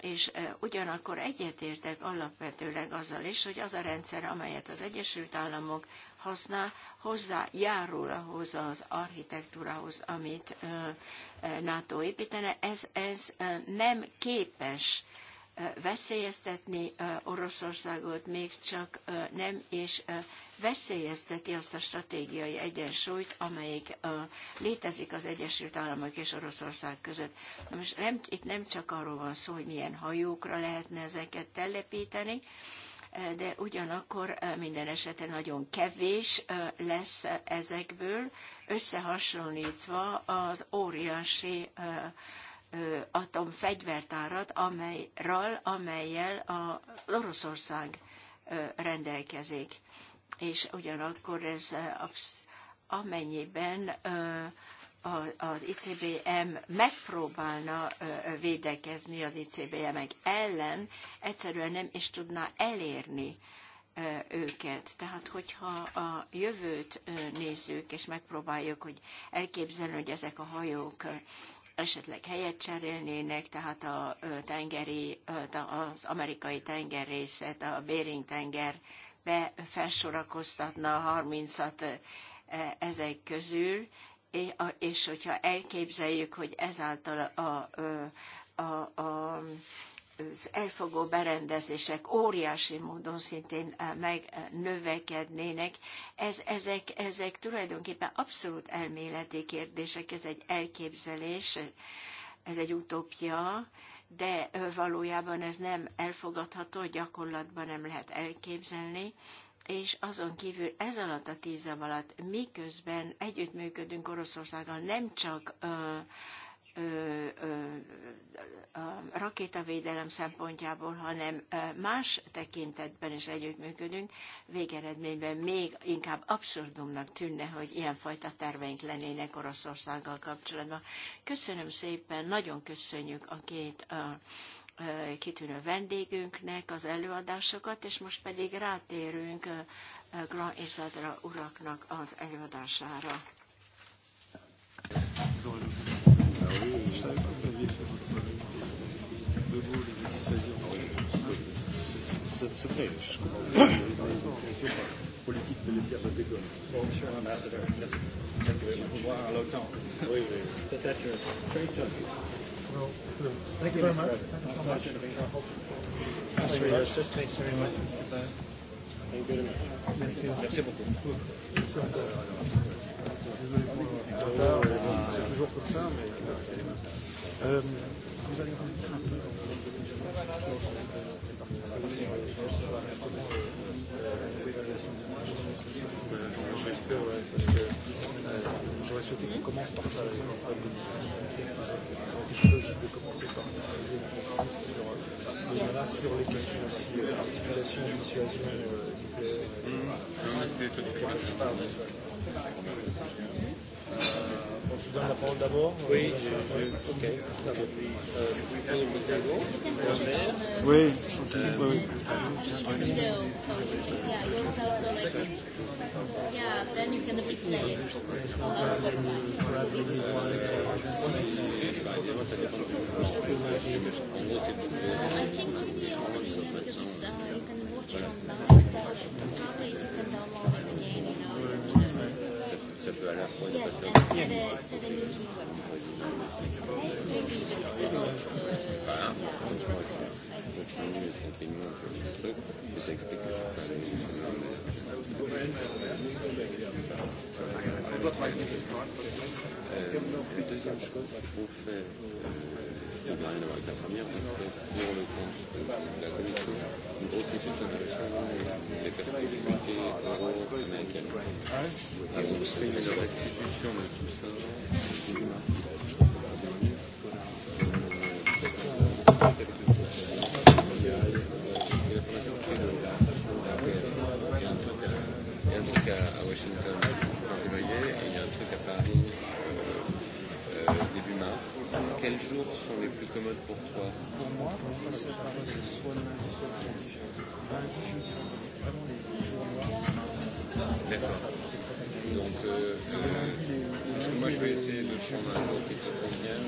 És ugyanakkor egyetértek alapvetőleg azzal is, hogy az a rendszer, amelyet az Egyesült Államok használ, hozzájárul ahhoz az architektúrahoz, amit NATO építene. Ez, ez nem képes veszélyeztetni Oroszországot, még csak nem is veszélyezteti azt a stratégiai egyensúlyt, amelyik létezik az Egyesült Államok és Oroszország között. Na most nem, itt nem csak arról van szó, hogy milyen hajókra lehetne ezeket telepíteni, de ugyanakkor minden esetre nagyon kevés lesz ezekből, összehasonlítva az óriási atomfegyvertárat, amelyről, amelyel az Oroszország rendelkezik és ugyanakkor ez amennyiben az ICBM megpróbálna védekezni az ICBM-ek ellen, egyszerűen nem is tudná elérni őket. Tehát, hogyha a jövőt nézzük, és megpróbáljuk, hogy elképzelni, hogy ezek a hajók esetleg helyet cserélnének, tehát a tengeri, az amerikai tengerészet, a Bering tenger be felsorakoztatna a 30-at e, ezek közül, és hogyha elképzeljük, hogy ezáltal a, a, a az elfogó berendezések óriási módon szintén e, megnövekednének. Ez, ezek, ezek tulajdonképpen abszolút elméleti kérdések, ez egy elképzelés, ez egy utópia, de valójában ez nem elfogadható, gyakorlatban nem lehet elképzelni, és azon kívül ez alatt a tíz év alatt, miközben együttműködünk Oroszországgal, nem csak a rakétavédelem szempontjából, hanem más tekintetben is együttműködünk, végeredményben még inkább abszurdumnak tűnne, hogy ilyenfajta terveink lennének Oroszországgal kapcsolatban. Köszönöm szépen, nagyon köszönjük a két kitűnő vendégünknek az előadásokat, és most pedig rátérünk Grand és Zadra uraknak az előadására. C'est vrai, je commence politique de l'éthière de Bégon. Bonjour, ambassadeur. Merci. Au revoir à l'OTAN. Oui, oui. Peut-être très tôt. Well, so thank you very much. Thank you so much. Thank you very much. Thank you very much, Mr. Baer. Thank you very much. Merci. Merci beaucoup. Désolé pour retard, c'est toujours comme ça, mais. Euh, euh vous allez revenir un peu J'espère, ouais, parce que euh, j'aurais souhaité qu'on commence par ça. Ça aurait été plus logique de commencer par le programme sur, euh, sur les questions aussi, euh, articulation, dissuasion euh, nucléaire. Mmh. mmh. C'est tout à fait. Je donne la parole d'abord Oui, ok. Oui, I think maybe already, because it's, uh, you can watch it online, but probably if you can download ça peut à la fois yes, passer au premier. Voilà, continue tranquillement un peu le truc, et ça explique que ça peut aller Il n'y a rien à voir avec la première. Pour le la commission, une grosse étude d'intégration des personnalités euro-américaines. Et on fait une restitution de tout ça. Thank you. Quels jours sont les plus commodes pour toi Pour moi, pour passer soit le lundi, soit le jeudi. Lundi, jeudi, Vraiment les jours noirs. D'accord. Donc, euh, euh, parce que moi je vais essayer de prendre un jour qui te convienne.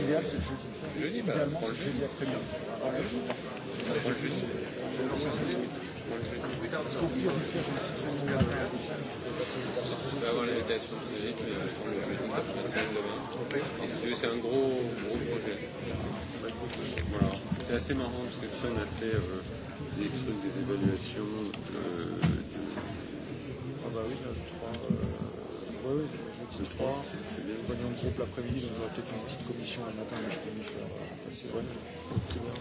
L'idéal c'est le jeudi. Jeudi, bah, prends le jeudi après-midi. Ça Prends le jeudi c'est un gros, gros projet. Voilà. C'est assez marrant parce que Sean a fait euh, des trucs, des évaluations. Euh, de... Ah bah oui, le 3. Euh... Ouais, oui, le 3. C'est bien. Réunion de groupe l'après-midi, donc j'aurai peut-être une petite commission le matin, mais je peux m'y faire passer. Euh, ouais. Très bien.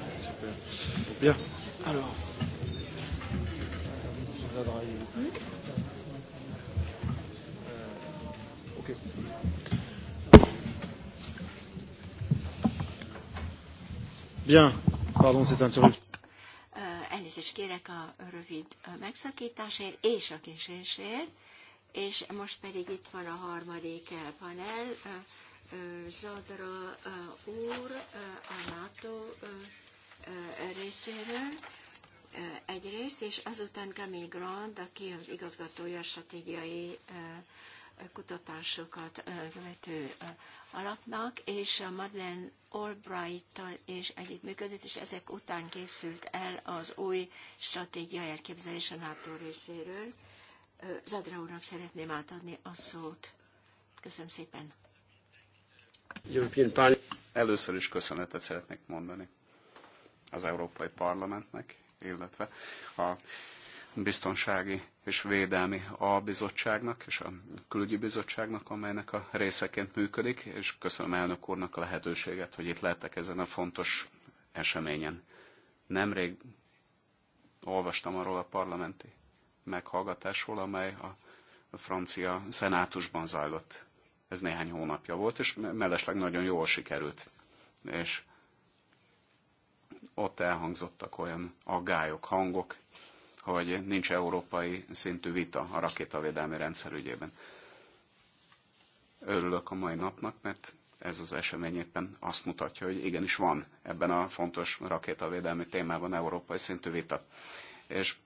Ouais. Super. Bien. Alors. Hmm? Bien, pardon Elnézést kérek a rövid megszakításért és a késésért, és most pedig itt van a harmadik panel, Zadra úr, a NATO részéről egyrészt, és azután Camille Grand, aki az igazgatója stratégiai kutatásokat követő alapnak, és a Madeleine Albright-tal is együttműködött, és ezek után készült el az új stratégiai elképzelés a NATO részéről. Zadra úrnak szeretném átadni a szót. Köszönöm szépen. Először is köszönetet szeretnék mondani az Európai Parlamentnek, illetve a Biztonsági és Védelmi Albizottságnak és a Külügyi Bizottságnak, amelynek a részeként működik, és köszönöm elnök úrnak a lehetőséget, hogy itt lehetek ezen a fontos eseményen. Nemrég olvastam arról a parlamenti meghallgatásról, amely a francia szenátusban zajlott. Ez néhány hónapja volt, és mellesleg nagyon jól sikerült. És ott elhangzottak olyan aggályok, hangok, hogy nincs európai szintű vita a rakétavédelmi rendszer ügyében. Örülök a mai napnak, mert ez az esemény éppen azt mutatja, hogy igenis van ebben a fontos rakétavédelmi témában európai szintű vita. És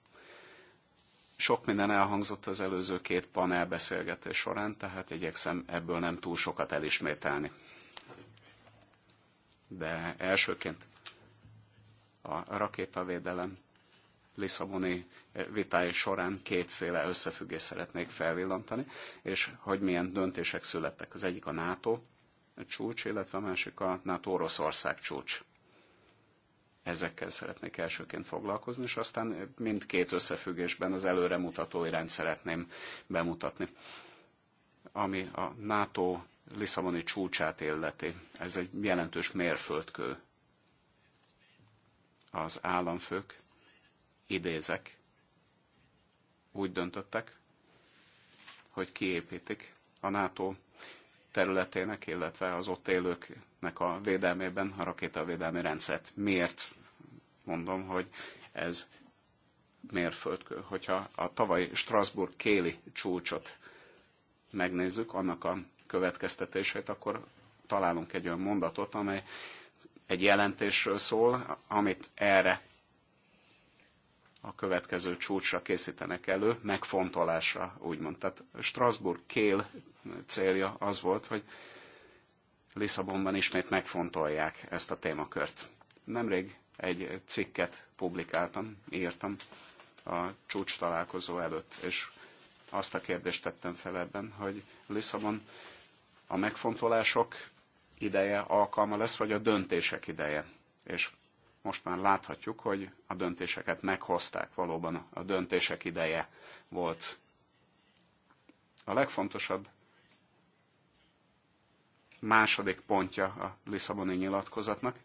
sok minden elhangzott az előző két panel beszélgetés során, tehát igyekszem ebből nem túl sokat elismételni. De elsőként a rakétavédelem Lisszaboni eh, vitái során kétféle összefüggést szeretnék felvillantani, és hogy milyen döntések születtek. Az egyik a NATO csúcs, illetve a másik a NATO-Oroszország csúcs. Ezekkel szeretnék elsőként foglalkozni, és aztán mindkét összefüggésben az előremutató irányt szeretném bemutatni. Ami a NATO Lisszaboni csúcsát illeti, ez egy jelentős mérföldkő az államfők, idézek, úgy döntöttek, hogy kiépítik a NATO területének, illetve az ott élőknek a védelmében a rakétavédelmi rendszert. Miért mondom, hogy ez mérföldkő? Hogyha a tavaly Strasbourg kéli csúcsot megnézzük, annak a következtetését, akkor találunk egy olyan mondatot, amely egy jelentésről szól, amit erre a következő csúcsra készítenek elő, megfontolásra, úgymond. Tehát Strasbourg kél célja az volt, hogy Lisszabonban ismét megfontolják ezt a témakört. Nemrég egy cikket publikáltam, írtam a csúcs találkozó előtt, és azt a kérdést tettem fel ebben, hogy Lisszabon a megfontolások ideje, alkalma lesz, vagy a döntések ideje. És most már láthatjuk, hogy a döntéseket meghozták, valóban a döntések ideje volt. A legfontosabb második pontja a Lisszaboni nyilatkozatnak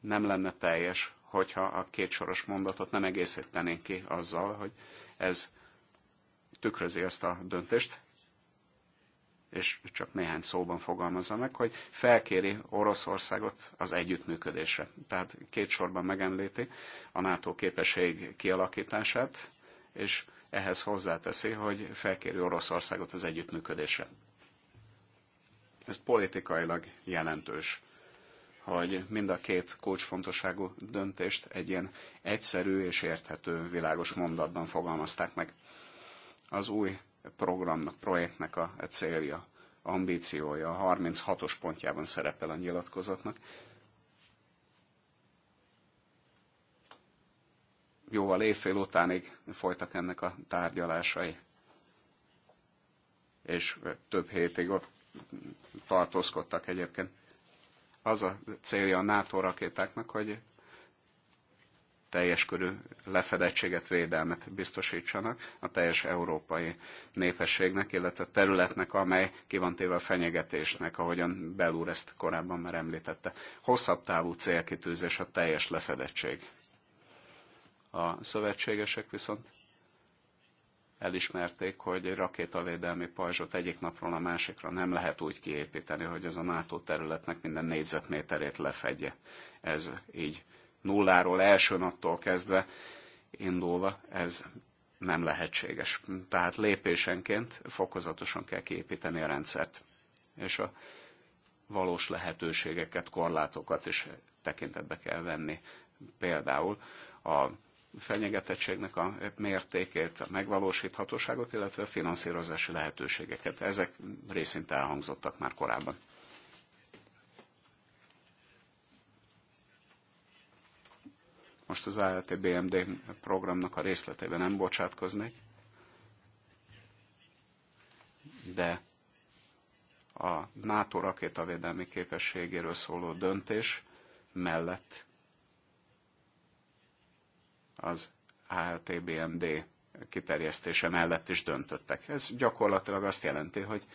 nem lenne teljes, hogyha a kétsoros mondatot nem egészítenénk ki azzal, hogy ez tükrözi ezt a döntést, és csak néhány szóban fogalmazza meg, hogy felkéri Oroszországot az együttműködésre. Tehát két sorban megemlíti a NATO képesség kialakítását, és ehhez hozzáteszi, hogy felkéri Oroszországot az együttműködésre. Ez politikailag jelentős, hogy mind a két kulcsfontosságú döntést egy ilyen egyszerű és érthető, világos mondatban fogalmazták meg. Az új programnak, projektnek a célja, ambíciója a 36-os pontjában szerepel a nyilatkozatnak. Jóval évfél utánig folytak ennek a tárgyalásai, és több hétig ott tartózkodtak egyébként. Az a célja a NATO rakétáknak, hogy teljes körű lefedettséget, védelmet biztosítsanak a teljes európai népességnek, illetve területnek, amely ki van téve a fenyegetésnek, ahogyan Belúr ezt korábban már említette. Hosszabb távú célkitűzés a teljes lefedettség. A szövetségesek viszont elismerték, hogy egy rakétavédelmi pajzsot egyik napról a másikra nem lehet úgy kiépíteni, hogy ez a NATO területnek minden négyzetméterét lefedje. Ez így nulláról első naptól kezdve indulva ez nem lehetséges. Tehát lépésenként fokozatosan kell kiépíteni a rendszert. És a valós lehetőségeket, korlátokat is tekintetbe kell venni. Például a fenyegetettségnek a mértékét, a megvalósíthatóságot, illetve a finanszírozási lehetőségeket. Ezek részint elhangzottak már korábban. Most az ALT-BMD programnak a részletében nem bocsátkoznék, de a NATO rakétavédelmi képességéről szóló döntés mellett az ALTBMD kiterjesztése mellett is döntöttek. Ez gyakorlatilag azt jelenti, hogy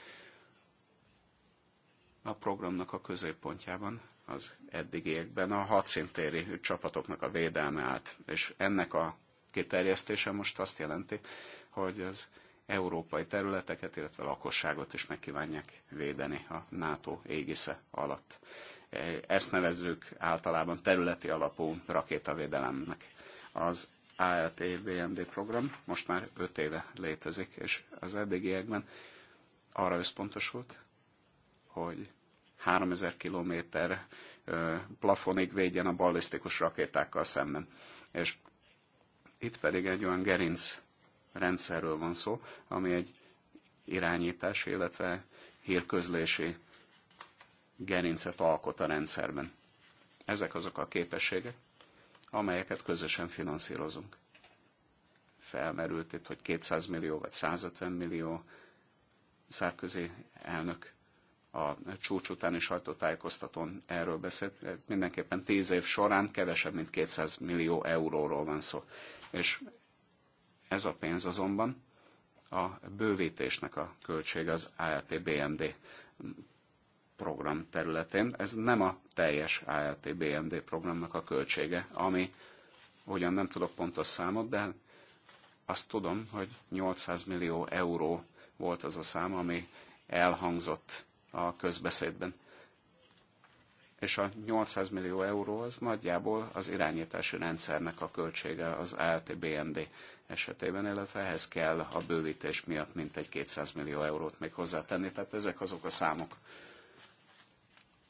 a programnak a középpontjában az eddigiekben a hadszintéri csapatoknak a védelme állt, és ennek a kiterjesztése most azt jelenti, hogy az európai területeket, illetve lakosságot is megkívánják védeni a NATO égisze alatt. Ezt nevezzük általában területi alapú rakétavédelemnek. Az ALT-BMD program most már öt éve létezik, és az eddigiekben arra összpontosult, hogy 3000 kilométer plafonig védjen a ballisztikus rakétákkal szemben. És itt pedig egy olyan gerinc rendszerről van szó, ami egy irányítás, illetve hírközlési gerincet alkot a rendszerben. Ezek azok a képességek, amelyeket közösen finanszírozunk. Felmerült itt, hogy 200 millió vagy 150 millió szárközi elnök a csúcs utáni sajtótájékoztatón erről beszélt. Mindenképpen tíz év során kevesebb, mint 200 millió euróról van szó. És ez a pénz azonban a bővítésnek a költsége az art bmd program területén. Ez nem a teljes art bmd programnak a költsége, ami ugyan nem tudok pontos számot, de azt tudom, hogy 800 millió euró volt az a szám, ami elhangzott a közbeszédben. És a 800 millió euró az nagyjából az irányítási rendszernek a költsége az ALT-BND esetében, illetve ehhez kell a bővítés miatt mintegy 200 millió eurót még hozzátenni. Tehát ezek azok a számok,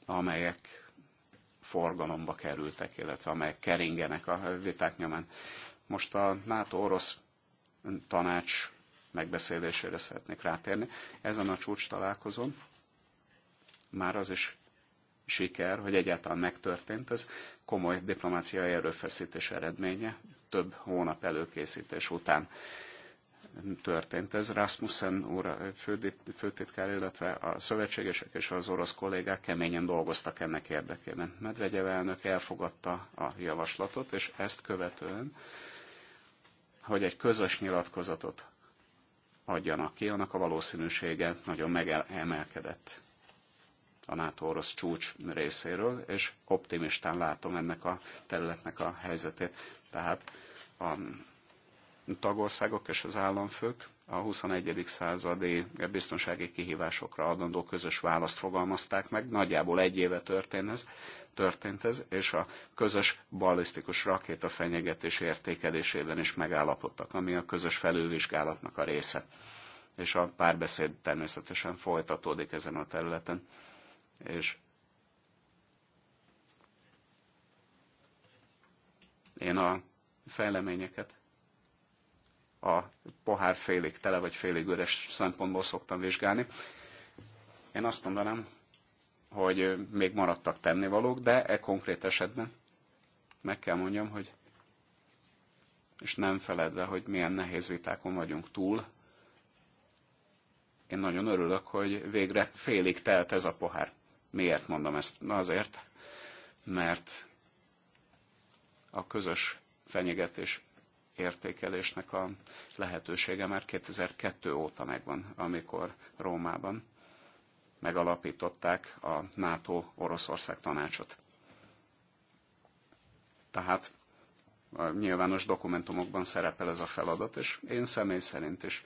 amelyek forgalomba kerültek, illetve amelyek keringenek a viták nyomán. Most a NATO-orosz tanács megbeszélésére szeretnék rátérni. Ezen a csúcs találkozón már az is siker, hogy egyáltalán megtörtént, ez komoly diplomáciai erőfeszítés eredménye, több hónap előkészítés után történt. Ez Rasmussen úr főtitkár, illetve a szövetségesek és az orosz kollégák keményen dolgoztak ennek érdekében. Medvegyev elnök elfogadta a javaslatot, és ezt követően, hogy egy közös nyilatkozatot adjanak ki, annak a valószínűsége nagyon megemelkedett a NATO-orosz csúcs részéről, és optimistán látom ennek a területnek a helyzetét. Tehát a tagországok és az államfők a 21. századi biztonsági kihívásokra adandó közös választ fogalmazták meg. Nagyjából egy éve történt ez, történt ez és a közös ballisztikus rakéta fenyegetés értékelésében is megállapodtak, ami a közös felülvizsgálatnak a része. És a párbeszéd természetesen folytatódik ezen a területen. És én a fejleményeket a pohár félig tele vagy félig üres szempontból szoktam vizsgálni. Én azt mondanám, hogy még maradtak tennivalók, de e konkrét esetben meg kell mondjam, hogy és nem feledve, hogy milyen nehéz vitákon vagyunk túl, én nagyon örülök, hogy végre félig telt ez a pohár. Miért mondom ezt? Na azért, mert a közös fenyegetés értékelésnek a lehetősége már 2002 óta megvan, amikor Rómában megalapították a NATO-Oroszország tanácsot. Tehát a nyilvános dokumentumokban szerepel ez a feladat, és én személy szerint is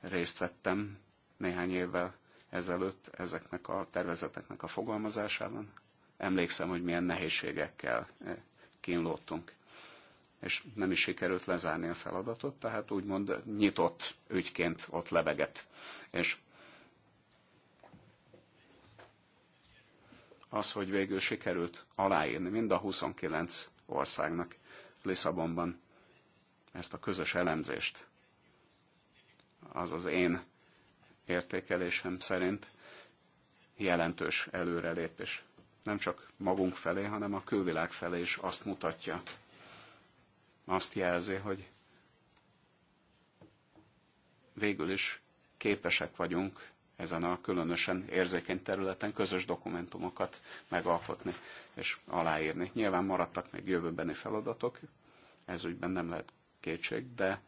részt vettem néhány évvel ezelőtt ezeknek a tervezeteknek a fogalmazásában. Emlékszem, hogy milyen nehézségekkel eh, kínlódtunk, és nem is sikerült lezárni a feladatot, tehát úgymond nyitott ügyként ott lebegett. És az, hogy végül sikerült aláírni mind a 29 országnak Lisszabonban ezt a közös elemzést, az az én értékelésem szerint jelentős előrelépés. Nem csak magunk felé, hanem a külvilág felé is azt mutatja. Azt jelzi, hogy végül is képesek vagyunk ezen a különösen érzékeny területen közös dokumentumokat megalkotni és aláírni. Nyilván maradtak még jövőbeni feladatok, ez úgyben nem lehet kétség, de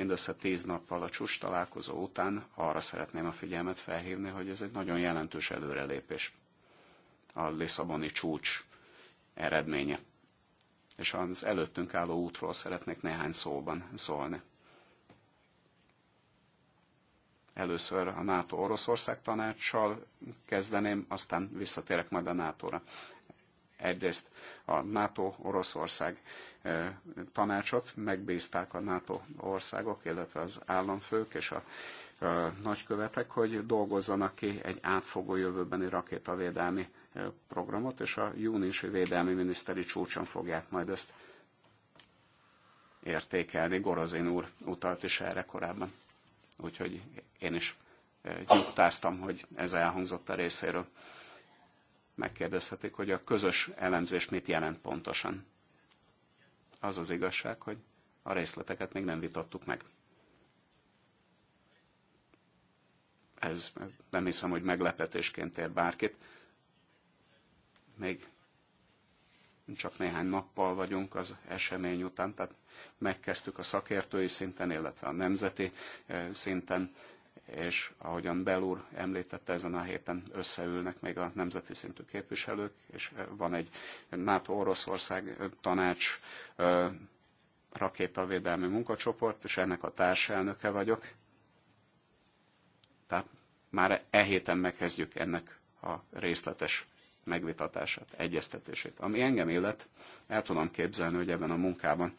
mindössze tíz nappal a csúcs találkozó után arra szeretném a figyelmet felhívni, hogy ez egy nagyon jelentős előrelépés a Lisszaboni csúcs eredménye. És az előttünk álló útról szeretnék néhány szóban szólni. Először a NATO Oroszország tanácssal kezdeném, aztán visszatérek majd a NATO-ra. Egyrészt a NATO-Oroszország eh, tanácsot megbízták a NATO országok, illetve az államfők és a nagykövetek, hogy dolgozzanak ki egy átfogó jövőbeni rakétavédelmi eh, programot, és a júniusi védelmi miniszteri csúcson fogják majd ezt értékelni. Gorozin úr utalt is erre korábban. Úgyhogy én is eh, nyugtáztam, hogy ez elhangzott a részéről megkérdezhetik, hogy a közös elemzés mit jelent pontosan. Az az igazság, hogy a részleteket még nem vitattuk meg. Ez nem hiszem, hogy meglepetésként ér bárkit. Még csak néhány nappal vagyunk az esemény után, tehát megkezdtük a szakértői szinten, illetve a nemzeti eh, szinten és ahogyan Bell úr említette, ezen a héten összeülnek még a nemzeti szintű képviselők, és e, van egy NATO-Oroszország tanács e, rakétavédelmi munkacsoport, és ennek a társelnöke vagyok. Tehát már e héten megkezdjük ennek a részletes megvitatását, egyeztetését. Ami engem illet, el tudom képzelni, hogy ebben a munkában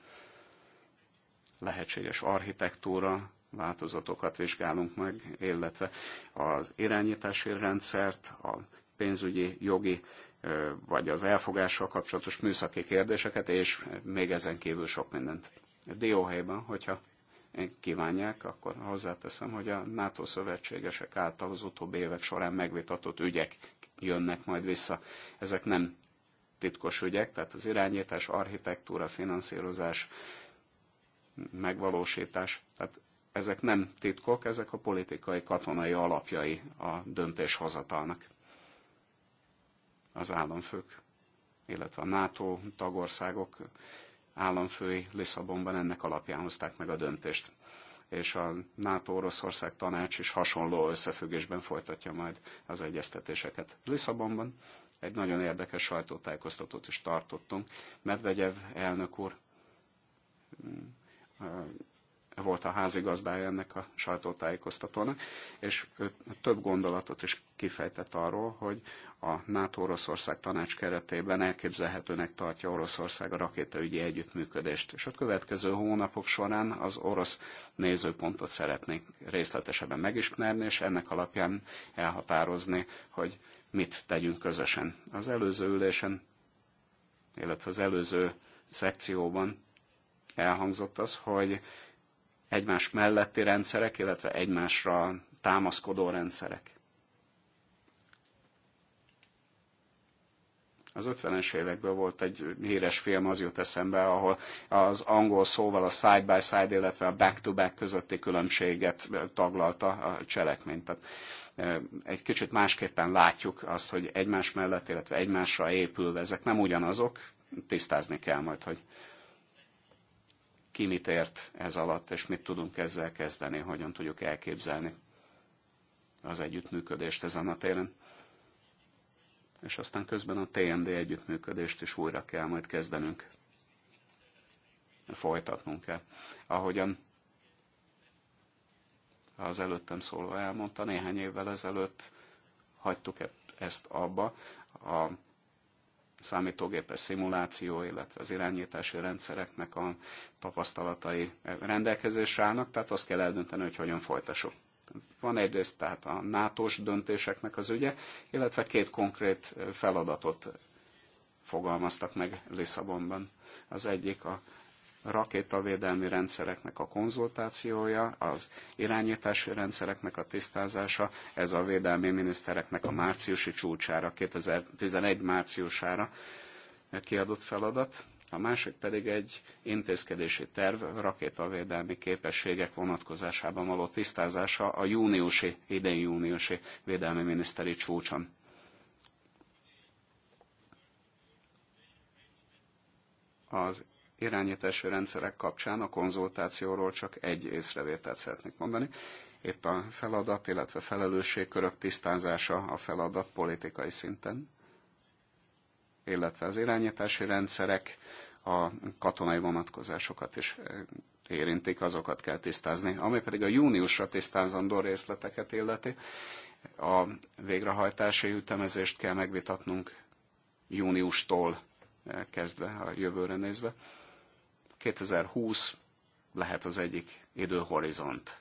lehetséges architektúra, változatokat vizsgálunk meg, illetve az irányítási rendszert, a pénzügyi, jogi vagy az elfogással kapcsolatos műszaki kérdéseket, és még ezen kívül sok mindent. Dióhelyben, hogyha kívánják, akkor hozzáteszem, hogy a NATO szövetségesek által az utóbbi évek során megvitatott ügyek jönnek majd vissza. Ezek nem titkos ügyek, tehát az irányítás, architektúra, finanszírozás, megvalósítás, tehát ezek nem titkok, ezek a politikai, katonai alapjai a döntéshozatalnak. Az államfők, illetve a NATO tagországok államfői Lisszabonban ennek alapján hozták meg a döntést. És a NATO-Oroszország tanács is hasonló összefüggésben folytatja majd az egyeztetéseket. Lisszabonban egy nagyon érdekes sajtótájékoztatót is tartottunk. Medvegyev elnök úr mm, volt a házigazdája ennek a sajtótájékoztatónak, és ő több gondolatot is kifejtett arról, hogy a NATO-Oroszország tanács keretében elképzelhetőnek tartja Oroszország a rakétaügyi együttműködést, és a következő hónapok során az orosz nézőpontot szeretnék részletesebben megismerni, és ennek alapján elhatározni, hogy mit tegyünk közösen. Az előző ülésen, illetve az előző szekcióban elhangzott az, hogy egymás melletti rendszerek, illetve egymásra támaszkodó rendszerek. Az 50-es évekből volt egy híres film, az jut eszembe, ahol az angol szóval a side-by-side, side, illetve a back-to-back -back közötti különbséget taglalta a cselekményt, Tehát e, egy kicsit másképpen látjuk azt, hogy egymás mellett, illetve egymásra épülve, ezek nem ugyanazok, tisztázni kell majd, hogy ki mit ért ez alatt, és mit tudunk ezzel kezdeni, hogyan tudjuk elképzelni az együttműködést ezen a téren. És aztán közben a TMD együttműködést is újra kell majd kezdenünk. Folytatnunk kell. Ahogyan az előttem szóló elmondta, néhány évvel ezelőtt hagytuk e- ezt abba. A számítógépes szimuláció, illetve az irányítási rendszereknek a tapasztalatai rendelkezésre állnak, tehát azt kell eldönteni, hogy hogyan folytassuk. Van egyrészt tehát a nato döntéseknek az ügye, illetve két konkrét feladatot fogalmaztak meg Lisszabonban. Az egyik a rakétavédelmi rendszereknek a konzultációja, az irányítási rendszereknek a tisztázása, ez a védelmi minisztereknek a márciusi csúcsára, 2011 márciusára kiadott feladat. A másik pedig egy intézkedési terv rakétavédelmi képességek vonatkozásában való tisztázása a júniusi, idén júniusi védelmi miniszteri csúcson. Az irányítási rendszerek kapcsán a konzultációról csak egy észrevételt szeretnék mondani. Itt a feladat, illetve felelősségkörök tisztázása a feladat politikai szinten, illetve az irányítási rendszerek a katonai vonatkozásokat is eh, érintik, azokat kell tisztázni. Ami pedig a júniusra tisztázandó részleteket illeti, a végrehajtási ütemezést kell megvitatnunk júniustól eh, kezdve, a jövőre nézve. 2020 lehet az egyik időhorizont,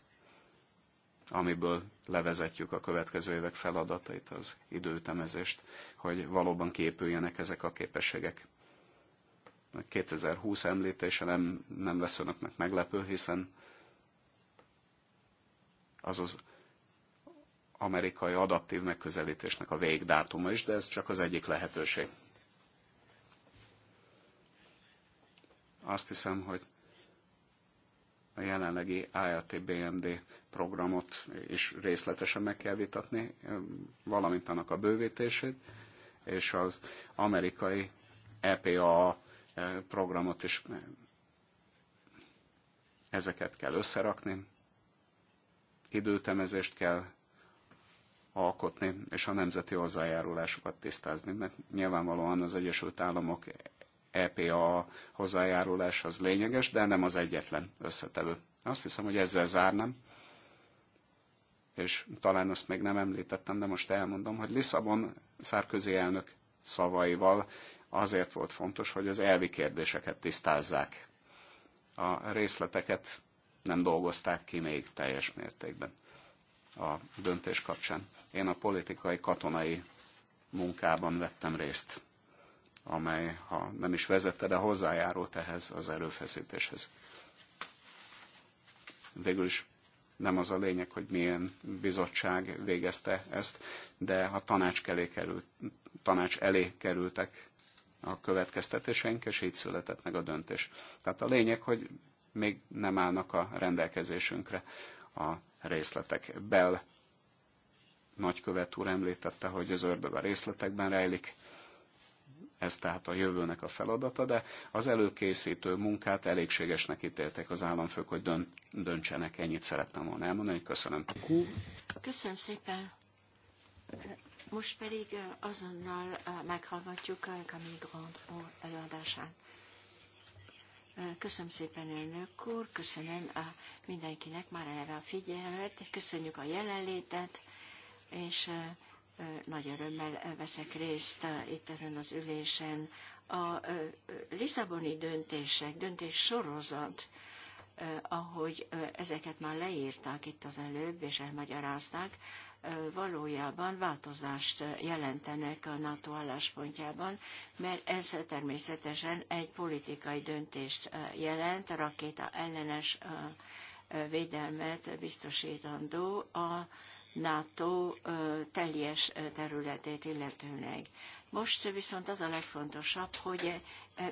amiből levezetjük a következő évek feladatait, az időtemezést, hogy valóban képüljenek ezek a képességek. A 2020 említése nem, nem lesz önöknek meglepő, hiszen az az amerikai adaptív megközelítésnek a végdátuma is, de ez csak az egyik lehetőség. Azt hiszem, hogy a jelenlegi IAT-BMD programot is részletesen meg kell vitatni, valamint annak a bővítését, és az amerikai EPA programot is ezeket kell összerakni, időtemezést kell alkotni, és a nemzeti hozzájárulásokat tisztázni, mert nyilvánvalóan az Egyesült Államok EPA hozzájárulás az lényeges, de nem az egyetlen összetevő. Azt hiszem, hogy ezzel zárnám, és talán azt még nem említettem, de most elmondom, hogy Lisszabon szárközi elnök szavaival azért volt fontos, hogy az elvi kérdéseket tisztázzák. A részleteket nem dolgozták ki még teljes mértékben a döntés kapcsán. Én a politikai, katonai munkában vettem részt amely, ha nem is vezette, de hozzájárult ehhez az erőfeszítéshez. Végül is nem az a lényeg, hogy milyen bizottság végezte ezt, de a tanács elé, került, tanács elé kerültek a következtetéseink, és így született meg a döntés. Tehát a lényeg, hogy még nem állnak a rendelkezésünkre a részletek. Bell nagykövet úr említette, hogy az ördög a részletekben rejlik, ez tehát a jövőnek a feladata, de az előkészítő munkát elégségesnek ítéltek az államfők, hogy dönt, döntsenek. Ennyit szerettem volna elmondani. Köszönöm. Köszönöm szépen. Most pedig azonnal meghallgatjuk a Camille Grand előadását. Köszönöm szépen, elnök úr, köszönöm a mindenkinek már erre a figyelmet, köszönjük a jelenlétet, és nagy örömmel veszek részt itt ezen az ülésen. A Lisszaboni döntések, döntés sorozat, ahogy ezeket már leírták itt az előbb, és elmagyarázták, valójában változást jelentenek a NATO álláspontjában, mert ez természetesen egy politikai döntést jelent, a rakéta ellenes védelmet biztosítandó a NATO teljes területét illetőleg. Most viszont az a legfontosabb, hogy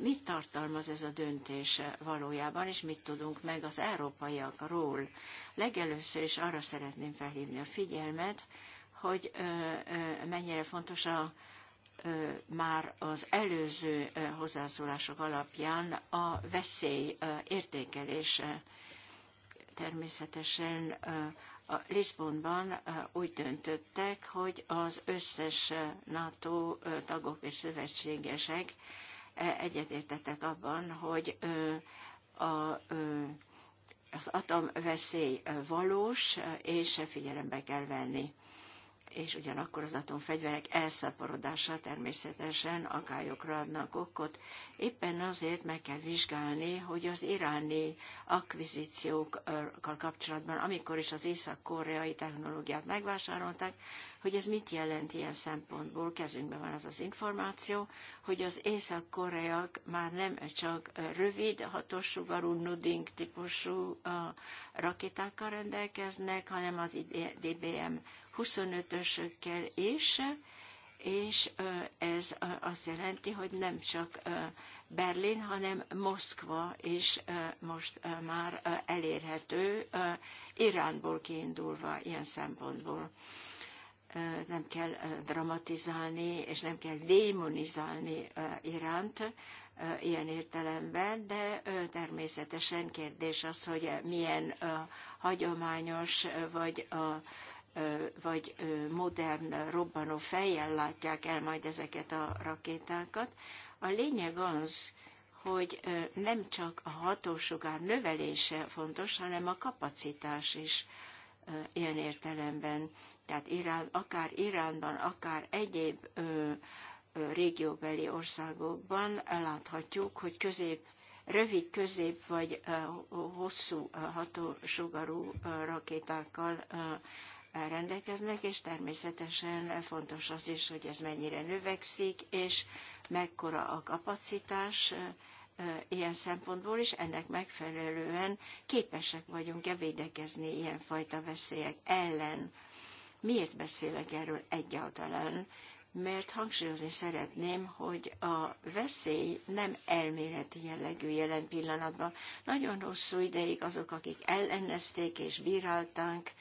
mit tartalmaz ez a döntés valójában, és mit tudunk meg az európaiakról. Legelőször is arra szeretném felhívni a figyelmet, hogy mennyire fontos a, már az előző hozzászólások alapján a veszély értékelése. Természetesen a Lisbonban úgy döntöttek, hogy az összes NATO tagok és szövetségesek egyetértettek abban, hogy a az atomveszély valós, és figyelembe kell venni és ugyanakkor az atomfegyverek elszaporodása természetesen akályokra adnak okot. Éppen azért meg kell vizsgálni, hogy az iráni akvizíciókkal kapcsolatban, amikor is az észak-koreai technológiát megvásárolták, hogy ez mit jelent ilyen szempontból. Kezünkben van az az információ, hogy az észak-koreak már nem csak rövid, hatossugarú nuding típusú rakétákkal rendelkeznek, hanem az DBM 25-ösökkel is, és ez azt jelenti, hogy nem csak Berlin, hanem Moszkva is most már elérhető, Iránból kiindulva ilyen szempontból. Nem kell dramatizálni, és nem kell démonizálni Iránt ilyen értelemben, de természetesen kérdés az, hogy milyen hagyományos vagy vagy modern robbanó fejjel látják el majd ezeket a rakétákat. A lényeg az, hogy nem csak a hatósugár növelése fontos, hanem a kapacitás is ilyen értelemben. Tehát Irán, akár Iránban, akár egyéb ö, ö, régióbeli országokban láthatjuk, hogy közép, rövid, közép vagy ö, hosszú hatósugarú rakétákkal rendelkeznek, és természetesen fontos az is, hogy ez mennyire növekszik, és mekkora a kapacitás ilyen szempontból is, ennek megfelelően képesek vagyunk-e védekezni ilyenfajta veszélyek ellen. Miért beszélek erről egyáltalán? mert hangsúlyozni szeretném, hogy a veszély nem elméleti jellegű jelen pillanatban. Nagyon hosszú ideig azok, akik ellenezték és bírálták,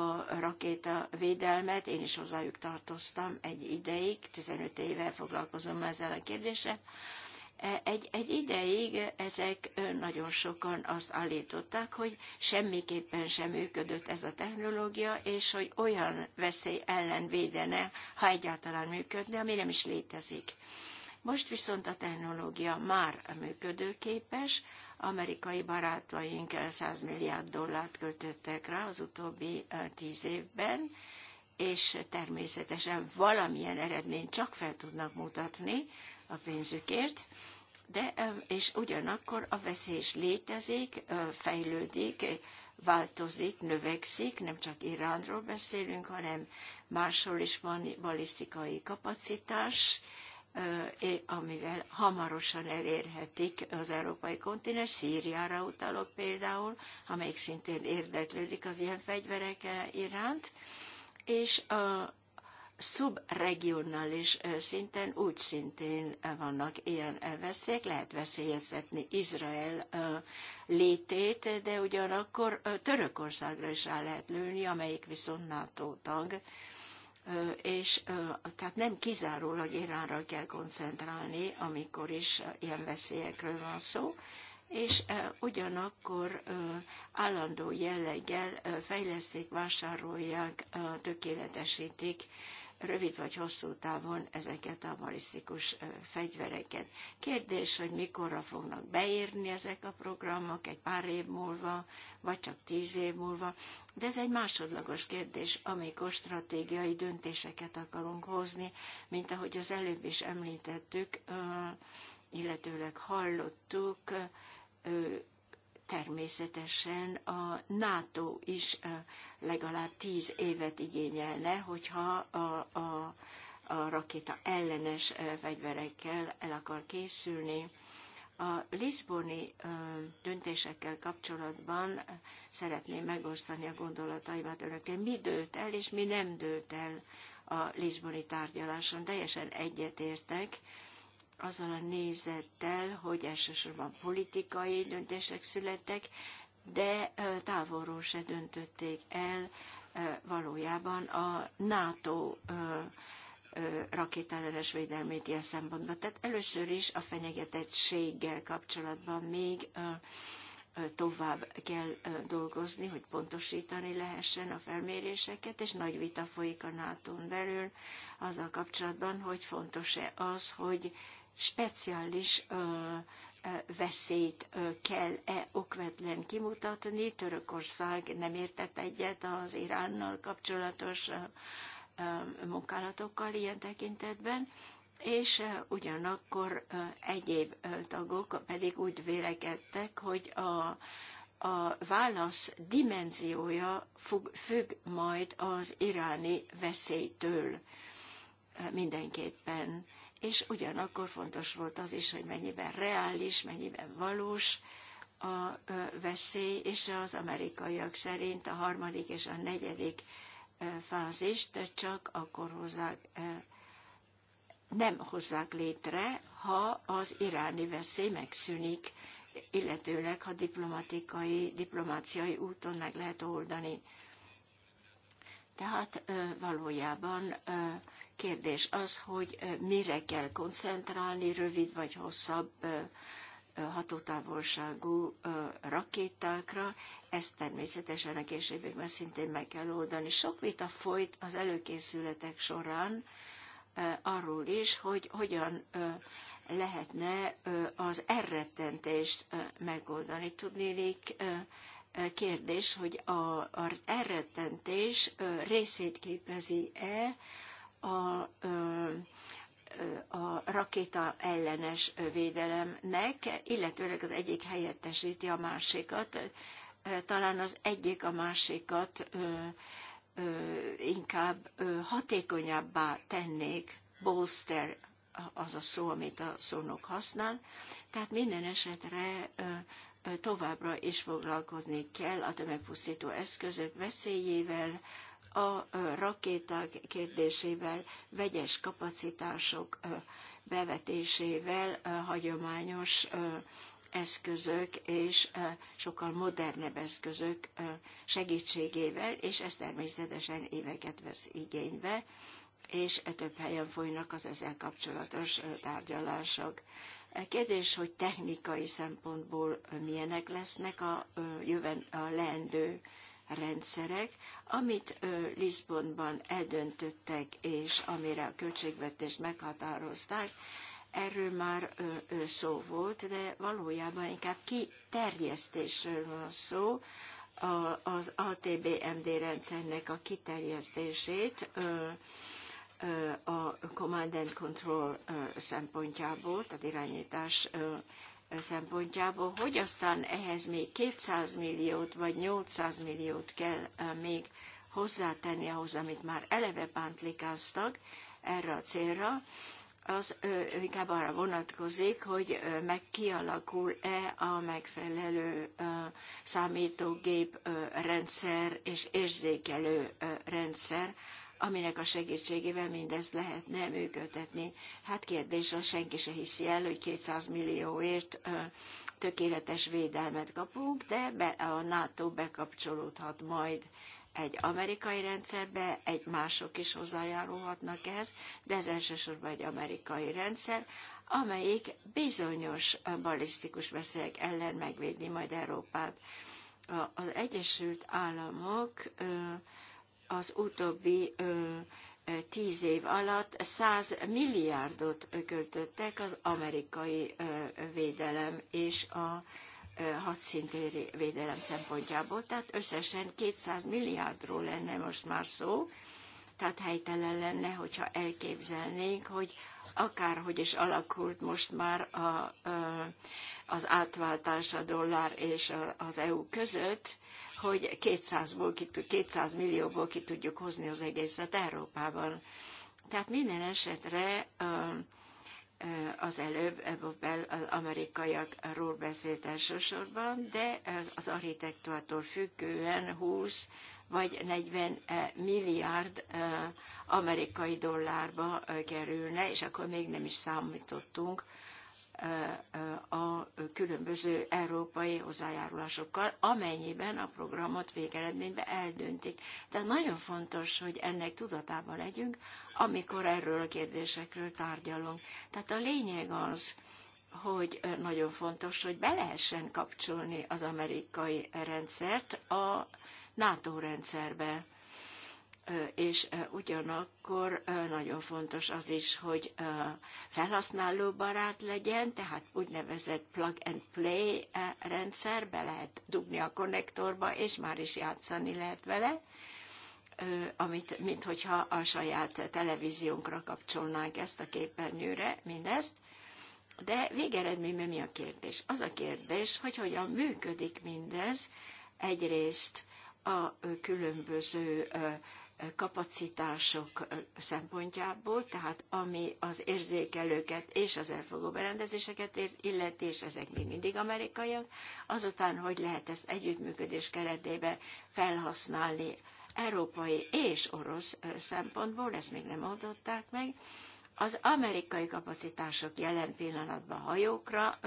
a rakéta védelmet, én is hozzájuk tartoztam egy ideig, 15 éve foglalkozom ezzel a kérdéssel. E, egy, egy ideig ezek nagyon sokan azt állították, hogy semmiképpen sem működött ez a technológia, és hogy olyan veszély ellen védene, ha egyáltalán működne, ami nem is létezik. Most viszont a technológia már működőképes, amerikai barátaink 100 eh, milliárd dollárt költöttek rá az utóbbi 10 eh, évben, és természetesen valamilyen eredményt csak fel tudnak mutatni a pénzükért, de és ugyanakkor a veszély is létezik, eh, fejlődik, változik, növekszik, nem csak Iránról beszélünk, hanem máshol is van balisztikai kapacitás, amivel hamarosan elérhetik az európai kontinens. Szíriára utalok például, amelyik szintén érdeklődik az ilyen fegyverek iránt, és a szubregionális szinten úgy szintén vannak ilyen veszélyek, lehet veszélyeztetni Izrael létét, de ugyanakkor Törökországra is rá lehet lőni, amelyik viszont NATO tag és tehát nem kizárólag Iránra kell koncentrálni, amikor is ilyen veszélyekről van szó, és ugyanakkor állandó jelleggel fejleszték, vásárolják, tökéletesítik rövid vagy hosszú távon ezeket a balisztikus fegyvereket. Kérdés, hogy mikorra fognak beérni ezek a programok, egy pár év múlva, vagy csak tíz év múlva, de ez egy másodlagos kérdés, amikor stratégiai döntéseket akarunk hozni, mint ahogy az előbb is említettük, illetőleg hallottuk, természetesen a NATO is legalább tíz évet igényelne, hogyha a, a, a rakéta ellenes fegyverekkel el akar készülni. A Lisboni döntésekkel kapcsolatban szeretném megosztani a gondolataimat önökkel. Mi dőlt el, és mi nem dőlt el a Lisboni tárgyaláson. Teljesen egyetértek azzal a nézettel, hogy elsősorban politikai döntések születtek, de távolról se döntötték el valójában a NATO rakétáleres védelmét ilyen szempontban. Tehát először is a fenyegetettséggel kapcsolatban még tovább kell dolgozni, hogy pontosítani lehessen a felméréseket, és nagy vita folyik a nato n belül azzal kapcsolatban, hogy fontos-e az, hogy speciális veszélyt kell-e okvetlen kimutatni. Törökország nem értett egyet az Iránnal kapcsolatos munkálatokkal ilyen tekintetben, és ugyanakkor egyéb tagok pedig úgy vélekedtek, hogy a, a válasz dimenziója függ, függ majd az iráni veszélytől mindenképpen és ugyanakkor fontos volt az is, hogy mennyiben reális, mennyiben valós a veszély, és az amerikaiak szerint a harmadik és a negyedik fázist csak akkor hozzák, nem hozzák létre, ha az iráni veszély megszűnik, illetőleg ha diplomatikai, diplomáciai úton meg lehet oldani. Tehát valójában Kérdés az, hogy mire kell koncentrálni, rövid vagy hosszabb hatótávolságú rakétákra, ezt természetesen a későbbiekben szintén meg kell oldani. Sok vita folyt az előkészületek során arról is, hogy hogyan lehetne az elrettentést megoldani. Tudnélik kérdés, hogy az elrettentés részét képezi-e a, a rakéta ellenes védelemnek, illetőleg az egyik helyettesíti a másikat. Talán az egyik a másikat inkább hatékonyabbá tennék, bolster az a szó, amit a szónok használ. Tehát minden esetre továbbra is foglalkozni kell a tömegpusztító eszközök veszélyével, a rakéták kérdésével, vegyes kapacitások bevetésével, hagyományos eszközök és sokkal modernebb eszközök segítségével, és ez természetesen éveket vesz igénybe, és több helyen folynak az ezzel kapcsolatos tárgyalások. E kérdés, hogy technikai szempontból milyenek lesznek a, jöven, a leendő rendszerek, amit Lisbonban eldöntöttek, és amire a költségvetést meghatározták, erről már szó volt, de valójában inkább kiterjesztésről van szó, az ATBMD rendszernek a kiterjesztését a Command and Control szempontjából, tehát irányítás szempontjából, hogy aztán ehhez még 200 milliót vagy 800 milliót kell eh, még hozzátenni ahhoz, amit már eleve pántlikáztak erre a célra, az inkább arra vonatkozik, hogy meg kialakul-e a megfelelő számítógép rendszer és érzékelő rendszer aminek a segítségével mindezt lehetne működtetni. Hát kérdésre senki se hiszi el, hogy 200 millióért tökéletes védelmet kapunk, de be, a NATO bekapcsolódhat majd egy amerikai rendszerbe, egy mások is hozzájárulhatnak ehhez, de ez elsősorban egy amerikai rendszer, amelyik bizonyos balisztikus veszélyek ellen megvédni majd Európát. Az Egyesült Államok az utóbbi tíz év alatt 100 milliárdot költöttek az amerikai védelem és a hadszintéri védelem szempontjából, tehát összesen 200 milliárdról lenne most már szó, tehát helytelen lenne, hogyha elképzelnénk, hogy akárhogy is alakult most már a, az átváltás a dollár és az EU között, hogy 200-ból, 200 millióból ki tudjuk hozni az egészet Európában. Tehát minden esetre az előbb ebből az amerikaiakról beszélt elsősorban, de az architektúrától függően 20 vagy 40 milliárd amerikai dollárba kerülne, és akkor még nem is számítottunk a különböző európai hozzájárulásokkal, amennyiben a programot végeredményben eldöntik. Tehát nagyon fontos, hogy ennek tudatában legyünk, amikor erről a kérdésekről tárgyalunk. Tehát a lényeg az, hogy nagyon fontos, hogy be lehessen kapcsolni az amerikai rendszert a NATO rendszerbe és ugyanakkor nagyon fontos az is, hogy felhasználóbarát legyen, tehát úgynevezett plug and play rendszer, be lehet dugni a konnektorba, és már is játszani lehet vele, amit, mint hogyha a saját televíziónkra kapcsolnánk ezt a képernyőre, mindezt. De végeredményben mi a kérdés? Az a kérdés, hogy hogyan működik mindez egyrészt a különböző kapacitások szempontjából, tehát ami az érzékelőket és az elfogó berendezéseket illeti, és ezek még mindig amerikaiak, azután, hogy lehet ezt együttműködés keretében felhasználni európai és orosz szempontból, ezt még nem adották meg, az amerikai kapacitások jelen pillanatban hajókra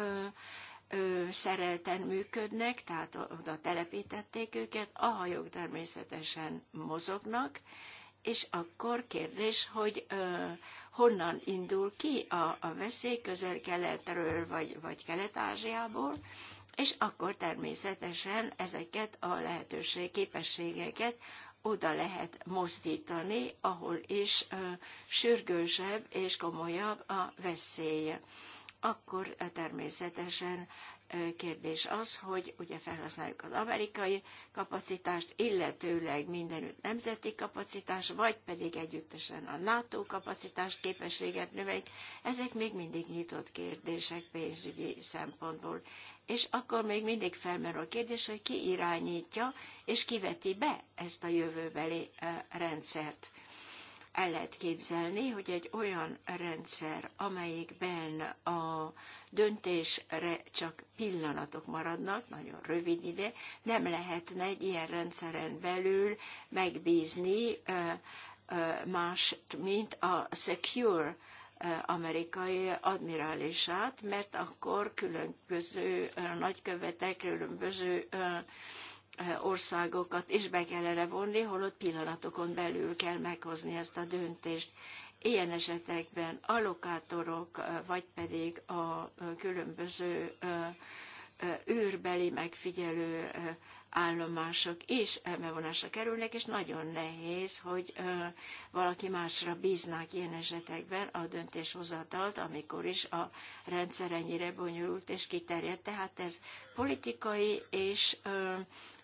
szerelten működnek, tehát oda telepítették őket, a hajók természetesen mozognak, és akkor kérdés, hogy ö, honnan indul ki a, a veszély közel-keletről vagy, vagy kelet-ázsiából, és akkor természetesen ezeket a lehetőség, képességeket oda lehet mozdítani, ahol is ö, sürgősebb és komolyabb a veszélye akkor eh, természetesen eh, kérdés az, hogy ugye felhasználjuk az amerikai kapacitást, illetőleg mindenütt nemzeti kapacitás, vagy pedig együttesen a NATO kapacitás képességet növelik. Ezek még mindig nyitott kérdések pénzügyi szempontból. És akkor még mindig felmerül a kérdés, hogy ki irányítja és kiveti be ezt a jövőbeli eh, rendszert el lehet képzelni, hogy egy olyan rendszer, amelyikben a döntésre csak pillanatok maradnak, nagyon rövid ide, nem lehetne egy ilyen rendszeren belül megbízni más, mint a Secure amerikai admirálisát, mert akkor különböző nagykövetek, különböző Eh, országokat is be kellene vonni, holott pillanatokon belül kell meghozni ezt a döntést. Ilyen esetekben a lokátorok, eh, vagy pedig a eh, különböző űrbeli megfigyelő állomások is bevonásra kerülnek, és nagyon nehéz, hogy valaki másra bíznák ilyen esetekben a döntéshozatalt, amikor is a rendszer ennyire bonyolult és kiterjedt. Tehát ez politikai és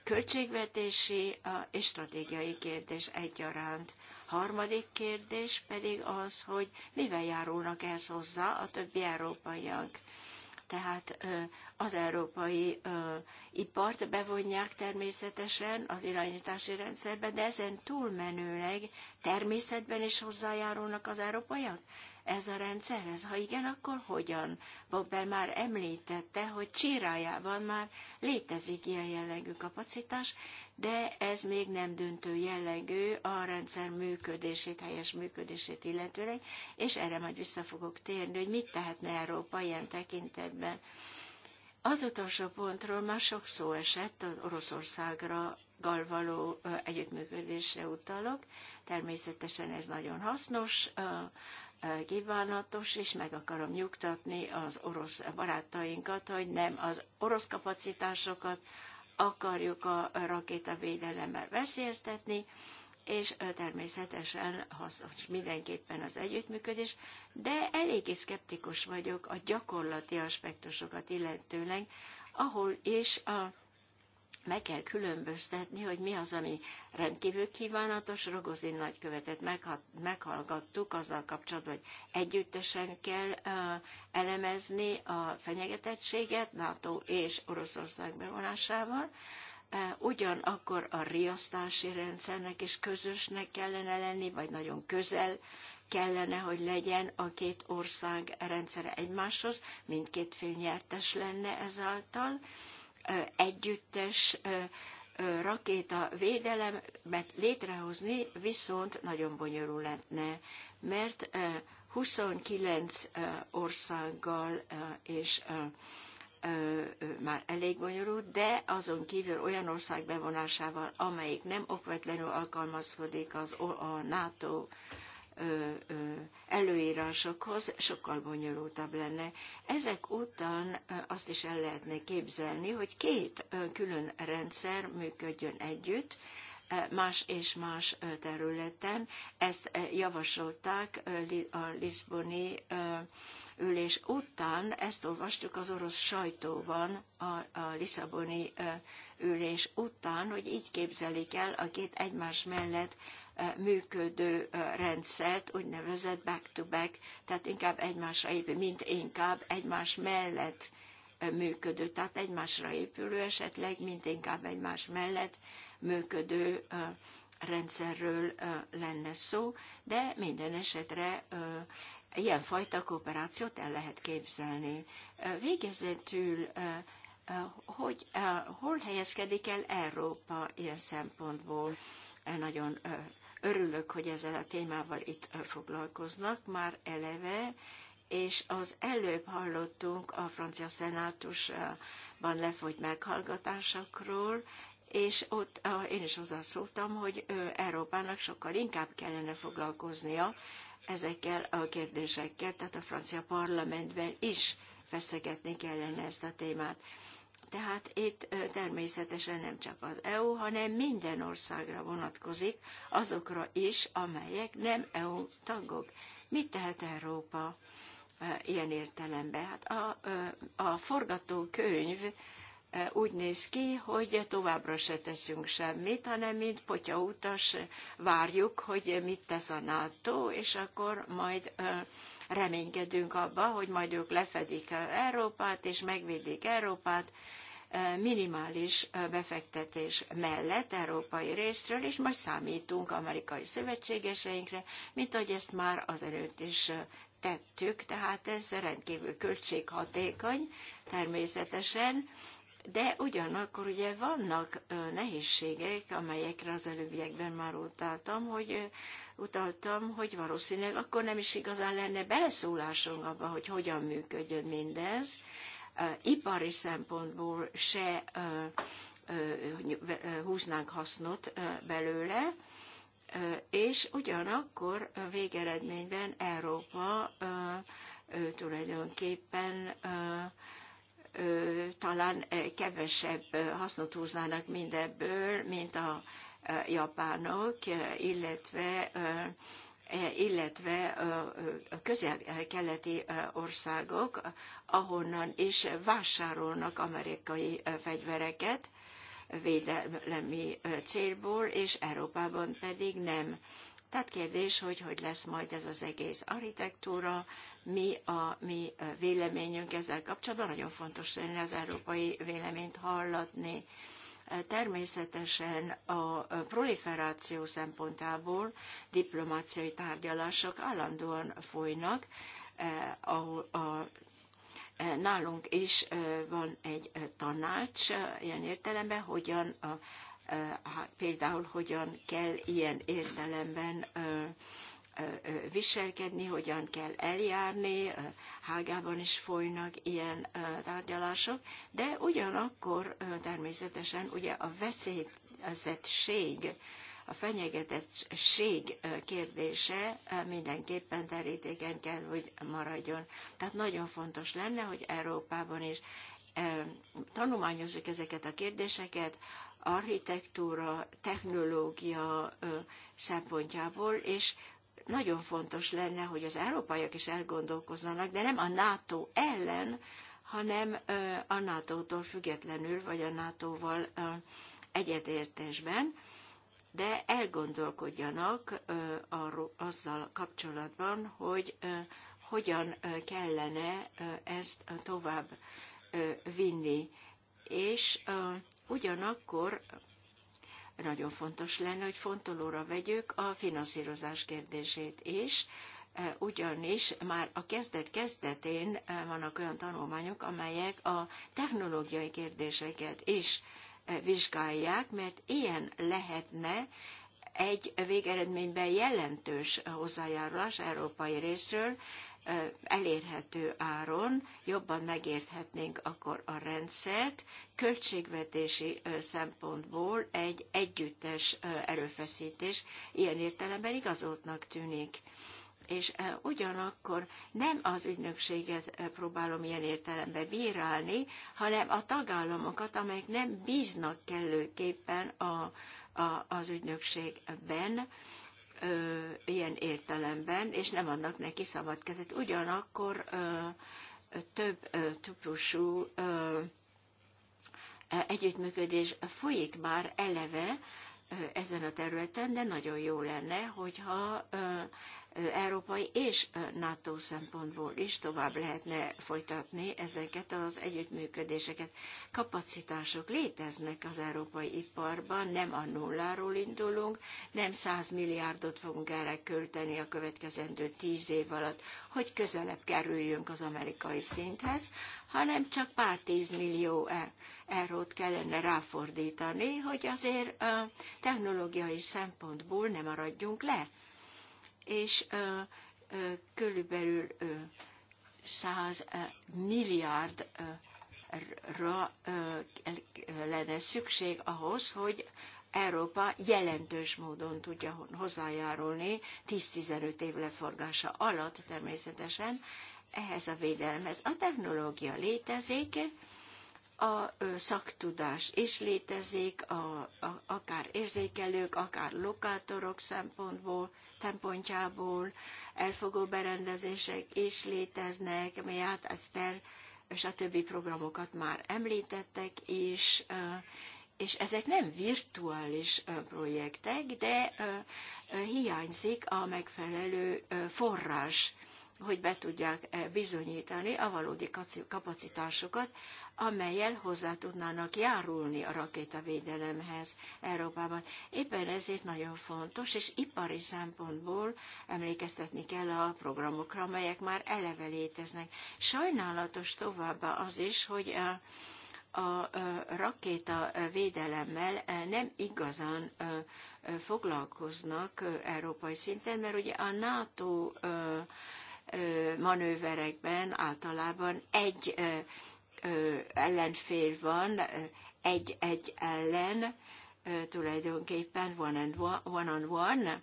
költségvetési és stratégiai kérdés egyaránt. Harmadik kérdés pedig az, hogy mivel járulnak ehhez hozzá a többi európaiak. Tehát az európai ipart bevonják természetesen az irányítási rendszerbe, de ezen túlmenőleg természetben is hozzájárulnak az európaiak ez a rendszerhez? Ha igen, akkor hogyan? Bobbel már említette, hogy Csirájában már létezik ilyen jellegű kapacitás, de ez még nem döntő jellegű a rendszer működését, helyes működését illetőleg, és erre majd vissza fogok térni, hogy mit tehetne Európa ilyen tekintetben. Az utolsó pontról már sok szó esett, az Oroszországra való együttműködésre utalok. Természetesen ez nagyon hasznos kívánatos, és meg akarom nyugtatni az orosz barátainkat, hogy nem az orosz kapacitásokat akarjuk a rakétavédelemmel veszélyeztetni, és természetesen hasznos mindenképpen az együttműködés, de eléggé szkeptikus vagyok a gyakorlati aspektusokat illetőleg, ahol is a meg kell különböztetni, hogy mi az, ami rendkívül kívánatos. Rogozin nagykövetet meghallgattuk azzal kapcsolatban, hogy együttesen kell uh, elemezni a fenyegetettséget NATO és Oroszország bevonásával. Uh, ugyanakkor a riasztási rendszernek is közösnek kellene lenni, vagy nagyon közel kellene, hogy legyen a két ország rendszere egymáshoz, mindkét fél nyertes lenne ezáltal. Uh, együttes rakéta védelemet létrehozni viszont nagyon bonyolul lenne, mert 29 országgal és már elég bonyolult, de azon kívül olyan ország bevonásával, amelyik nem okvetlenül alkalmazkodik az, a NATO előírásokhoz sokkal bonyolultabb lenne. Ezek után azt is el lehetne képzelni, hogy két külön rendszer működjön együtt, más és más területen. Ezt javasolták a Lisboni ülés után, ezt olvastuk az orosz sajtóban a, a Lisszaboni ülés után, hogy így képzelik el a két egymás mellett működő rendszert, úgynevezett back-to-back, tehát inkább egymásra épül, mint inkább egymás mellett működő, tehát egymásra épülő esetleg, mint inkább egymás mellett működő rendszerről lenne szó, de minden esetre ilyenfajta kooperációt el lehet képzelni. Végezetül, hogy hol helyezkedik el Európa ilyen szempontból? Nagyon Örülök, hogy ezzel a témával itt foglalkoznak már eleve, és az előbb hallottunk a francia szenátusban lefogy meghallgatásokról, és ott én is szóltam, hogy Európának sokkal inkább kellene foglalkoznia ezekkel a kérdésekkel, tehát a francia parlamentben is feszegetni kellene ezt a témát. Tehát itt természetesen nem csak az EU, hanem minden országra vonatkozik, azokra is, amelyek nem EU tagok. Mit tehet Európa ilyen értelemben? Hát a, a forgatókönyv úgy néz ki, hogy továbbra se teszünk semmit, hanem mint potyautas várjuk, hogy mit tesz a NATO, és akkor majd reménykedünk abba, hogy majd ők lefedik Európát, és megvédik Európát, minimális befektetés mellett európai részről, és majd számítunk amerikai szövetségeseinkre, mint ahogy ezt már azelőtt is tettük, tehát ez rendkívül költséghatékony természetesen, de ugyanakkor ugye vannak nehézségek, amelyekre az előbbiekben már utaltam, hogy utaltam, hogy valószínűleg akkor nem is igazán lenne beleszólásunk abba, hogy hogyan működjön mindez, ipari szempontból se húznánk hasznot belőle, és ugyanakkor végeredményben Európa tulajdonképpen talán kevesebb hasznot húznának mindebből, mint a japánok, illetve E, illetve a közel-keleti országok, ahonnan is vásárolnak amerikai fegyvereket védelmi célból, és Európában pedig nem. Tehát kérdés, hogy hogy lesz majd ez az egész architektúra, mi a mi véleményünk ezzel kapcsolatban. Nagyon fontos lenne az európai véleményt hallatni. Természetesen a proliferáció szempontából diplomáciai tárgyalások állandóan folynak, eh, ahol a eh, nálunk is eh, van egy tanács ilyen értelemben, hogyan hát például hogyan kell ilyen értelemben viselkedni, hogyan kell eljárni, Hágában is folynak ilyen tárgyalások, de ugyanakkor természetesen ugye a veszélyezettség, a fenyegetettség kérdése mindenképpen terítéken kell, hogy maradjon. Tehát nagyon fontos lenne, hogy Európában is tanulmányozzuk ezeket a kérdéseket, architektúra, technológia szempontjából, és nagyon fontos lenne, hogy az európaiak is elgondolkozzanak, de nem a NATO ellen, hanem a NATO-tól függetlenül, vagy a NATO-val egyetértésben, de elgondolkodjanak azzal kapcsolatban, hogy hogyan kellene ezt tovább vinni. És ugyanakkor nagyon fontos lenne, hogy fontolóra vegyük a finanszírozás kérdését is, e, ugyanis már a kezdet-kezdetén e, vannak olyan tanulmányok, amelyek a technológiai kérdéseket is e, vizsgálják, mert ilyen lehetne egy végeredményben jelentős hozzájárulás európai részről elérhető áron jobban megérthetnénk akkor a rendszert, költségvetési szempontból egy együttes erőfeszítés ilyen értelemben igazoltnak tűnik és ugyanakkor nem az ügynökséget próbálom ilyen értelemben bírálni, hanem a tagállamokat, amelyek nem bíznak kellőképpen a, a, az ügynökségben, ö, ilyen értelemben, és nem adnak neki szabad kezet. Ugyanakkor ö, több ö, típusú ö, e, együttműködés folyik már eleve, ezen a területen, de nagyon jó lenne, hogyha európai és NATO szempontból is tovább lehetne folytatni ezeket az együttműködéseket. Kapacitások léteznek az európai iparban, nem a nulláról indulunk, nem 100 milliárdot fogunk erre költeni a következendő 10 év alatt, hogy közelebb kerüljünk az amerikai szinthez, hanem csak pár tíz millió e, eurót kellene ráfordítani, hogy azért a technológiai szempontból nem maradjunk le és körülbelül 100 milliárdra lenne szükség ahhoz, hogy Európa jelentős módon tudja hozzájárulni 10-15 év leforgása alatt természetesen ehhez a védelemhez. A technológia létezik, a szaktudás is létezik, a, a, akár érzékelők, akár lokátorok szempontból, szempontjából, elfogó berendezések is léteznek, hát és Eszter, többi programokat már említettek is, és ezek nem virtuális projektek, de hiányzik a megfelelő forrás hogy be tudják eh, bizonyítani a valódi kapacitásukat, amelyel hozzá tudnának járulni a rakétavédelemhez Európában. Éppen ezért nagyon fontos, és ipari szempontból emlékeztetni kell a programokra, amelyek már eleve léteznek. Sajnálatos továbbá az is, hogy a rakéta védelemmel eh, nem igazán eh, foglalkoznak európai szinten, mert ugye a NATO manőverekben általában egy ellenfél van, egy-egy ellen, tulajdonképpen one, and one, one on one,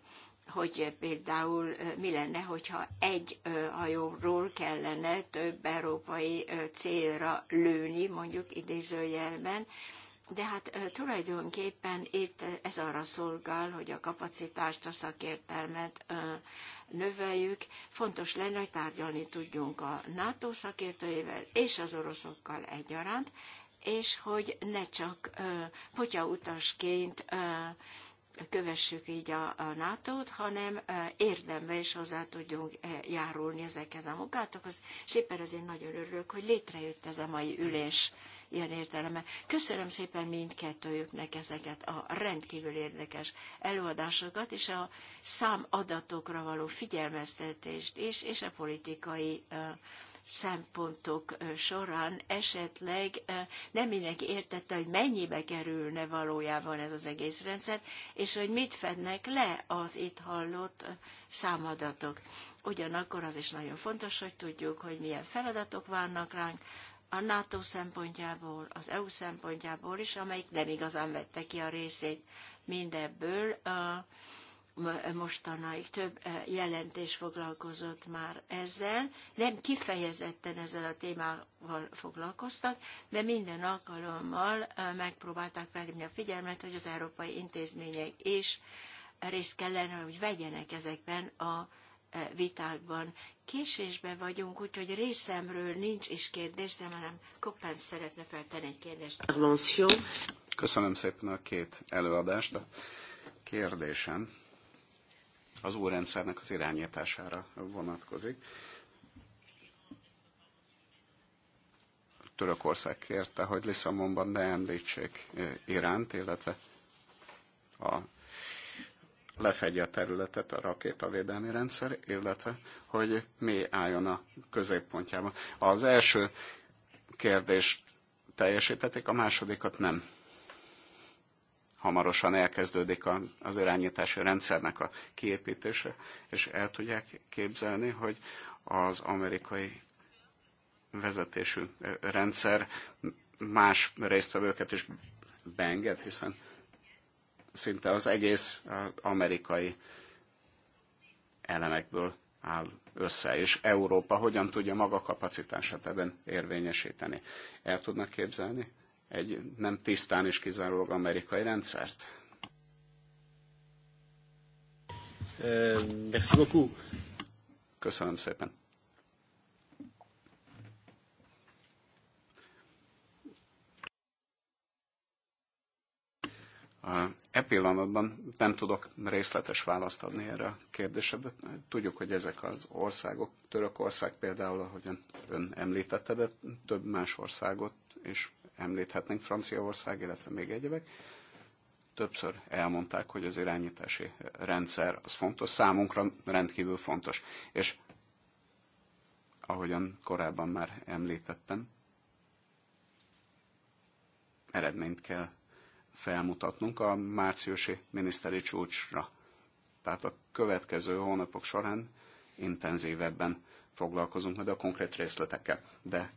hogy például mi lenne, hogyha egy hajóról kellene több európai célra lőni, mondjuk idézőjelben, de hát tulajdonképpen itt ez arra szolgál, hogy a kapacitást, a szakértelmet növeljük. Fontos lenne, hogy tárgyalni tudjunk a NATO szakértőivel és az oroszokkal egyaránt, és hogy ne csak potyautasként kövessük így a, NATO-t, hanem érdemben is hozzá tudjunk járulni ezekhez a munkátokhoz, és éppen ezért nagyon örülök, hogy létrejött ez a mai ülés ilyen értelemben. Köszönöm szépen mindkettőjüknek ezeket a rendkívül érdekes előadásokat, és a számadatokra való figyelmeztetést is, és a politikai szempontok során esetleg nem mindenki értette, hogy mennyibe kerülne valójában ez az egész rendszer, és hogy mit fednek le az itt hallott számadatok. Ugyanakkor az is nagyon fontos, hogy tudjuk, hogy milyen feladatok várnak ránk, a NATO szempontjából, az EU szempontjából is, amelyik nem igazán vette ki a részét mindebből. Mostanáig több e, jelentés foglalkozott már ezzel. Nem kifejezetten ezzel a témával foglalkoztak, de minden alkalommal e, megpróbálták felhívni a figyelmet, hogy az európai intézmények is részt kellene, hogy vegyenek ezekben a e, vitákban késésben vagyunk, úgyhogy részemről nincs is kérdés, de hanem Koppán szeretne feltenni egy kérdést. Köszönöm szépen a két előadást. A kérdésem az rendszernek az irányítására vonatkozik. Törökország kérte, hogy Lisszabonban ne említsék eh, Iránt, illetve a lefedje a területet a rakétavédelmi rendszer, illetve hogy mi álljon a középpontjában. Az első kérdés teljesítették, a másodikat nem. Hamarosan elkezdődik az irányítási rendszernek a kiépítése, és el tudják képzelni, hogy az amerikai vezetésű rendszer más résztvevőket is beenged, hiszen szinte az egész amerikai elemekből áll össze, és Európa hogyan tudja maga kapacitását ebben érvényesíteni. El tudnak képzelni egy nem tisztán és kizárólag amerikai rendszert? Eh, merci beaucoup. Köszönöm szépen. A E pillanatban nem tudok részletes választ adni erre a kérdésre, de tudjuk, hogy ezek az országok, Törökország például, ahogyan ön említette, de több más országot is említhetnénk, Franciaország, illetve még egyebek, többször elmondták, hogy az irányítási rendszer az fontos, számunkra rendkívül fontos. És ahogyan korábban már említettem, eredményt kell felmutatnunk a márciusi miniszteri csúcsra. Tehát a következő hónapok során intenzívebben foglalkozunk majd a konkrét részletekkel. De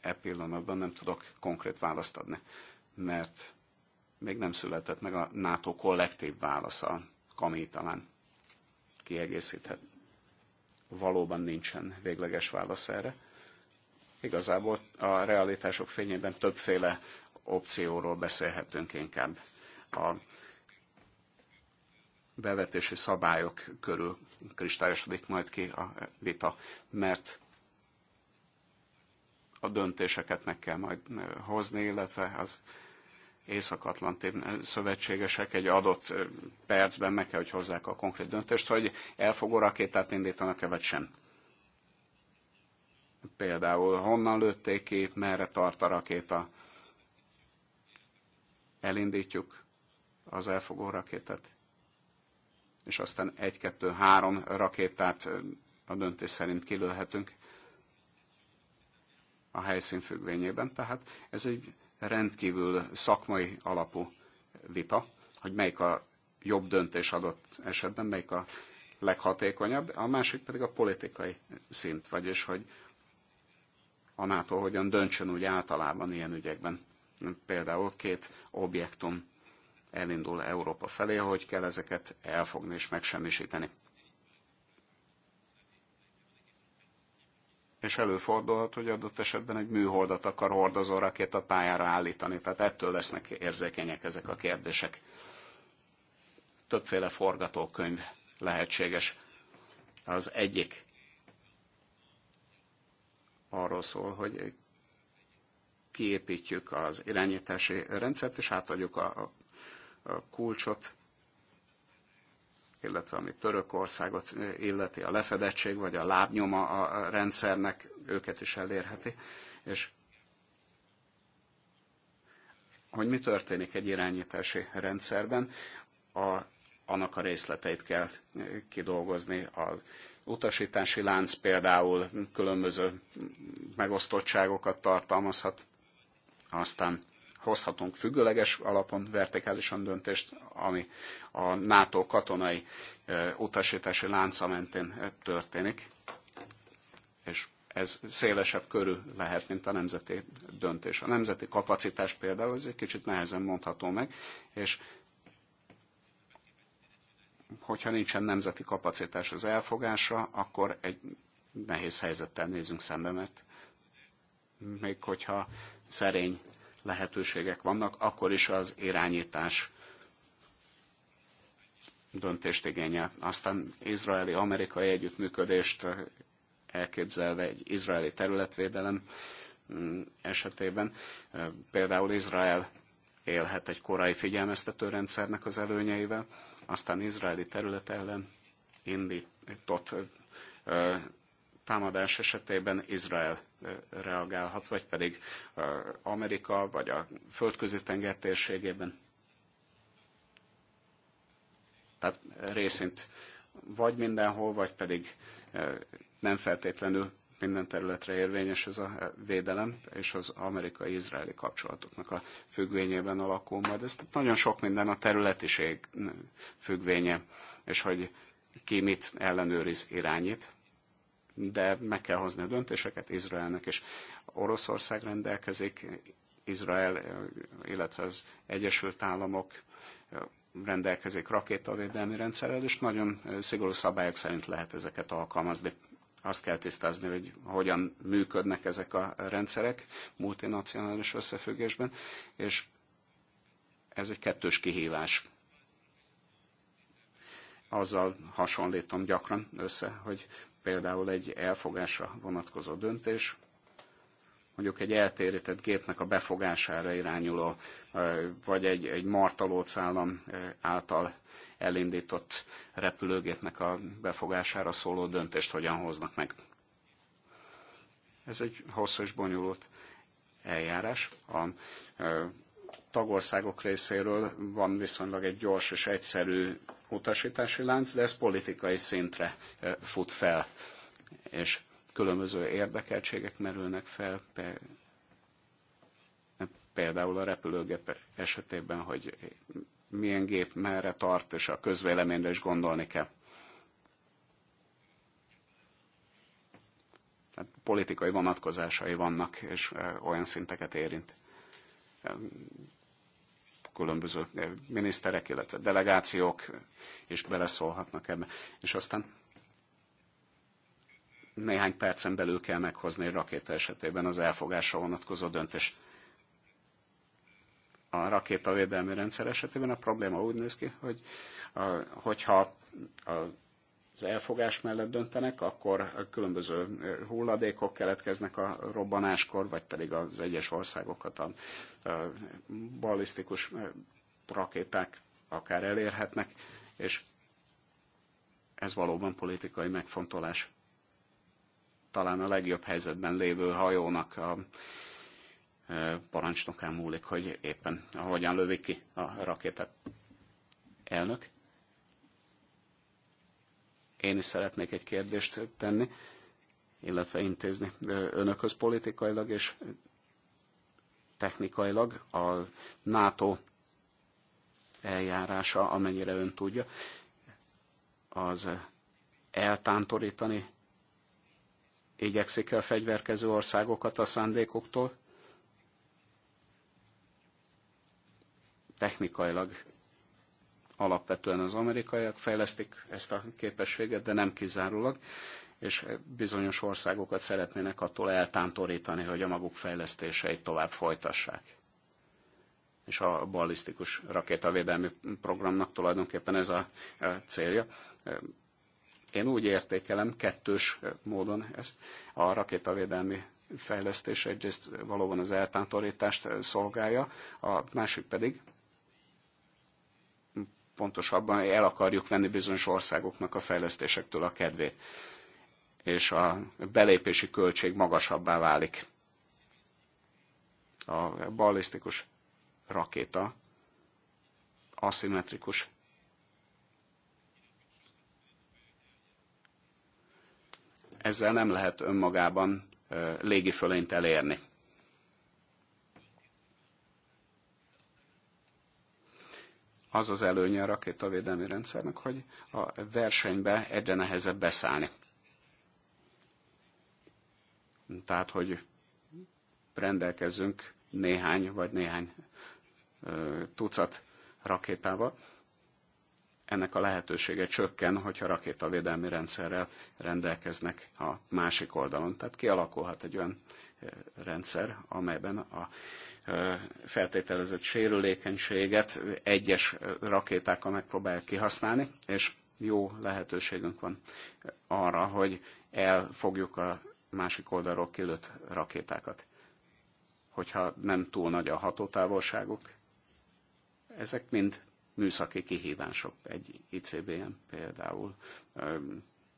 e pillanatban nem tudok konkrét választ adni, mert még nem született meg a NATO kollektív válasza, ami talán kiegészíthet. Valóban nincsen végleges válasz erre. Igazából a realitások fényében többféle opcióról beszélhetünk inkább. A bevetési szabályok körül kristályosodik majd ki a vita, mert a döntéseket meg kell majd hozni, illetve az Észak-Atlanti szövetségesek egy adott percben meg kell, hogy hozzák a konkrét döntést, hogy elfogó rakétát indítanak-e, vagy sem. Például honnan lőtték ki, merre tart a rakéta, elindítjuk az elfogó rakétát, és aztán egy-kettő-három rakétát a döntés szerint kilőhetünk a helyszín függvényében. Tehát ez egy rendkívül szakmai alapú vita, hogy melyik a jobb döntés adott esetben, melyik a leghatékonyabb, a másik pedig a politikai szint, vagyis hogy a NATO hogyan döntsön úgy általában ilyen ügyekben például két objektum elindul Európa felé, hogy kell ezeket elfogni és megsemmisíteni. És előfordulhat, hogy adott esetben egy műholdat akar hordozó rakéta pályára állítani, tehát ettől lesznek érzékenyek ezek a kérdések. Többféle forgatókönyv lehetséges. Az egyik arról szól, hogy kiépítjük az irányítási rendszert, és átadjuk a, a kulcsot, illetve ami Törökországot illeti, a lefedettség vagy a lábnyoma a rendszernek, őket is elérheti. És hogy mi történik egy irányítási rendszerben, a, annak a részleteit kell kidolgozni. Az utasítási lánc például különböző megosztottságokat tartalmazhat, aztán hozhatunk függőleges alapon vertikálisan döntést, ami a NATO katonai utasítási lánca mentén történik, és ez szélesebb körül lehet, mint a nemzeti döntés. A nemzeti kapacitás például ez egy kicsit nehezen mondható meg, és hogyha nincsen nemzeti kapacitás az elfogása, akkor egy nehéz helyzettel nézünk szembe, mert még hogyha szerény lehetőségek vannak, akkor is az irányítás döntést igényel. Aztán izraeli-amerikai együttműködést eh, elképzelve egy izraeli területvédelem mm, esetében. Eh, például Izrael élhet egy korai figyelmeztető rendszernek az előnyeivel, aztán izraeli terület ellen indított eh, támadás esetében Izrael reagálhat, vagy pedig Amerika, vagy a földközi tenger térségében. Tehát részint vagy mindenhol, vagy pedig nem feltétlenül minden területre érvényes ez a védelem, és az amerikai-izraeli kapcsolatoknak a függvényében alakul majd. Ez nagyon sok minden a területiség függvénye, és hogy ki mit ellenőriz, irányít de meg kell hozni a döntéseket Izraelnek, és Oroszország rendelkezik, Izrael, illetve az Egyesült Államok rendelkezik rakétavédelmi rendszerrel, és nagyon szigorú szabályok szerint lehet ezeket alkalmazni. Azt kell tisztázni, hogy hogyan működnek ezek a rendszerek multinacionális összefüggésben, és ez egy kettős kihívás. Azzal hasonlítom gyakran össze, hogy például egy elfogásra vonatkozó döntés, mondjuk egy eltérített gépnek a befogására irányuló, vagy egy, egy martalócállam által elindított repülőgépnek a befogására szóló döntést hogyan hoznak meg. Ez egy hosszú és bonyolult eljárás. A tagországok részéről van viszonylag egy gyors és egyszerű utasítási lánc, de ez politikai szintre eh, fut fel, és különböző érdekeltségek merülnek fel, például a repülőgép esetében, hogy milyen gép merre tart, és a közvéleményre is gondolni kell. Tehát politikai vonatkozásai vannak, és eh, olyan szinteket érint különböző miniszterek, illetve delegációk is beleszólhatnak ebbe. És aztán néhány percen belül kell meghozni egy rakéta esetében az elfogásra vonatkozó döntés. A rakétavédelmi rendszer esetében a probléma úgy néz ki, hogy a, hogyha a az elfogás mellett döntenek, akkor különböző hulladékok keletkeznek a robbanáskor, vagy pedig az egyes országokat a ballisztikus rakéták akár elérhetnek, és ez valóban politikai megfontolás. Talán a legjobb helyzetben lévő hajónak a parancsnokán múlik, hogy éppen hogyan lövik ki a rakétát. Elnök, én is szeretnék egy kérdést tenni, illetve intézni önökhöz politikailag és technikailag a NATO eljárása, amennyire ön tudja, az eltántorítani igyekszik-e a fegyverkező országokat a szándékoktól? Technikailag alapvetően az amerikaiak fejlesztik ezt a képességet, de nem kizárólag, és bizonyos országokat szeretnének attól eltántorítani, hogy a maguk fejlesztéseit tovább folytassák. És a ballisztikus rakétavédelmi programnak tulajdonképpen ez a célja. Én úgy értékelem kettős módon ezt a rakétavédelmi fejlesztés egyrészt valóban az eltántorítást szolgálja, a másik pedig pontosabban el akarjuk venni bizonyos országoknak a fejlesztésektől a kedvét, és a belépési költség magasabbá válik. A ballisztikus rakéta aszimmetrikus. Ezzel nem lehet önmagában légifölényt elérni az az előnye a rakétavédelmi rendszernek, hogy a versenybe egyre nehezebb beszállni. Tehát, hogy rendelkezünk néhány vagy néhány ö, tucat rakétával, ennek a lehetősége csökken, hogyha rakétavédelmi rendszerrel rendelkeznek a másik oldalon. Tehát kialakulhat egy olyan rendszer, amelyben a feltételezett sérülékenységet egyes rakétákkal megpróbálják kihasználni, és jó lehetőségünk van arra, hogy elfogjuk a másik oldalról kilőtt rakétákat. Hogyha nem túl nagy a hatótávolságuk, ezek mind műszaki kihívások. Egy ICBM például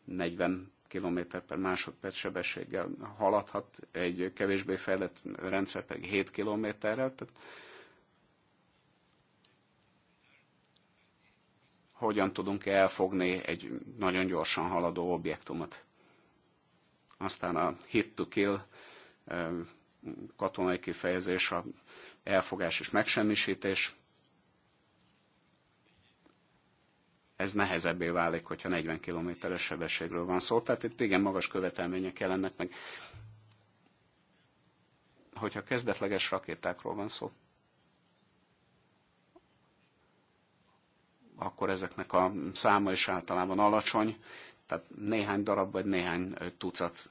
40 km per másodperc sebességgel haladhat, egy kevésbé fejlett rendszer pedig 7 km-rel. Tehát hogyan tudunk elfogni egy nagyon gyorsan haladó objektumot. Aztán a hit to kill katonai kifejezés, a elfogás és megsemmisítés ez nehezebbé válik, hogyha 40 kilométeres sebességről van szó. Tehát itt igen magas követelmények jelennek meg. Hogyha kezdetleges rakétákról van szó, akkor ezeknek a száma is általában alacsony, tehát néhány darab vagy néhány tucat.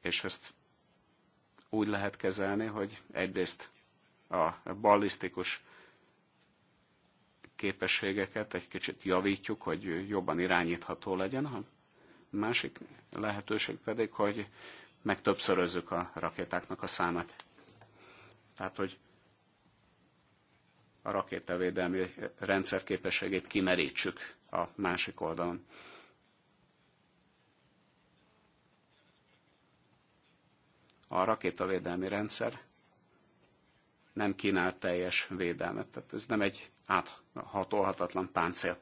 És ezt úgy lehet kezelni, hogy egyrészt a ballisztikus képességeket egy kicsit javítjuk, hogy jobban irányítható legyen. A másik lehetőség pedig, hogy meg többszörözzük a rakétáknak a számát. Tehát, hogy a rakétavédelmi rendszer képességét kimerítsük a másik oldalon. A rakétavédelmi rendszer nem kínál teljes védelmet. Tehát ez nem egy áthatolhatatlan páncél.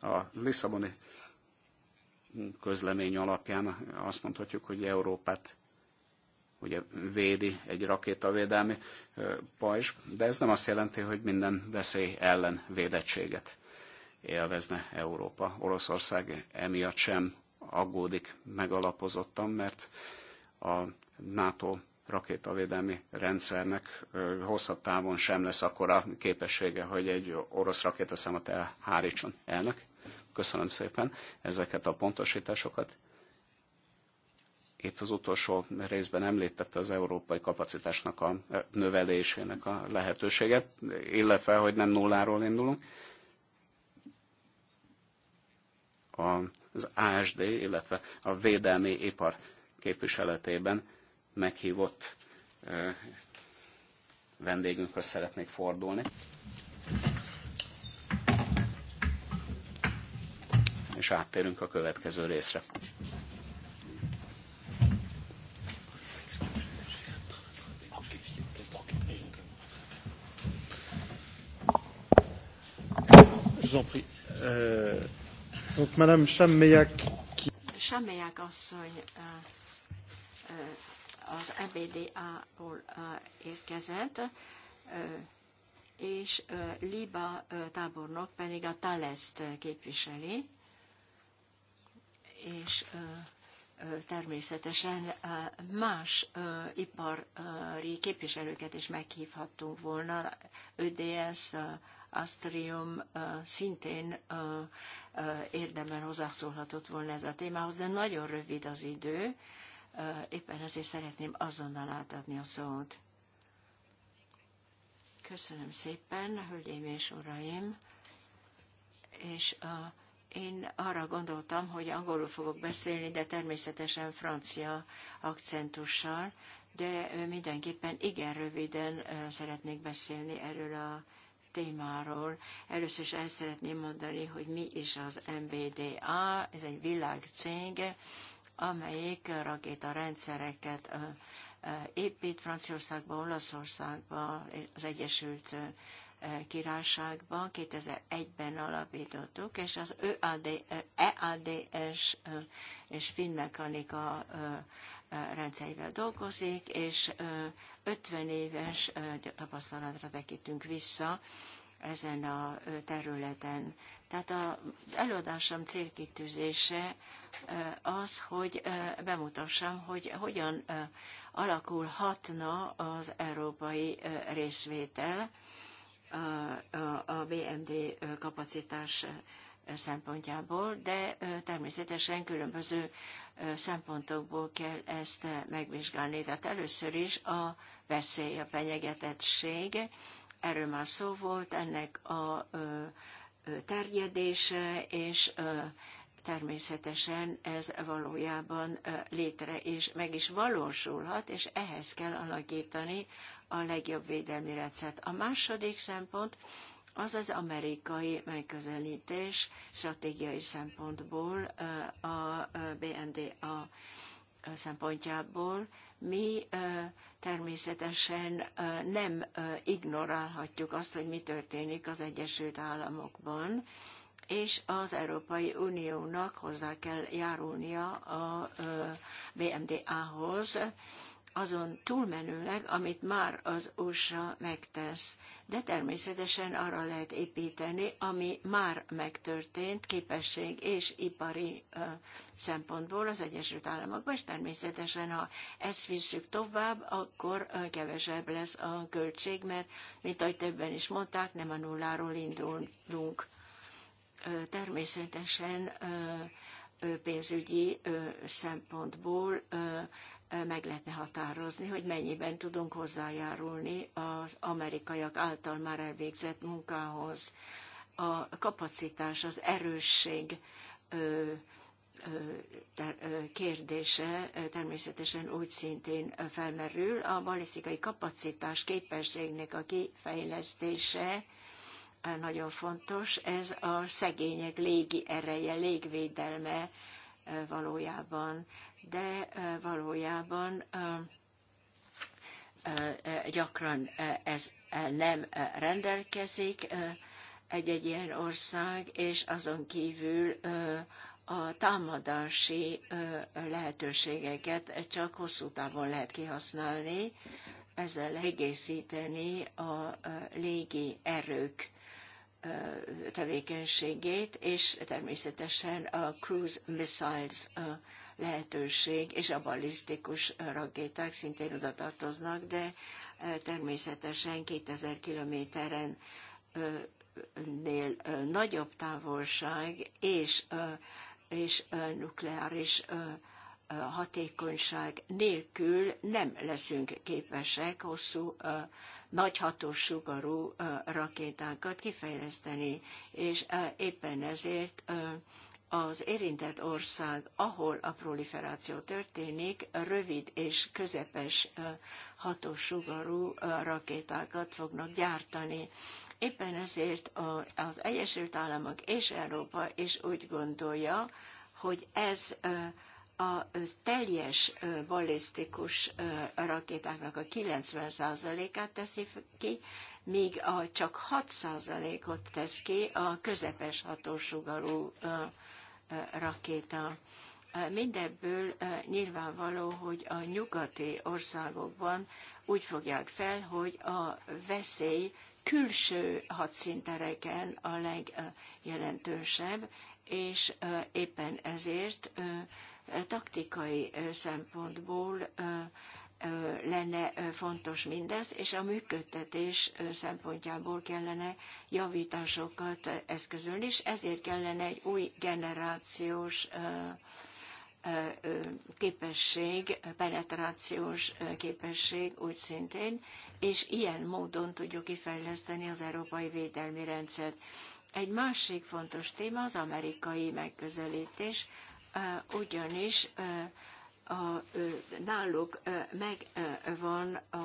A Lisszaboni közlemény alapján azt mondhatjuk, hogy Európát ugye védi egy rakétavédelmi pajzs, de ez nem azt jelenti, hogy minden veszély ellen védettséget élvezne Európa. Oroszország emiatt sem aggódik megalapozottan, mert a NATO rakétavédelmi rendszernek hosszabb távon sem lesz akkora képessége, hogy egy orosz rakétaszámot elhárítson. Elnök, köszönöm szépen ezeket a pontosításokat. Itt az utolsó részben említette az európai kapacitásnak a növelésének a lehetőséget, illetve, hogy nem nulláról indulunk. A az ASD, illetve a védelmi ipar képviseletében meghívott vendégünkhöz szeretnék fordulni. És áttérünk a következő részre. Je vous en prie. Euh... Donc, Madame Chammeyak. Ki... Chammeyak asszony az EBDA-ból érkezett, és Liba tábornok pedig a Taleszt képviseli, és természetesen más ipari képviselőket is meghívhattunk volna, ÖDS, Astrium szintén érdemben hozzászólhatott volna ez a témához, de nagyon rövid az idő, éppen ezért szeretném azonnal átadni a szót. Köszönöm szépen, hölgyeim és uraim, és a én arra gondoltam, hogy angolul fogok beszélni, de természetesen francia akcentussal, de mindenképpen igen röviden szeretnék beszélni erről a témáról. Először is el szeretném mondani, hogy mi is az MBDA, ez egy világcég, amelyik rakétarendszereket épít Franciaországba, Olaszországba, az Egyesült Királyságban 2001-ben alapítottuk, és az EADS és finmechanika rendszerével dolgozik, és 50 éves tapasztalatra tekintünk vissza ezen a területen. Tehát az előadásom célkitűzése az, hogy bemutassam, hogy hogyan alakulhatna az európai részvétel a BMD kapacitás szempontjából, de természetesen különböző szempontokból kell ezt megvizsgálni. Tehát először is a veszély, a fenyegetettség, erről már szó volt, ennek a terjedése, és természetesen ez valójában létre és meg is valósulhat, és ehhez kell alakítani a legjobb védelmi rendszert. A második szempont az az amerikai megközelítés stratégiai szempontból, a BNDA szempontjából, mi természetesen nem ignorálhatjuk azt, hogy mi történik az Egyesült Államokban, és az Európai Uniónak hozzá kell járulnia a BMDA-hoz, azon túlmenőleg, amit már az USA megtesz. De természetesen arra lehet építeni, ami már megtörtént képesség és ipari ö, szempontból az Egyesült Államokban, és természetesen, ha ezt visszük tovább, akkor ö, kevesebb lesz a költség, mert, mint ahogy többen is mondták, nem a nulláról indulunk. Ö, természetesen ö, pénzügyi ö, szempontból ö, meg lehetne határozni, hogy mennyiben tudunk hozzájárulni az amerikaiak által már elvégzett munkához. A kapacitás, az erősség kérdése természetesen úgy szintén felmerül. A balisztikai kapacitás képességnek a kifejlesztése nagyon fontos. Ez a szegények légi ereje, légvédelme valójában de valójában gyakran ez nem rendelkezik egy-egy ilyen ország, és azon kívül a támadási lehetőségeket csak hosszú távon lehet kihasználni, ezzel egészíteni a légi erők tevékenységét, és természetesen a cruise missiles lehetőség, és a ballisztikus rakéták szintén oda tartoznak, de természetesen 2000 kilométeren nél nagyobb távolság és, és nukleáris hatékonyság nélkül nem leszünk képesek hosszú, nagy hatósugarú rakétákat kifejleszteni, és éppen ezért az érintett ország, ahol a proliferáció történik, rövid és közepes hatósugarú rakétákat fognak gyártani. Éppen ezért az Egyesült Államok és Európa is úgy gondolja, hogy ez a teljes ballisztikus rakétáknak a 90%-át teszi ki, míg a csak 6%-ot tesz ki a közepes hatósugarú rakétáknak rakéta. Mindebből nyilvánvaló, hogy a nyugati országokban úgy fogják fel, hogy a veszély külső hadszíntereken a legjelentősebb, és éppen ezért taktikai szempontból lenne fontos mindez, és a működtetés szempontjából kellene javításokat eszközölni, és ezért kellene egy új generációs képesség, penetrációs képesség úgy szintén, és ilyen módon tudjuk kifejleszteni az európai védelmi rendszert. Egy másik fontos téma az amerikai megközelítés, ugyanis a, náluk megvan a,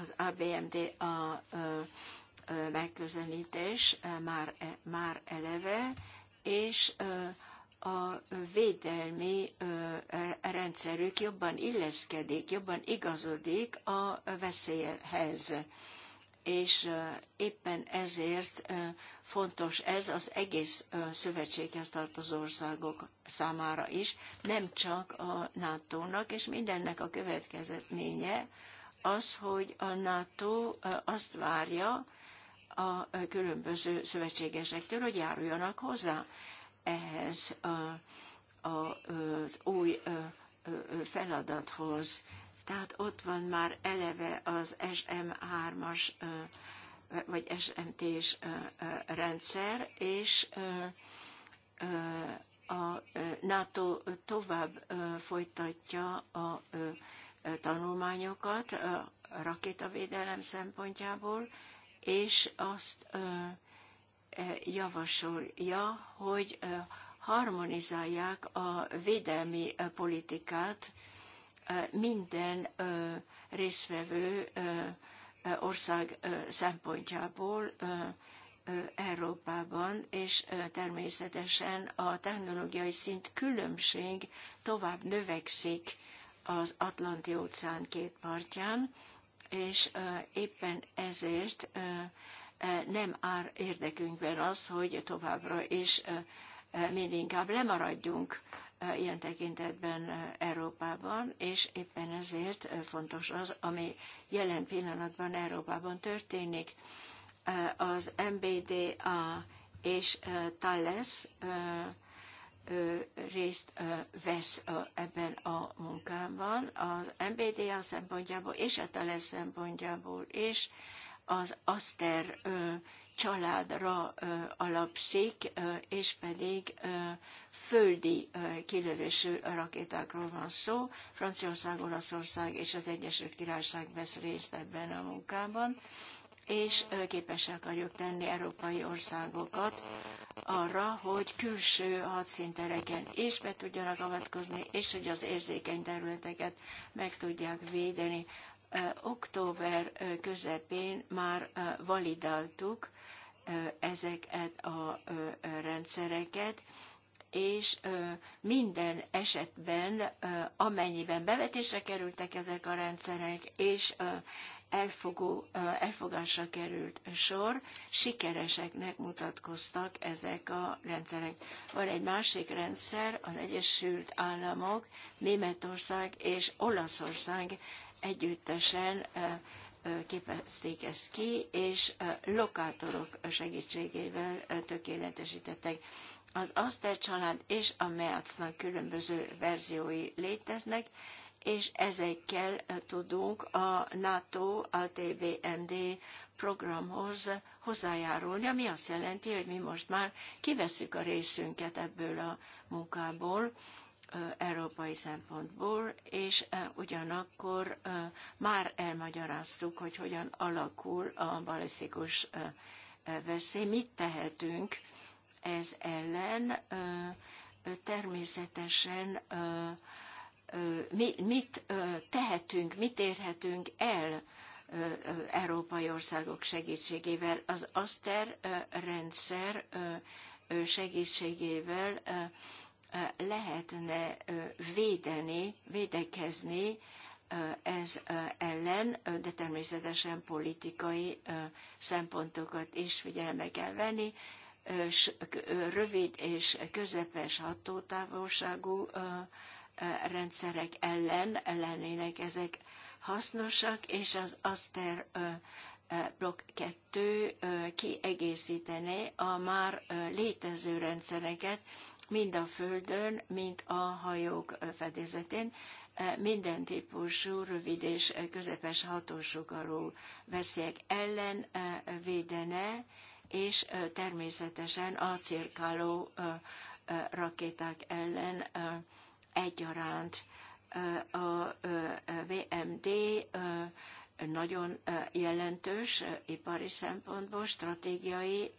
az ABMD a, a megközelítés már, e, már eleve, és a védelmi e, rendszerük jobban illeszkedik, jobban igazodik a veszélyhez és éppen ezért fontos ez az egész szövetséghez tartozó országok számára is, nem csak a NATO-nak, és mindennek a következménye az, hogy a NATO azt várja a különböző szövetségesektől, hogy járuljanak hozzá ehhez a, az új feladathoz tehát ott van már eleve az SM3-as vagy SMT-s rendszer, és a NATO tovább folytatja a tanulmányokat a rakétavédelem szempontjából, és azt e, javasolja, hogy harmonizálják a védelmi politikát minden részvevő ország szempontjából Európában, és természetesen a technológiai szint különbség tovább növekszik az Atlanti-óceán két partján, és éppen ezért nem ár érdekünkben az, hogy továbbra is mindinkább inkább lemaradjunk ilyen tekintetben Európában, és éppen ezért fontos az, ami jelen pillanatban Európában történik. Az MBDA és Thales részt vesz ebben a munkában. Az MBDA szempontjából és a Thales szempontjából és az ASTER családra alapszik, és pedig földi kilövésű rakétákról van szó. Franciaország, Olaszország és az Egyesült Királyság vesz részt ebben a munkában, és képesek akarjuk tenni európai országokat arra, hogy külső hadszintereken is be tudjanak avatkozni, és hogy az érzékeny területeket meg tudják védeni. Október közepén már validáltuk ezeket a rendszereket, és minden esetben, amennyiben bevetésre kerültek ezek a rendszerek, és elfogó, elfogásra került sor, sikereseknek mutatkoztak ezek a rendszerek. Van egy másik rendszer, az Egyesült Államok, Németország és Olaszország együttesen képezték ezt ki, és lokátorok segítségével tökéletesítettek. Az Aster család és a Meacnak különböző verziói léteznek, és ezekkel tudunk a NATO, a TBND programhoz hozzájárulni, ami azt jelenti, hogy mi most már kivesszük a részünket ebből a munkából, európai szempontból, és ugyanakkor már elmagyaráztuk, hogy hogyan alakul a balisztikus veszély, mit tehetünk ez ellen. Természetesen mit tehetünk, mit érhetünk el európai országok segítségével. Az ASZTER rendszer segítségével lehetne védeni, védekezni ez ellen, de természetesen politikai szempontokat is figyelembe kell venni, rövid és közepes hatótávolságú rendszerek ellen lennének ezek hasznosak, és az Aster blokk 2 kiegészítené a már létező rendszereket, mind a földön, mint a hajók fedezetén, e, minden típusú, rövid és közepes hatósugarú veszélyek ellen e, védene, és e, természetesen a cirkáló rakéták ellen egyaránt a VMD nagyon jelentős ipari szempontból, stratégiai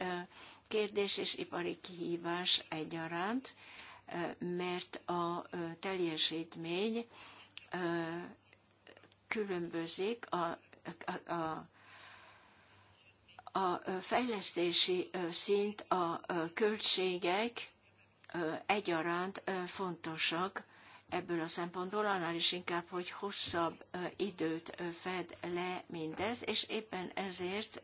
kérdés és ipari kihívás egyaránt, mert a teljesítmény különbözik a, a, a a fejlesztési szint, a költségek egyaránt fontosak ebből a szempontból, annál is inkább, hogy hosszabb időt fed le mindez, és éppen ezért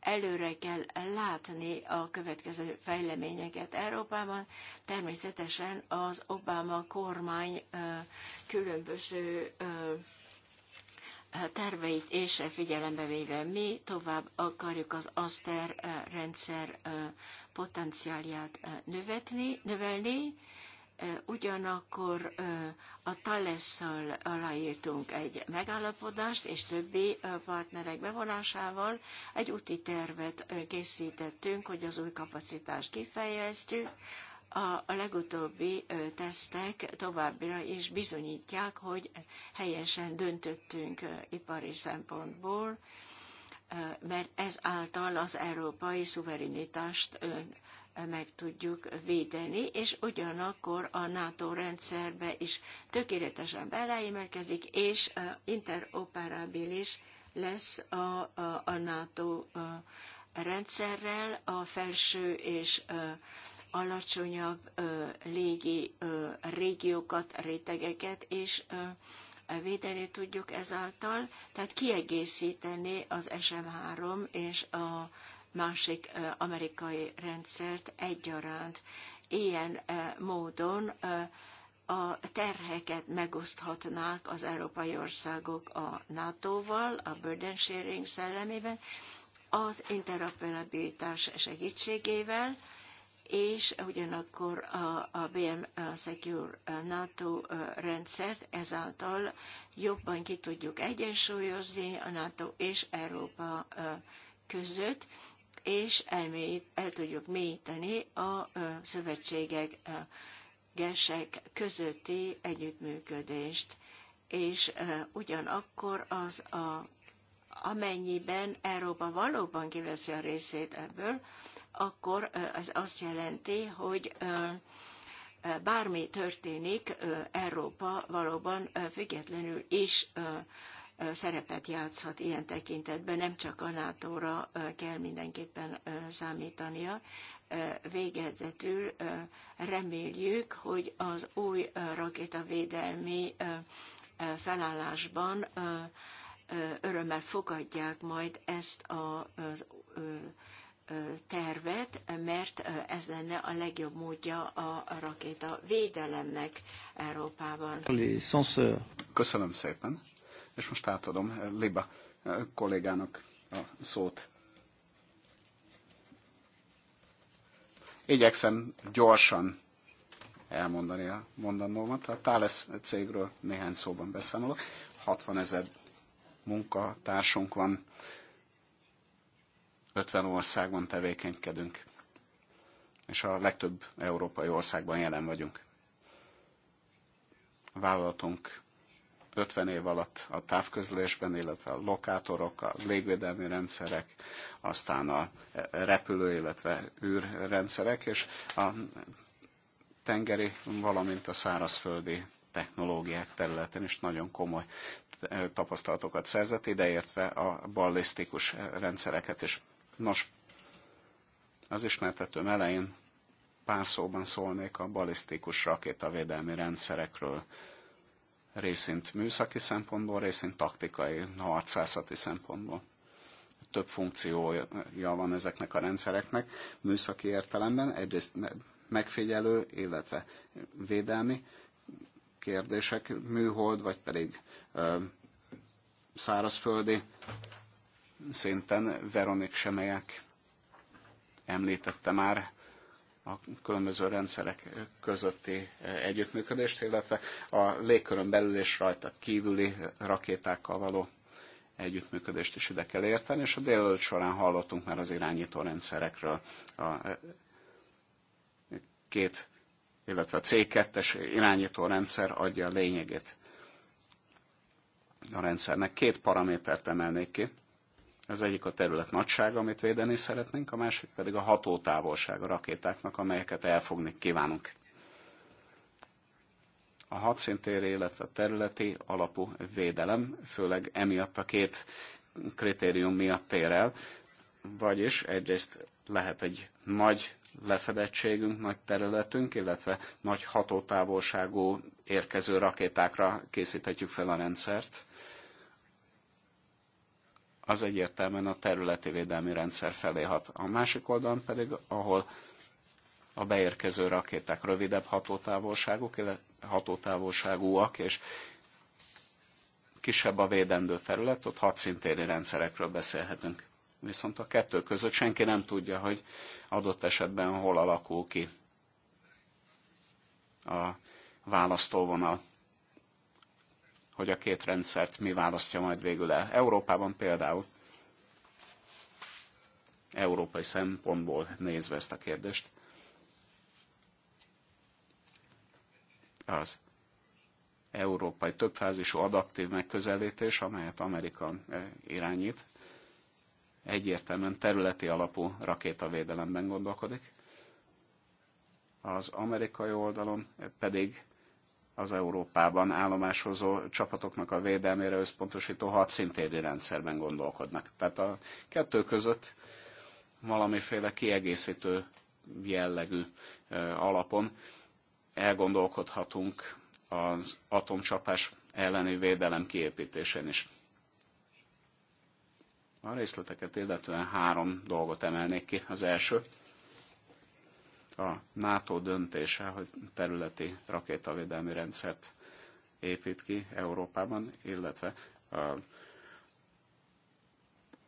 előre kell látni a következő fejleményeket Európában. Természetesen az Obama kormány különböző terveit és figyelembe véve mi tovább akarjuk az ASZTER rendszer potenciálját növetni, növelni, Ugyanakkor a Thales-szal aláírtunk egy megállapodást, és többi partnerek bevonásával egy úti tervet készítettünk, hogy az új kapacitást kifejeztük. A legutóbbi tesztek továbbra is bizonyítják, hogy helyesen döntöttünk ipari szempontból, mert ez által az európai szuverenitást meg tudjuk védeni, és ugyanakkor a NATO rendszerbe is tökéletesen beleémelkezik, és interoperabilis lesz a, a, a NATO rendszerrel a felső és alacsonyabb légi régiókat, rétegeket és védeni tudjuk ezáltal, tehát kiegészíteni az SM3 és a másik amerikai rendszert egyaránt. Ilyen módon a terheket megoszthatnák az európai országok a NATO-val, a burden sharing szellemében, az interoperabilitás segítségével, és ugyanakkor a, a BM Secure NATO rendszert ezáltal jobban ki tudjuk egyensúlyozni a NATO és Európa között, és elmélyít, el tudjuk mélyíteni a szövetségek gesek közötti együttműködést, és ugyanakkor az a, amennyiben Európa valóban kiveszi a részét ebből, akkor ez azt jelenti, hogy bármi történik, Európa valóban függetlenül is szerepet játszhat ilyen tekintetben, nem csak a nato kell mindenképpen számítania. Végezetül reméljük, hogy az új rakétavédelmi felállásban örömmel fogadják majd ezt az tervet, mert ez lenne a legjobb módja a rakéta védelemnek Európában. Köszönöm szépen. És most átadom eh, Liba eh, kollégának a szót. Igyekszem gyorsan elmondani a mondanómat. A Thales cégről néhány szóban beszámolok. 60 ezer munkatársunk van, 50 országban tevékenykedünk, és a legtöbb európai országban jelen vagyunk. A vállalatunk 50 év alatt a távközlésben, illetve a lokátorok, a légvédelmi rendszerek, aztán a repülő, illetve űrrendszerek, és a tengeri, valamint a szárazföldi technológiák területen is nagyon komoly tapasztalatokat szerzett, ideértve a ballisztikus rendszereket is. Nos, az ismertetőm elején pár szóban szólnék a balisztikus rakétavédelmi rendszerekről részint műszaki szempontból, részint taktikai, harcászati szempontból. Több funkciója van ezeknek a rendszereknek műszaki értelemben, egyrészt megfigyelő, illetve védelmi kérdések, műhold, vagy pedig ö, szárazföldi szinten Veronik Semelyek említette már a különböző rendszerek közötti e, együttműködést, illetve a légkörön belül és rajta kívüli rakétákkal való együttműködést is ide kell érteni, és a délelőtt során hallottunk már az irányító rendszerekről a e, két, illetve a C2-es irányító rendszer adja a lényegét a rendszernek. Két paramétert emelnék ki ez egyik a terület nagysága, amit védeni szeretnénk, a másik pedig a hatótávolság a rakétáknak, amelyeket elfogni kívánunk. A hadszintéri, illetve a területi alapú védelem, főleg emiatt a két kritérium miatt ér el, vagyis egyrészt lehet egy nagy lefedettségünk, nagy területünk, illetve nagy hatótávolságú érkező rakétákra készíthetjük fel a rendszert, az egyértelműen a területi védelmi rendszer felé hat. A másik oldalon pedig, ahol a beérkező rakéták rövidebb hatótávolságok, hatótávolságúak, és kisebb a védendő terület, ott hadszintéri rendszerekről beszélhetünk. Viszont a kettő között senki nem tudja, hogy adott esetben hol alakul ki a választóvonal hogy a két rendszert mi választja majd végül el. Európában például európai szempontból nézve ezt a kérdést, az európai többfázisú adaptív megközelítés, amelyet Amerika eh, irányít, egyértelműen területi alapú rakétavédelemben gondolkodik. Az amerikai oldalon pedig az Európában állomásozó csapatoknak a védelmére összpontosító hadszintéri rendszerben gondolkodnak. Tehát a kettő között valamiféle kiegészítő jellegű alapon elgondolkodhatunk az atomcsapás elleni védelem kiépítésén is. A részleteket illetően három dolgot emelnék ki. Az első, a NATO döntése, hogy területi rakétavédelmi rendszert épít ki Európában, illetve a,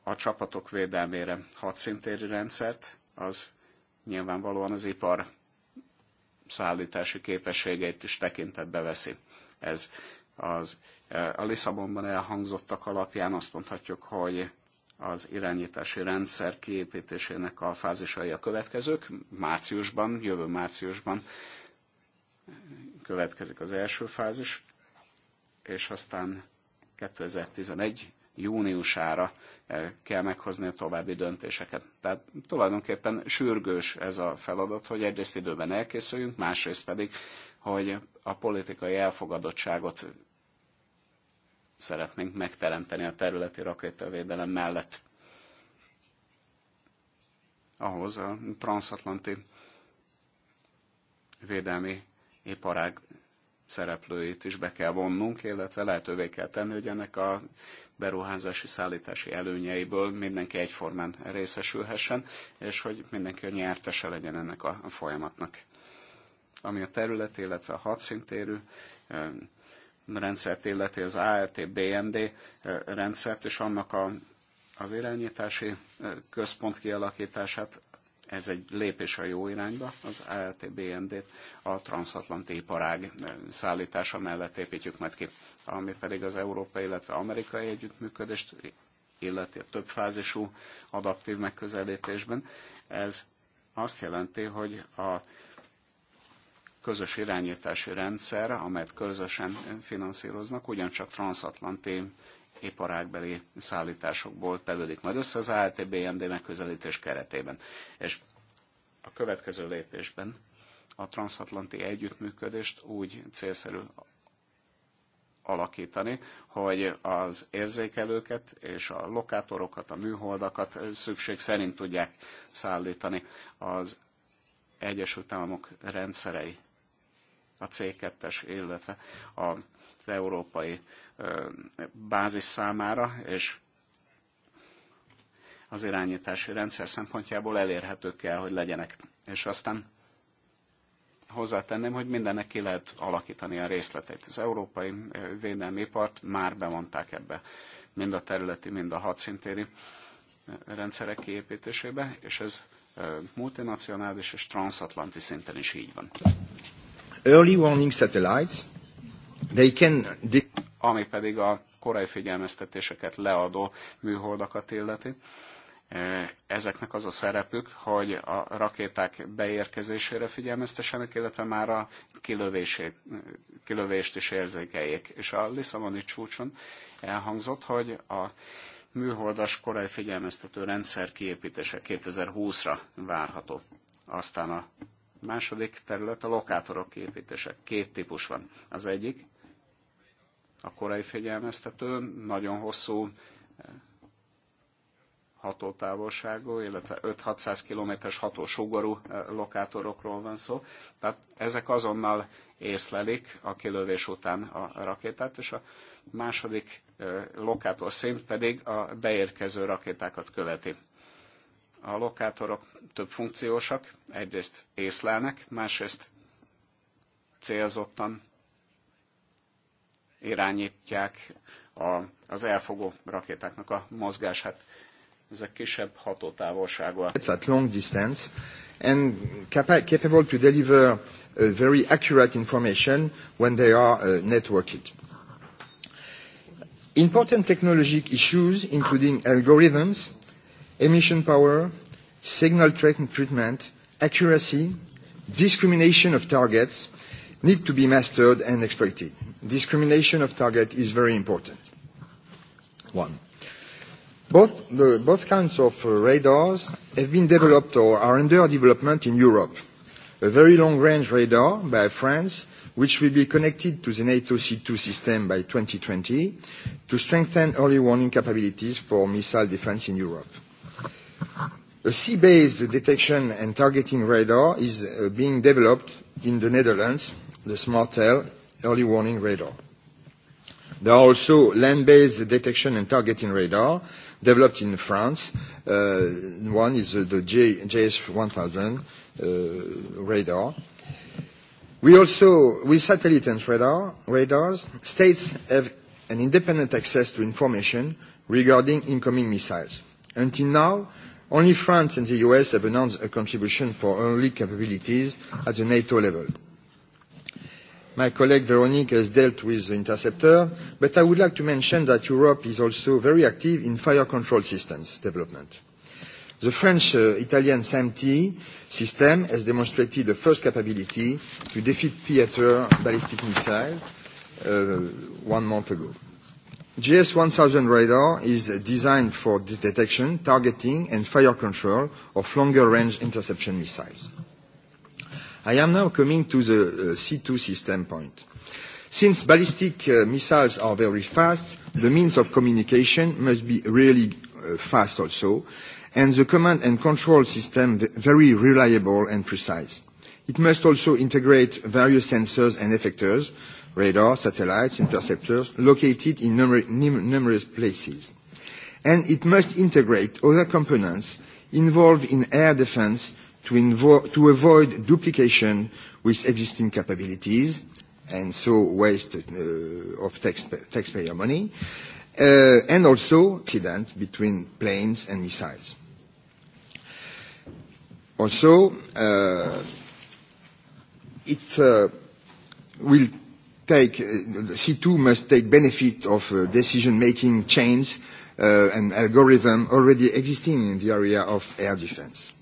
a csapatok védelmére hadszintéri rendszert, az nyilvánvalóan az ipar szállítási képességeit is tekintetbe veszi. Ez az, a Lisszabonban elhangzottak alapján azt mondhatjuk, hogy az irányítási rendszer kiépítésének a fázisai a következők. Márciusban, jövő márciusban következik az első fázis, és aztán 2011 júniusára eh, kell meghozni a további döntéseket. Tehát tulajdonképpen sürgős ez a feladat, hogy egyrészt időben elkészüljünk, másrészt pedig, hogy a politikai elfogadottságot szeretnénk megteremteni a területi rakétavédelem mellett. Ahhoz a transatlanti védelmi iparág szereplőit is be kell vonnunk, illetve lehetővé kell tenni, hogy ennek a beruházási, szállítási előnyeiből mindenki egyformán részesülhessen, és hogy mindenki a nyertese legyen ennek a folyamatnak. Ami a terület, illetve a hadszintérű eh, rendszert illeti az ART, bnd eh, rendszert, és annak a, az irányítási eh, központ kialakítását, ez egy lépés a jó irányba, az ART, bnd t a transatlanti iparág eh, szállítása mellett építjük majd ki, ami pedig az európai, illetve amerikai együttműködést illeti a többfázisú adaptív megközelítésben. Ez azt jelenti, hogy a közös irányítási rendszer, amelyet közösen finanszíroznak, ugyancsak transatlanti iparágbeli szállításokból tevődik majd össze az ALT-BMD megközelítés keretében. És a következő lépésben a transatlanti együttműködést úgy célszerű alakítani, hogy az érzékelőket és a lokátorokat, a műholdakat szükség szerint tudják szállítani az Egyesült Államok rendszerei a C2-es, illetve az európai bázis számára, és az irányítási rendszer szempontjából elérhetők kell, hogy legyenek. És aztán hozzátenném, hogy mindennek ki lehet alakítani a részleteit. Az európai védelmi ipart már bevonták ebbe, mind a területi, mind a hadszintéri rendszerek kiépítésébe, és ez multinacionális és transatlanti szinten is így van early warning satellites, they can... Ami pedig a korai figyelmeztetéseket leadó műholdakat illeti. E, ezeknek az a szerepük, hogy a rakéták beérkezésére figyelmeztessenek, illetve már a kilövést is érzékeljék. És a Lisszaboni csúcson elhangzott, hogy a műholdas korai figyelmeztető rendszer kiépítése 2020-ra várható. Aztán a Második terület a lokátorok építése. Két típus van. Az egyik a korai figyelmeztető, nagyon hosszú eh, hatótávolságú, illetve 5-600 kilométeres hatósugarú eh, lokátorokról van szó. Tehát ezek azonnal észlelik a kilövés után a rakétát, és a második eh, lokátor szint pedig a beérkező rakétákat követi a lokátorok több funkciósak, egyrészt észlelnek, másrészt célzottan irányítják a, az elfogó rakétáknak a mozgását. Ezek kisebb hatótávolságúak. It's at long distance and capable to deliver a uh, very accurate information when they are uh, networked. Important technologic issues, including algorithms, emission power, signal treatment, accuracy, discrimination of targets need to be mastered and exploited. Discrimination of target is very important. One. Both, the, kinds of uh, radars have been developed or are under development in Europe. A very long-range radar by France, which will be connected to the NATO C2 system by 2020 to strengthen early warning capabilities for missile defense in Europe. A sea-based detection and targeting radar is uh, being developed in the Netherlands, the SMARTEL early warning radar. There are also land-based detection and targeting radar developed in France. Uh, one is uh, the JS1000 uh, radar. We also, with satellite and radar, radars, states have an independent access to information regarding incoming missiles. Until now, Only France and the US have announced a contribution for early capabilities at the NATO level. My colleague Veronique has dealt with the interceptor, but I would like to mention that Europe is also very active in fire control systems development. The French-Italian uh, SAMT system has demonstrated the first capability to defeat theater ballistic missile uh, one month ago. GS1000 radar is designed for detection, targeting, and fire control of longer-range interception missiles. I am now coming to the uh, C2 system point. Since ballistic uh, missiles are very fast, the means of communication must be really uh, fast also, and the command and control system very reliable and precise. It must also integrate various sensors and effectors, radar, satellites, interceptors, located in numerous places. And it must integrate other components involved in air defense to, to avoid duplication with existing capabilities, and so waste uh, of taxpayer money, uh, and also accident between planes and missiles. Also, uh, it uh, will take, uh, C2 must take benefit of uh, decision-making chains uh, and algorithm already existing in the area of air defense.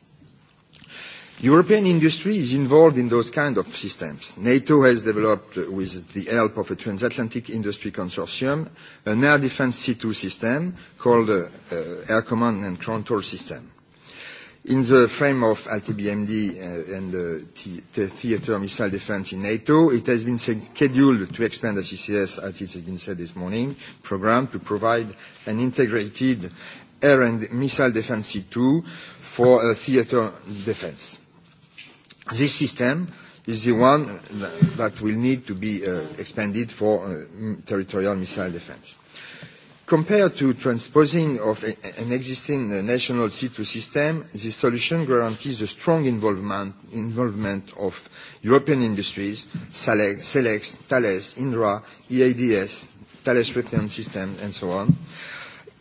European industry is involved in those kind of systems. NATO has developed, uh, with the help of a transatlantic industry consortium, an air defense C2 system called uh, uh, Air Command and Control System. In the frame of LTBMD uh, and the theater missile defense in NATO, it has been scheduled to expand the CCS, as it has been said this morning, program to provide an integrated air and missile defense C2 for uh, theater defense. This system is the one that will need to be uh, expanded for territorial missile defense. Compared to transposing of an existing uh, national C2 system, this solution guarantees the strong involvement, involvement of European industries, Selex, Thales, Indra, EADS, Thales Return System, and so on,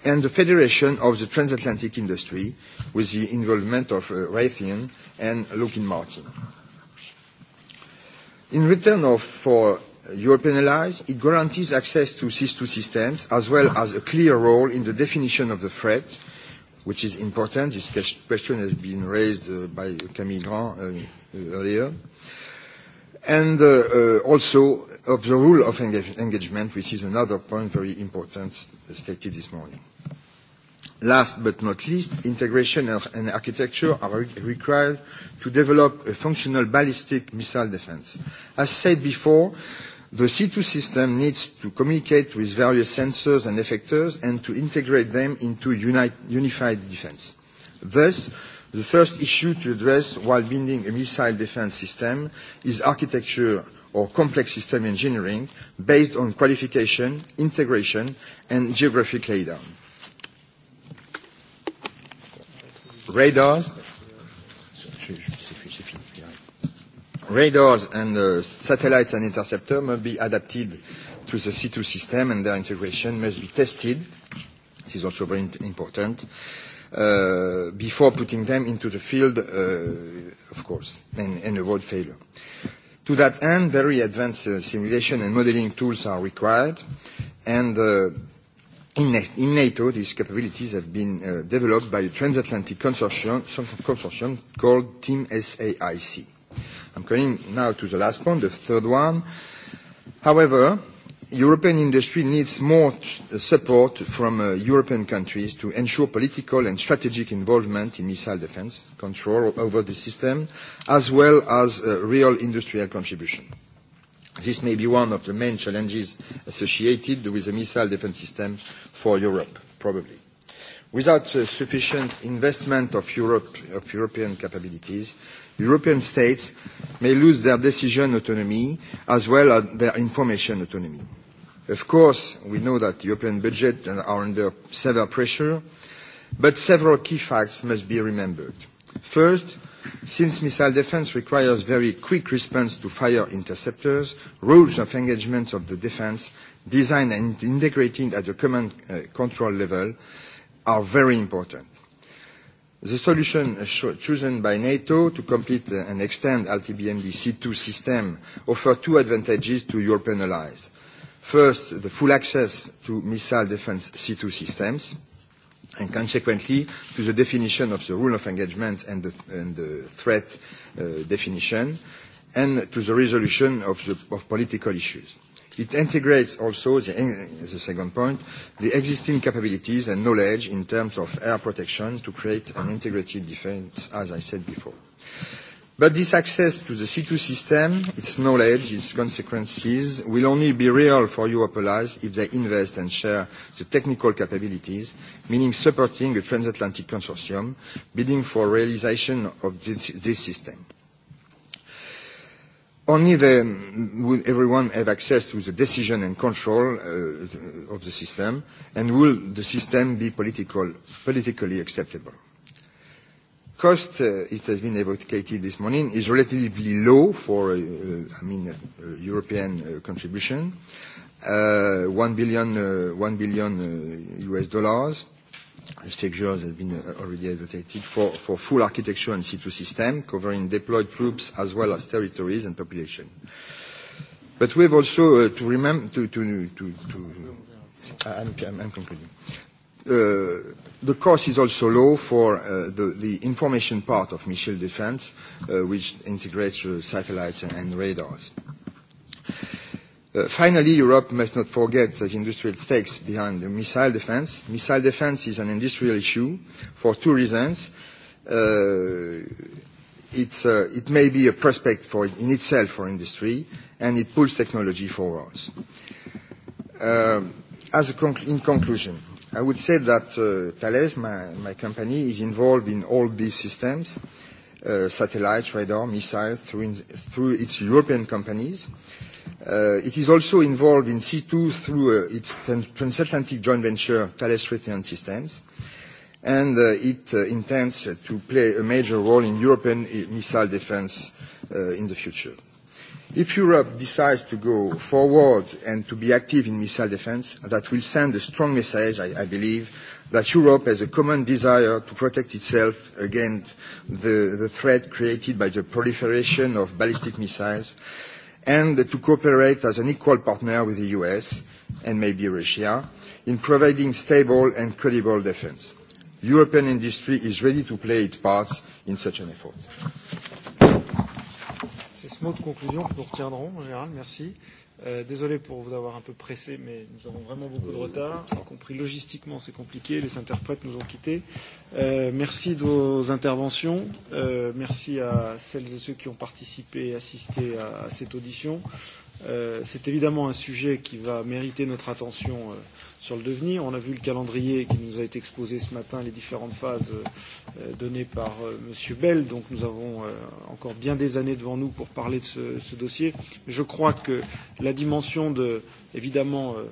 and the Federation of the Transatlantic Industry with the involvement of uh, Raytheon and Lockheed Martin. In return of, for European allies, it guarantees access to SIS2 systems as well as a clear role in the definition of the threat, which is important. This question has been raised uh, by Camille Grand uh, earlier. And uh, uh also of the rule of engage engagement, which is another point very important stated this morning. Last but not least, integration and architecture are required to develop a functional ballistic missile defense. As said before, The C2 system needs to communicate with various sensors and effectors and to integrate them into unite, unified defense. Thus, the first issue to address while building a missile defense system is architecture or complex system engineering based on qualification, integration, and geographic laydown. Radars radars and uh, satellites and interceptors must be adapted to the C2 system and their integration must be tested. This is also very important. Uh, before putting them into the field, uh, of course, and, and avoid failure. To that end, very advanced uh, simulation and modeling tools are required, and uh, in, in NATO, these capabilities have been uh, developed by a transatlantic consortium, consortium called Team SAIC. I'm coming now to the last point, the third one. However, European industry needs more uh, support from uh, European countries to ensure political and strategic involvement in missile defense, control over the system, as well as uh, real industrial contribution. This may be one of the main challenges associated with the missile defense system for Europe, probably. Without uh, sufficient investment of, Europe, of European capabilities, European states may lose their decision autonomy as well as their information autonomy. Of course, we know that the European budget uh, are under severe pressure, but several key facts must be remembered. First, since missile defence requires very quick response to fire interceptors, rules of engagement of the defence, designed and integrated at the command uh, control level, are very important. The solution chosen by NATO to complete and extend LTBMD C2 system offer two advantages to European allies. First, the full access to missile defense C2 systems, and consequently to the definition of the rule of engagement and the, and the threat uh, definition, and to the resolution of, the, of political issues. It integrates also, the, the second point, the existing capabilities and knowledge in terms of air protection to create an integrated defense, as I said before. But this access to the C2 system, its knowledge, its consequences, will only be real for Europe allies if they invest and share the technical capabilities, meaning supporting a transatlantic consortium bidding for realization of this, this system. Only then will everyone have access to the decision and control uh, of the system, and will the system be political, politically acceptable. Cost, uh, it has been advocated this morning, is relatively low for, uh, I mean, European uh, contribution, uh, 1 billion, uh, billion uh, US dollars This figure have been uh, already advocated for, for full architecture and C2 system, covering deployed troops as well as territories and population. But we have also uh, to remember to, to, to, to uh, I'm, I'm concluding. Uh, the cost is also low for uh, the, the information part of missile defense, uh, which integrates uh, satellites and, and radars. Uh, Uh, finally, Europe must not forget the industrial stakes behind the missile defense. Missile defense is an industrial issue for two reasons. Uh, it's, uh, it may be a prospect for, in itself for industry, and it pulls technology forwards. Uh, as a conc in conclusion, I would say that uh, Thales, my, my company, is involved in all these systems, uh, satellites, radar, missiles, through, through its European companies. Uh, it is also involved in C2 through uh, its transatlantic joint venture, Thales Raytheon Systems, and uh, it intends to play a major role in European missile defense in the future. If Europe decides to go forward and to be active in missile defense, that will send a strong message, I, believe, that Europe has a common desire to protect itself against the, the threat created by the proliferation of ballistic missiles and to cooperate as an equal partner with the US and maybe Russia in providing stable and credible defence. European industry is ready to play its part in such an effort. C'est ce de conclusion nous retiendrons, Gérald, merci. Euh, désolé pour vous avoir un peu pressé, mais nous avons vraiment beaucoup de retard, y compris logistiquement, c'est compliqué. Les interprètes nous ont quittés. Euh, merci de vos interventions. Euh, merci à celles et ceux qui ont participé et assisté à, à cette audition. Euh, c'est évidemment un sujet qui va mériter notre attention. Euh, sur le devenir. On a vu le calendrier qui nous a été exposé ce matin, les différentes phases euh, euh données par euh, M. Bell. Donc nous avons euh, encore bien des années devant nous pour parler de ce, ce dossier. je crois que la dimension de, évidemment, euh,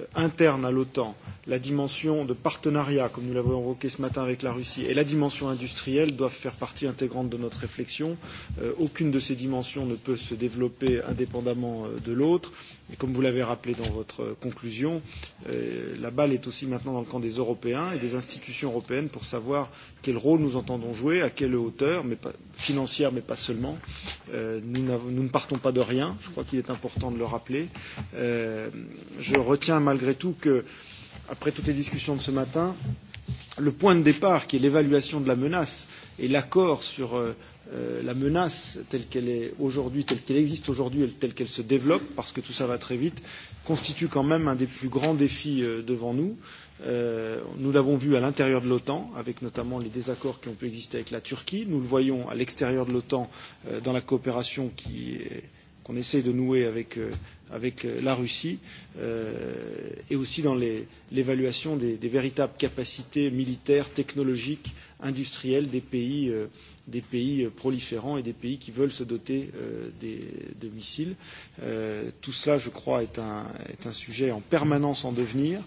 euh, interne à l'OTAN, la dimension de partenariat, comme nous l'avons évoqué ce matin avec la Russie, et la dimension industrielle doivent faire partie intégrante de notre réflexion. Euh, aucune de ces dimensions ne peut se développer indépendamment euh, de l'autre. Mais comme vous l'avez rappelé dans votre euh, conclusion, euh, la balle est aussi maintenant dans le camp des Européens et des institutions européennes pour savoir quel rôle nous entendons jouer, à quelle hauteur, mais pas, financière mais pas seulement. Euh, nous, nous ne partons pas de rien, je crois qu'il est important de le rappeler. je retiens malgré tout que, après toutes les discussions de ce matin, le point de départ qui est l'évaluation de la menace et l'accord sur euh, Euh, la menace telle qu'elle est aujourd'hui, telle qu'elle existe aujourd'hui et telle qu'elle se développe, parce que tout ça va très vite, constitue quand même un des plus grands défis euh, devant nous. Euh, nous l'avons vu à l'intérieur de l'OTAN, avec notamment les désaccords qui ont pu exister avec la Turquie. Nous le voyons à l'extérieur de l'OTAN, euh, dans la coopération qui est qu'on essaie de nouer avec, euh, avec euh, la Russie euh, et aussi dans l'évaluation des, des véritables capacités militaires, technologiques, industrielles des pays euh, des pays euh, proliférants et des pays qui veulent se doter euh, des, de missiles. Euh, tout cela, je crois, est un, est un sujet en permanence en devenir.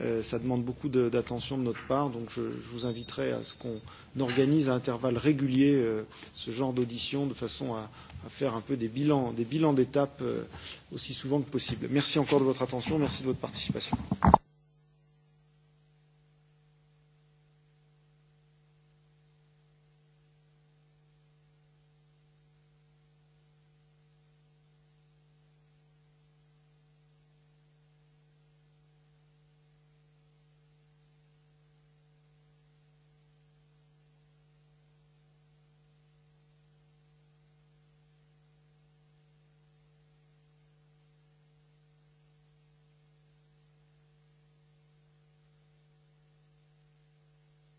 Euh, ça demande beaucoup d'attention de, de notre part, donc je, je vous inviterai à ce qu'on organise à intervalles réguliers euh, ce genre d'audition de façon à, à faire un peu des bilans, d'étapes des bilans euh, aussi souvent que possible. Merci encore de votre attention, merci de votre participation.